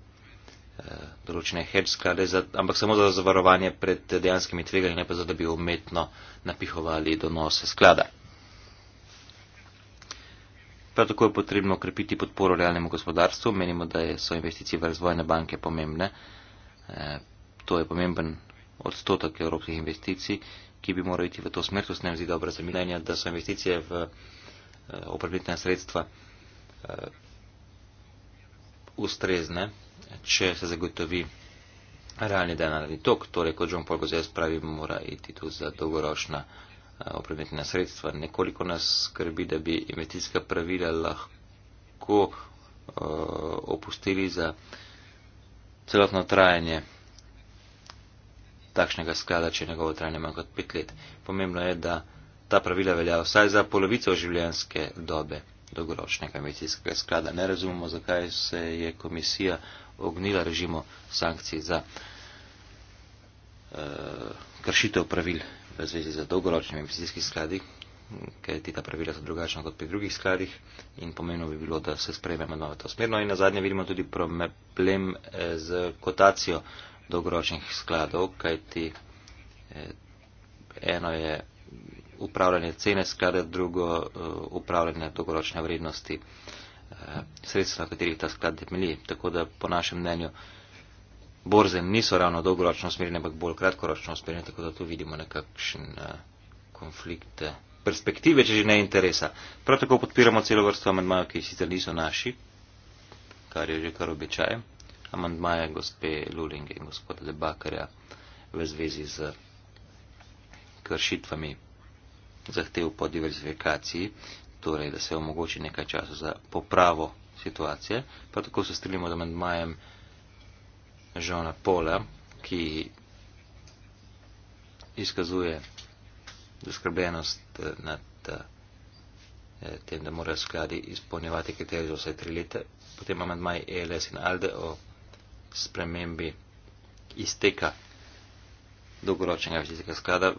določene hedge sklade, za, ampak samo za zavarovanje pred dejanskimi tveganji, ne pa za, da bi umetno napihovali donose sklada. Prav tako je potrebno okrepiti podporo realnemu gospodarstvu. Menimo, da so investicije v razvojne banke pomembne. To je pomemben odstotek evropskih investicij ki bi morali iti v to smer, to se nam zdi dobro za mnenje, da so investicije v eh, opravljitne sredstva eh, ustrezne, če se zagotovi realni denarni tok, torej kot John Paul Gozes pravi, mora iti tu za dolgoročna eh, opravljitne sredstva. Nekoliko nas skrbi, da bi investicijska pravila lahko opustili za celotno trajanje takšnega sklada, če njegovo trajanje manj kot pet let. Pomembno je, da ta pravila velja vsaj za polovico življenjske dobe dolgoročnega investicijskega sklada. Ne razumemo, zakaj se je komisija ognila režimu sankcij za uh, kršitev pravil v zvezi z dolgoročnimi investicijskimi skladi, ker ti ta pravila so drugačna kot pri drugih skladih in pomembno bi bilo, da se sprejmemo na to smerno. In na zadnje vidimo tudi problem z eh, kotacijo dolgoročnih skladov, kajti eh, eno je upravljanje cene sklada, drugo eh, upravljanje dolgoročne vrednosti eh, sredstva, na katerih ta sklad temelji. Tako da po našem mnenju borze niso ravno dolgoročno usmerjene, ampak bolj kratkoročno usmerjene, tako da tu vidimo nekakšen konflikt perspektive, če že ne interesa. Prav tako podpiramo celo vrsto amandmajev, ki sicer niso naši, kar je že kar običajem amantmaja gospe Luring in gospoda Debakarja v zvezi z kršitvami zahtev po diverzifikaciji, torej da se omogoči nekaj časa za popravo situacije. Pa tako se strinjamo z amantmajem Žona Pola, ki izkazuje zaskrbljenost eh, nad eh, tem, da morajo skladi izpolnjevati kriterije za vse tri leta. Potem amantmaj ELS in ALDE o spremembi izteka dolgoročnega investicijskega sklada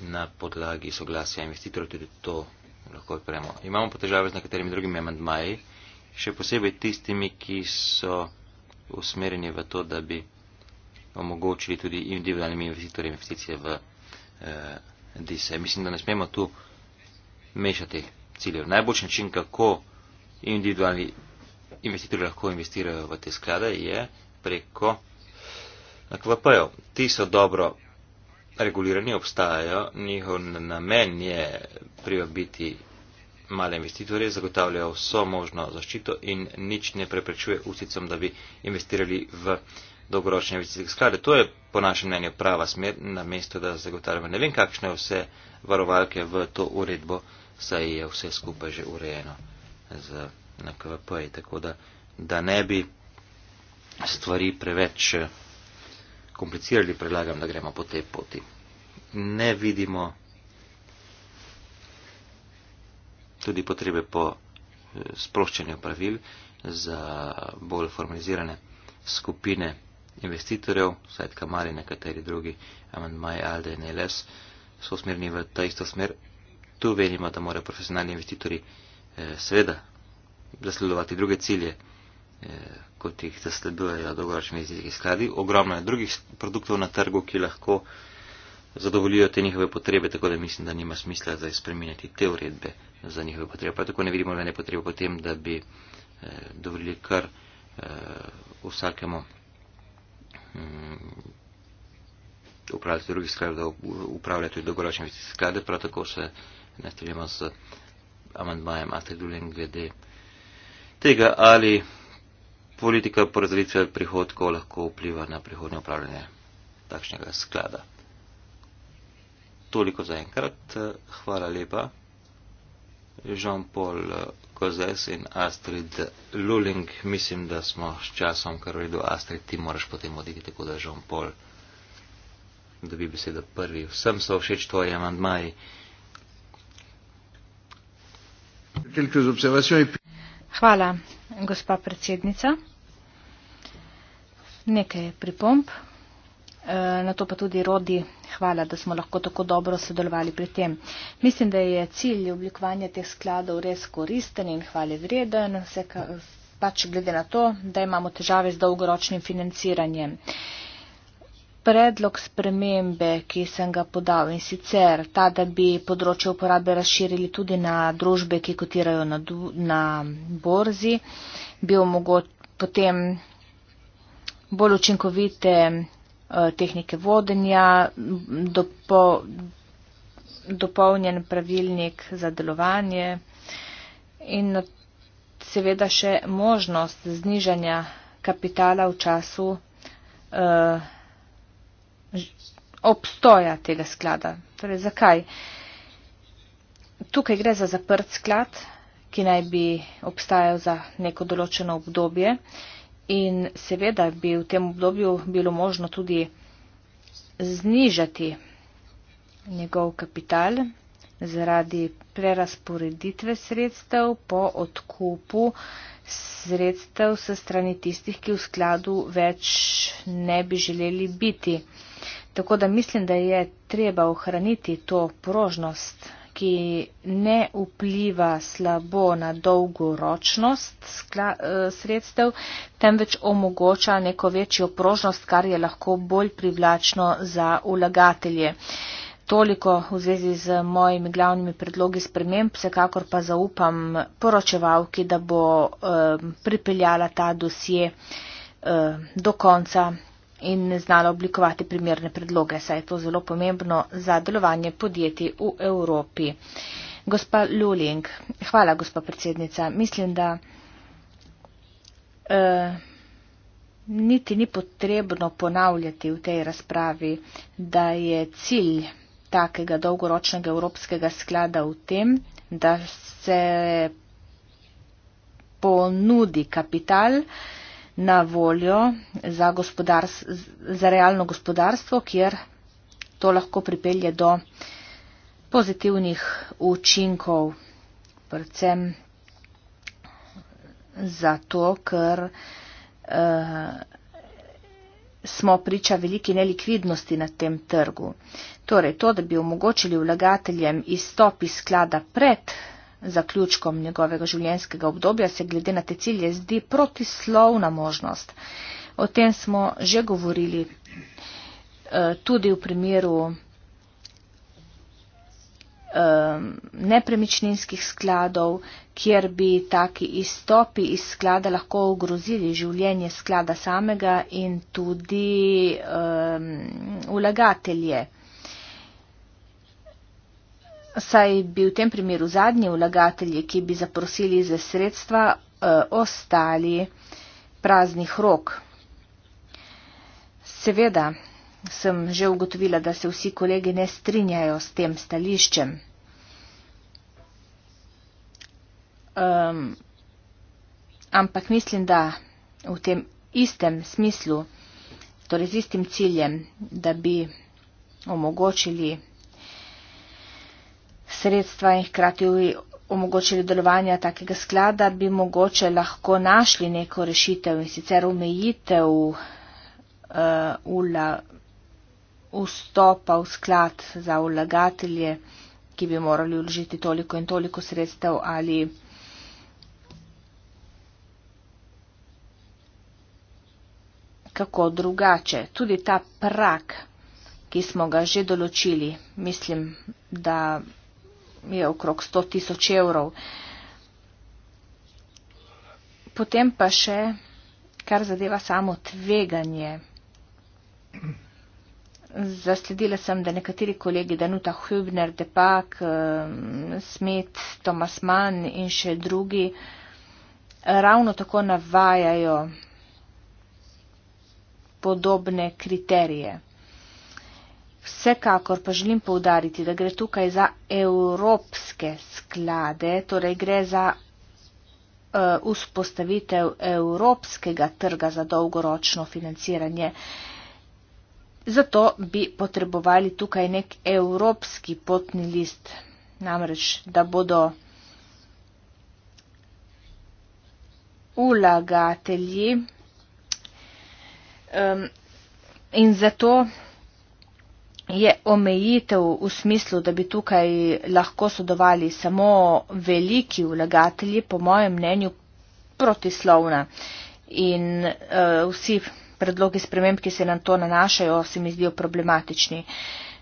na podlagi soglasja investitorjev, tudi to lahko odpremo. Imamo pa težave z nekaterimi drugimi amandmaji, še posebej tistimi, ki so usmerjeni v to, da bi omogočili tudi individualnim investitorjem investicije v eh, DISE. Mislim, da ne smemo tu mešati ciljev. Najboljši način, kako individualni investitorji lahko investirajo v te sklade, je preko akvapajev. Ti so dobro regulirani, obstajajo, njihov namen je privabiti male investitorje, zagotavljajo vso možno zaščito in nič ne preprečuje usicom, da bi investirali v dolgoročne investicijske sklade. To je po našem mnenju prava smer, na mesto, da zagotavljamo ne vem kakšne vse varovalke v to uredbo, saj je vse skupaj že urejeno z NKVP. Tako da, da ne bi stvari preveč eh, komplicirali, predlagam, da gremo po tej poti. Ne vidimo tudi potrebe po eh, sproščanju pravil za bolj formalizirane skupine investitorjev, sajt kamari, nekateri drugi, amandmaj, alde, NLS, so usmerni v ta isto smer. Tu vedimo, da morajo profesionalni investitorji eh, seveda zasledovati druge cilje. Eh, kot jih zasledujejo dolgoročni medijski skladi. Ogromno je drugih produktov na trgu, ki lahko zadovoljijo te njihove potrebe, tako da mislim, da nima smisla zdaj spremenjati te uredbe za njihove potrebe. Pa tako ne vidimo nobene potrebe potem, da bi eh, dovolili kar eh, vsakemu hm, upravljati drugih skladov, da upravlja tudi dolgoročne investicijske sklade. Prav tako se ne strinjamo z amandmajem Astrid Dulin glede tega, ali politika porazdelitve prihodkov lahko vpliva na prihodnje upravljanje takšnega sklada. Toliko za enkrat. Hvala lepa. Jean-Paul Kozes in Astrid Luling. Mislim, da smo s časom kar redu. Astrid, ti moraš potem oditi, tako da Jean-Paul dobi besedo prvi. Vsem so všeč tvoji amandmaji.
Hvala gospa predsednica. Nekaj pripomp. E, na to pa tudi rodi hvala, da smo lahko tako dobro sodelovali pri tem. Mislim, da je cilj oblikovanja teh skladov res koristen in hvale vreden, vse pač glede na to, da imamo težave z dolgoročnim financiranjem predlog spremembe, ki sem ga podal in sicer ta, da bi področje uporabe razširili tudi na družbe, ki kotirajo na, na borzi, bi omogočil potem bolj učinkovite uh, tehnike vodenja, dopo, dopolnjen pravilnik za delovanje in seveda še možnost znižanja kapitala v času uh, obstoja tega sklada. Torej, zakaj? Tukaj gre za zaprt sklad, ki naj bi obstajal za neko določeno obdobje in seveda bi v tem obdobju bilo možno tudi znižati njegov kapital zaradi prerasporeditve sredstev po odkupu sredstev se strani tistih, ki v skladu več ne bi želeli biti. Tako da mislim, da je treba ohraniti to prožnost, ki ne vpliva slabo na dolgoročnost eh, sredstev, temveč omogoča neko večjo prožnost, kar je lahko bolj privlačno za ulagatelje. Toliko v zvezi z mojimi glavnimi predlogi sprememb, vsekakor pa zaupam poročevalki, da bo eh, pripeljala ta dosje eh, do konca in znala oblikovati primerne predloge, saj je to zelo pomembno za delovanje podjetij v Evropi. Gospa Luling, hvala, gospa predsednica. Mislim, da eh, niti ni potrebno ponavljati v tej razpravi, da je cilj takega dolgoročnega evropskega sklada v tem, da se ponudi kapital, eh, na voljo za, za realno gospodarstvo, kjer to lahko pripelje do pozitivnih učinkov, predvsem zato, ker uh, smo priča veliki nelikvidnosti na tem trgu. Torej, to, da bi omogočili vlagateljem izstop iz sklada pred zaključkom njegovega življenjskega obdobja se glede na te cilje zdi protislovna možnost. O tem smo že govorili eh, tudi v primeru eh, nepremičninskih skladov, kjer bi taki izstopi iz sklada lahko ogrozili življenje sklada samega in tudi um, vlagatelje saj bi v tem primeru zadnji vlagatelji, ki bi zaprosili za sredstva, eh, ostali praznih rok. Seveda sem že ugotovila, da se vsi kolegi ne strinjajo s tem stališčem. Um, ampak mislim, da v tem istem smislu, torej z istim ciljem, da bi omogočili sredstva in hkrati omogočili delovanje takega sklada, bi mogoče lahko našli neko rešitev in sicer omejitev uh, vstopa v sklad za vlagatelje, ki bi morali vložiti toliko in toliko sredstev ali kako drugače. Tudi ta prak, ki smo ga že določili, mislim, da je okrog 100 tisoč evrov. Potem pa še, kar zadeva samo tveganje. Zasledila sem, da nekateri kolegi Danuta Hübner, Depak, Smet, Tomas Mann in še drugi ravno tako navajajo podobne kriterije. Vsekakor pa želim povdariti, da gre tukaj za evropske sklade, torej gre za uh, vzpostavitev evropskega trga za dolgoročno financiranje. Zato bi potrebovali tukaj nek evropski potni list, namreč da bodo vlagatelji um, in zato je omejitev v smislu, da bi tukaj lahko sodovali samo veliki vlagatelji, po mojem mnenju, protislovna. In uh, vsi predlogi sprememb, ki se na to nanašajo, se mi zdijo problematični.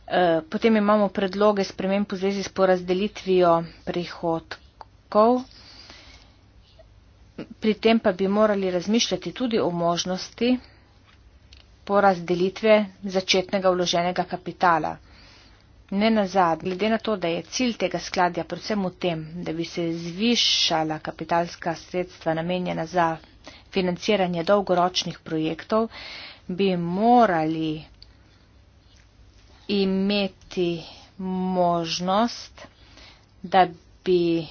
Uh, potem imamo predloge sprememb v zvezi s porazdelitvijo prihodkov. Pri tem pa bi morali razmišljati tudi o možnosti, porazdelitve začetnega vloženega kapitala. Ne nazad, glede na to, da je cilj tega skladja predvsem v tem, da bi se zvišala kapitalska sredstva namenjena za financiranje dolgoročnih projektov, bi morali imeti možnost, da bi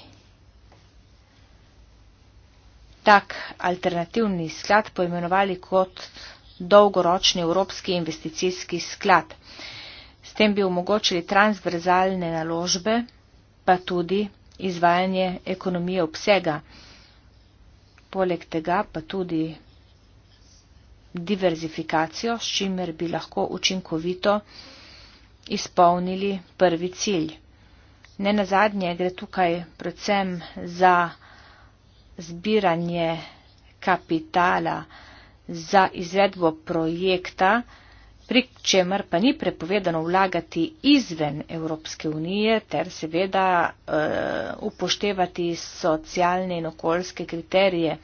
tak alternativni sklad poimenovali kot dolgoročni evropski investicijski sklad. S tem bi omogočili transverzalne naložbe, pa tudi izvajanje ekonomije obsega. Poleg tega pa tudi diverzifikacijo, s čimer bi lahko učinkovito izpolnili prvi cilj. Ne na zadnje gre tukaj predvsem za zbiranje kapitala, za izvedbo projekta, pri čemer pa ni prepovedano vlagati izven Evropske unije ter seveda uh, upoštevati socialne in okoljske kriterije.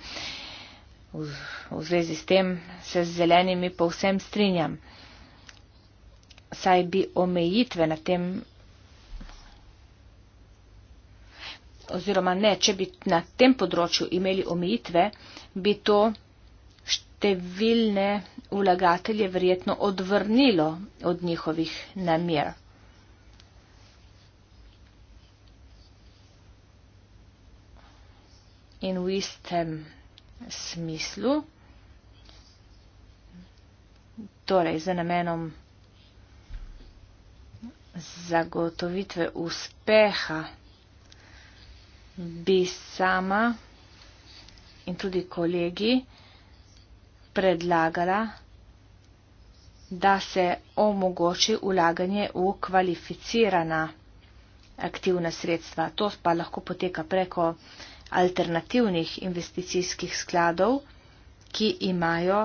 V, v zvezi s tem se z zelenimi povsem strinjam. Saj bi omejitve na tem. Oziroma ne, če bi na tem področju imeli omejitve, bi to številne vlagatelje verjetno odvrnilo od njihovih namer. In v istem smislu, torej za namenom zagotovitve uspeha, bi sama in tudi kolegi predlagala, da se omogoči ulaganje v kvalificirana aktivna sredstva. To pa lahko poteka preko alternativnih investicijskih skladov, ki imajo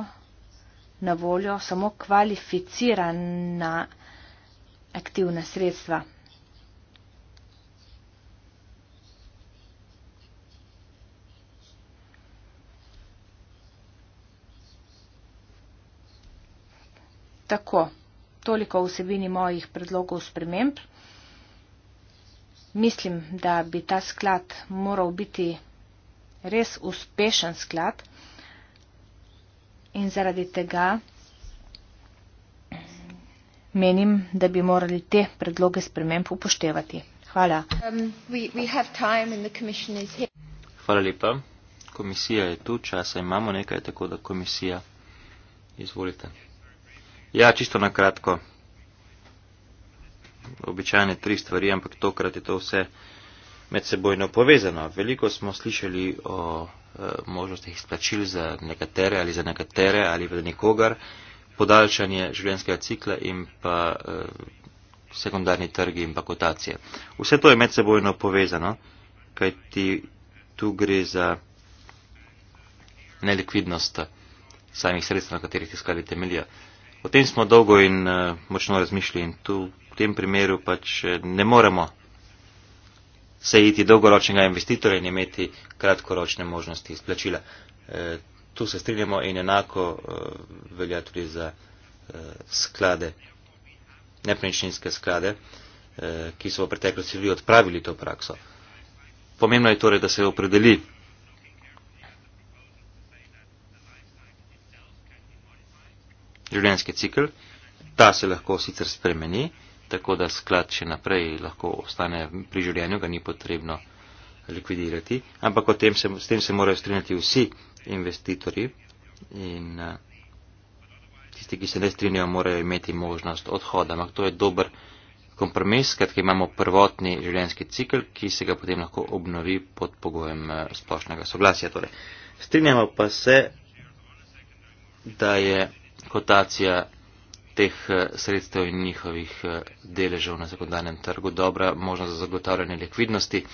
na voljo samo kvalificirana aktivna sredstva. Tako, toliko o vsebini mojih predlogov sprememb. Mislim, da bi ta sklad moral biti res uspešen sklad in zaradi tega menim, da bi morali te predloge sprememb upoštevati. Hvala. Um,
Hvala lepa. Komisija je tu, časa imamo nekaj, tako da komisija. Izvolite. Ja, čisto na kratko. Običajne tri stvari, ampak tokrat je to vse medsebojno povezano. Veliko smo slišali o e, možnostih izplačil za nekatere ali za nekatere ali za nikogar, podaljšanje življenjskega cikla in pa e, sekundarni trgi in pa kotacije. Vse to je medsebojno povezano, kajti tu gre za nelikvidnost samih sredstev, na katerih tiskali temelja. O tem smo dolgo in uh, močno razmišljali in tu v tem primeru pač eh, ne moremo se iti dolgoročnega investitora in imeti kratkoročne možnosti izplačila. E, tu se strinjamo in enako uh, velja tudi za uh, sklade, nepremičninske sklade, uh, ki so v preteklosti tudi odpravili to prakso. Pomembno je torej, da se opredeli življenjski cikl. Ta se lahko sicer spremeni, tako da sklad še naprej lahko ostane pri življenju, ga ni potrebno likvidirati, ampak tem se, s tem se morajo strinjati vsi investitorji in eh, tisti, ki se ne strinjajo, morajo imeti možnost odhoda. Ampak to je dober kompromis, kratki imamo prvotni življenjski cikl, ki se ga potem lahko obnovi pod pogojem eh, splošnega soglasja. Torej. Strinjamo pa se, da je kotacija teh eh, sredstev in njihovih eh, deležev na sekundarnem trgu dobra možnost za zagotavljanje likvidnosti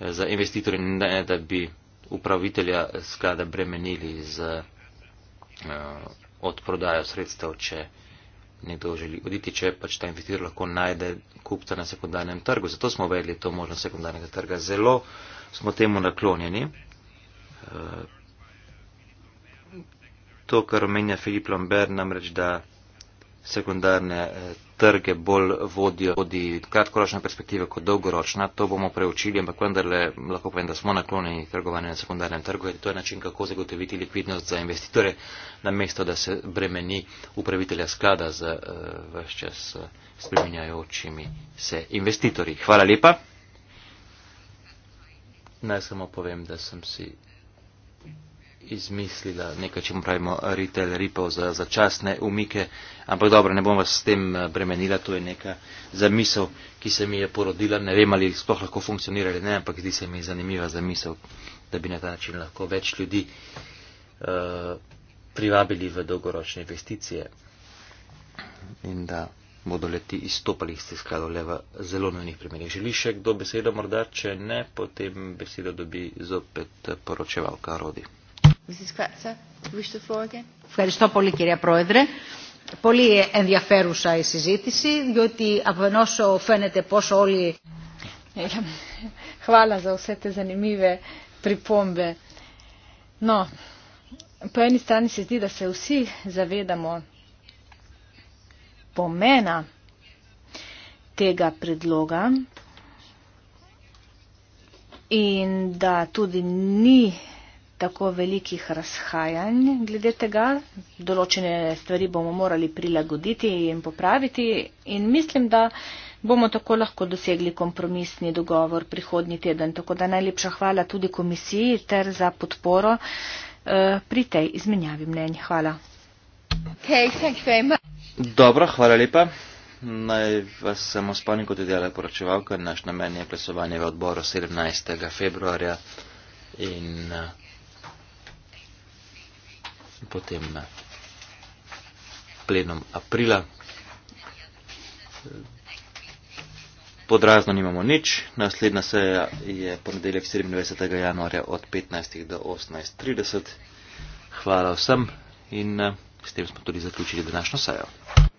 eh, za investitorje, ne da bi upravitelja sklada bremenili z odprodajo sredstev, če nekdo želi oditi, če pač ta investitor lahko najde kupca na sekundarnem trgu. Zato smo uvedli to možnost sekundarnega trga. Zelo smo temu naklonjeni to, kar omenja Filip Lambert, namreč da sekundarne eh, trge bolj vodijo tudi kratkoročna perspektiva kot dolgoročna. To bomo preučili, ampak vendarle lahko povem, da smo naklonjeni trgovanju na sekundarnem trgu. To je način, kako zagotoviti likvidnost za investitore, namesto da se bremeni upravitelja sklada z uh, eh, vse čas eh, spreminjajočimi se investitorji. Hvala lepa. Naj samo povem, da sem si izmislila nekaj, če mu pravimo retail ripov za začasne umike, ampak dobro, ne bom vas s tem eh, bremenila, to je neka zamisel, ki se mi je porodila, ne vem ali sploh lahko funkcionira ali ne, ampak zdi se mi zanimiva zamisel, da bi na ta način lahko več ljudi uh, privabili v dolgoročne investicije in da bodo leti izstopali iz te skladov le v zelo nujnih primerih. Želi še kdo besedo, morda če ne, potem besedo dobi zopet poročevalka
Rodi. Ευχαριστώ πολύ κυρία Πρόεδρε. Πολύ ενδιαφέρουσα η συζήτηση, διότι αφενός φαίνεται πόσο όλοι... Χβάλα за όσες τις ενημίβε πριπόμπε. Νο, по една страна се зди да се уси заведамо помена тега предлога и да туди ни tako velikih razhajanj glede tega. Določene stvari bomo morali prilagoditi in popraviti in mislim, da bomo tako lahko dosegli kompromisni dogovor prihodnji teden. Tako da najlepša hvala tudi komisiji ter za podporo eh, pri tej izmenjavi mnenj. Hvala. Okay,
Dobro, hvala lepa. Naj vas samo spomnim, kot je delala poročevalka, naš namen je glasovanje v odboru 17. februarja. In, uh, potem plenom aprila. Pod razno nimamo nič, naslednja seja je ponedeljek 27. januarja od 15. do 18.30. Hvala vsem in eh, s tem smo tudi zaključili današnjo sejo.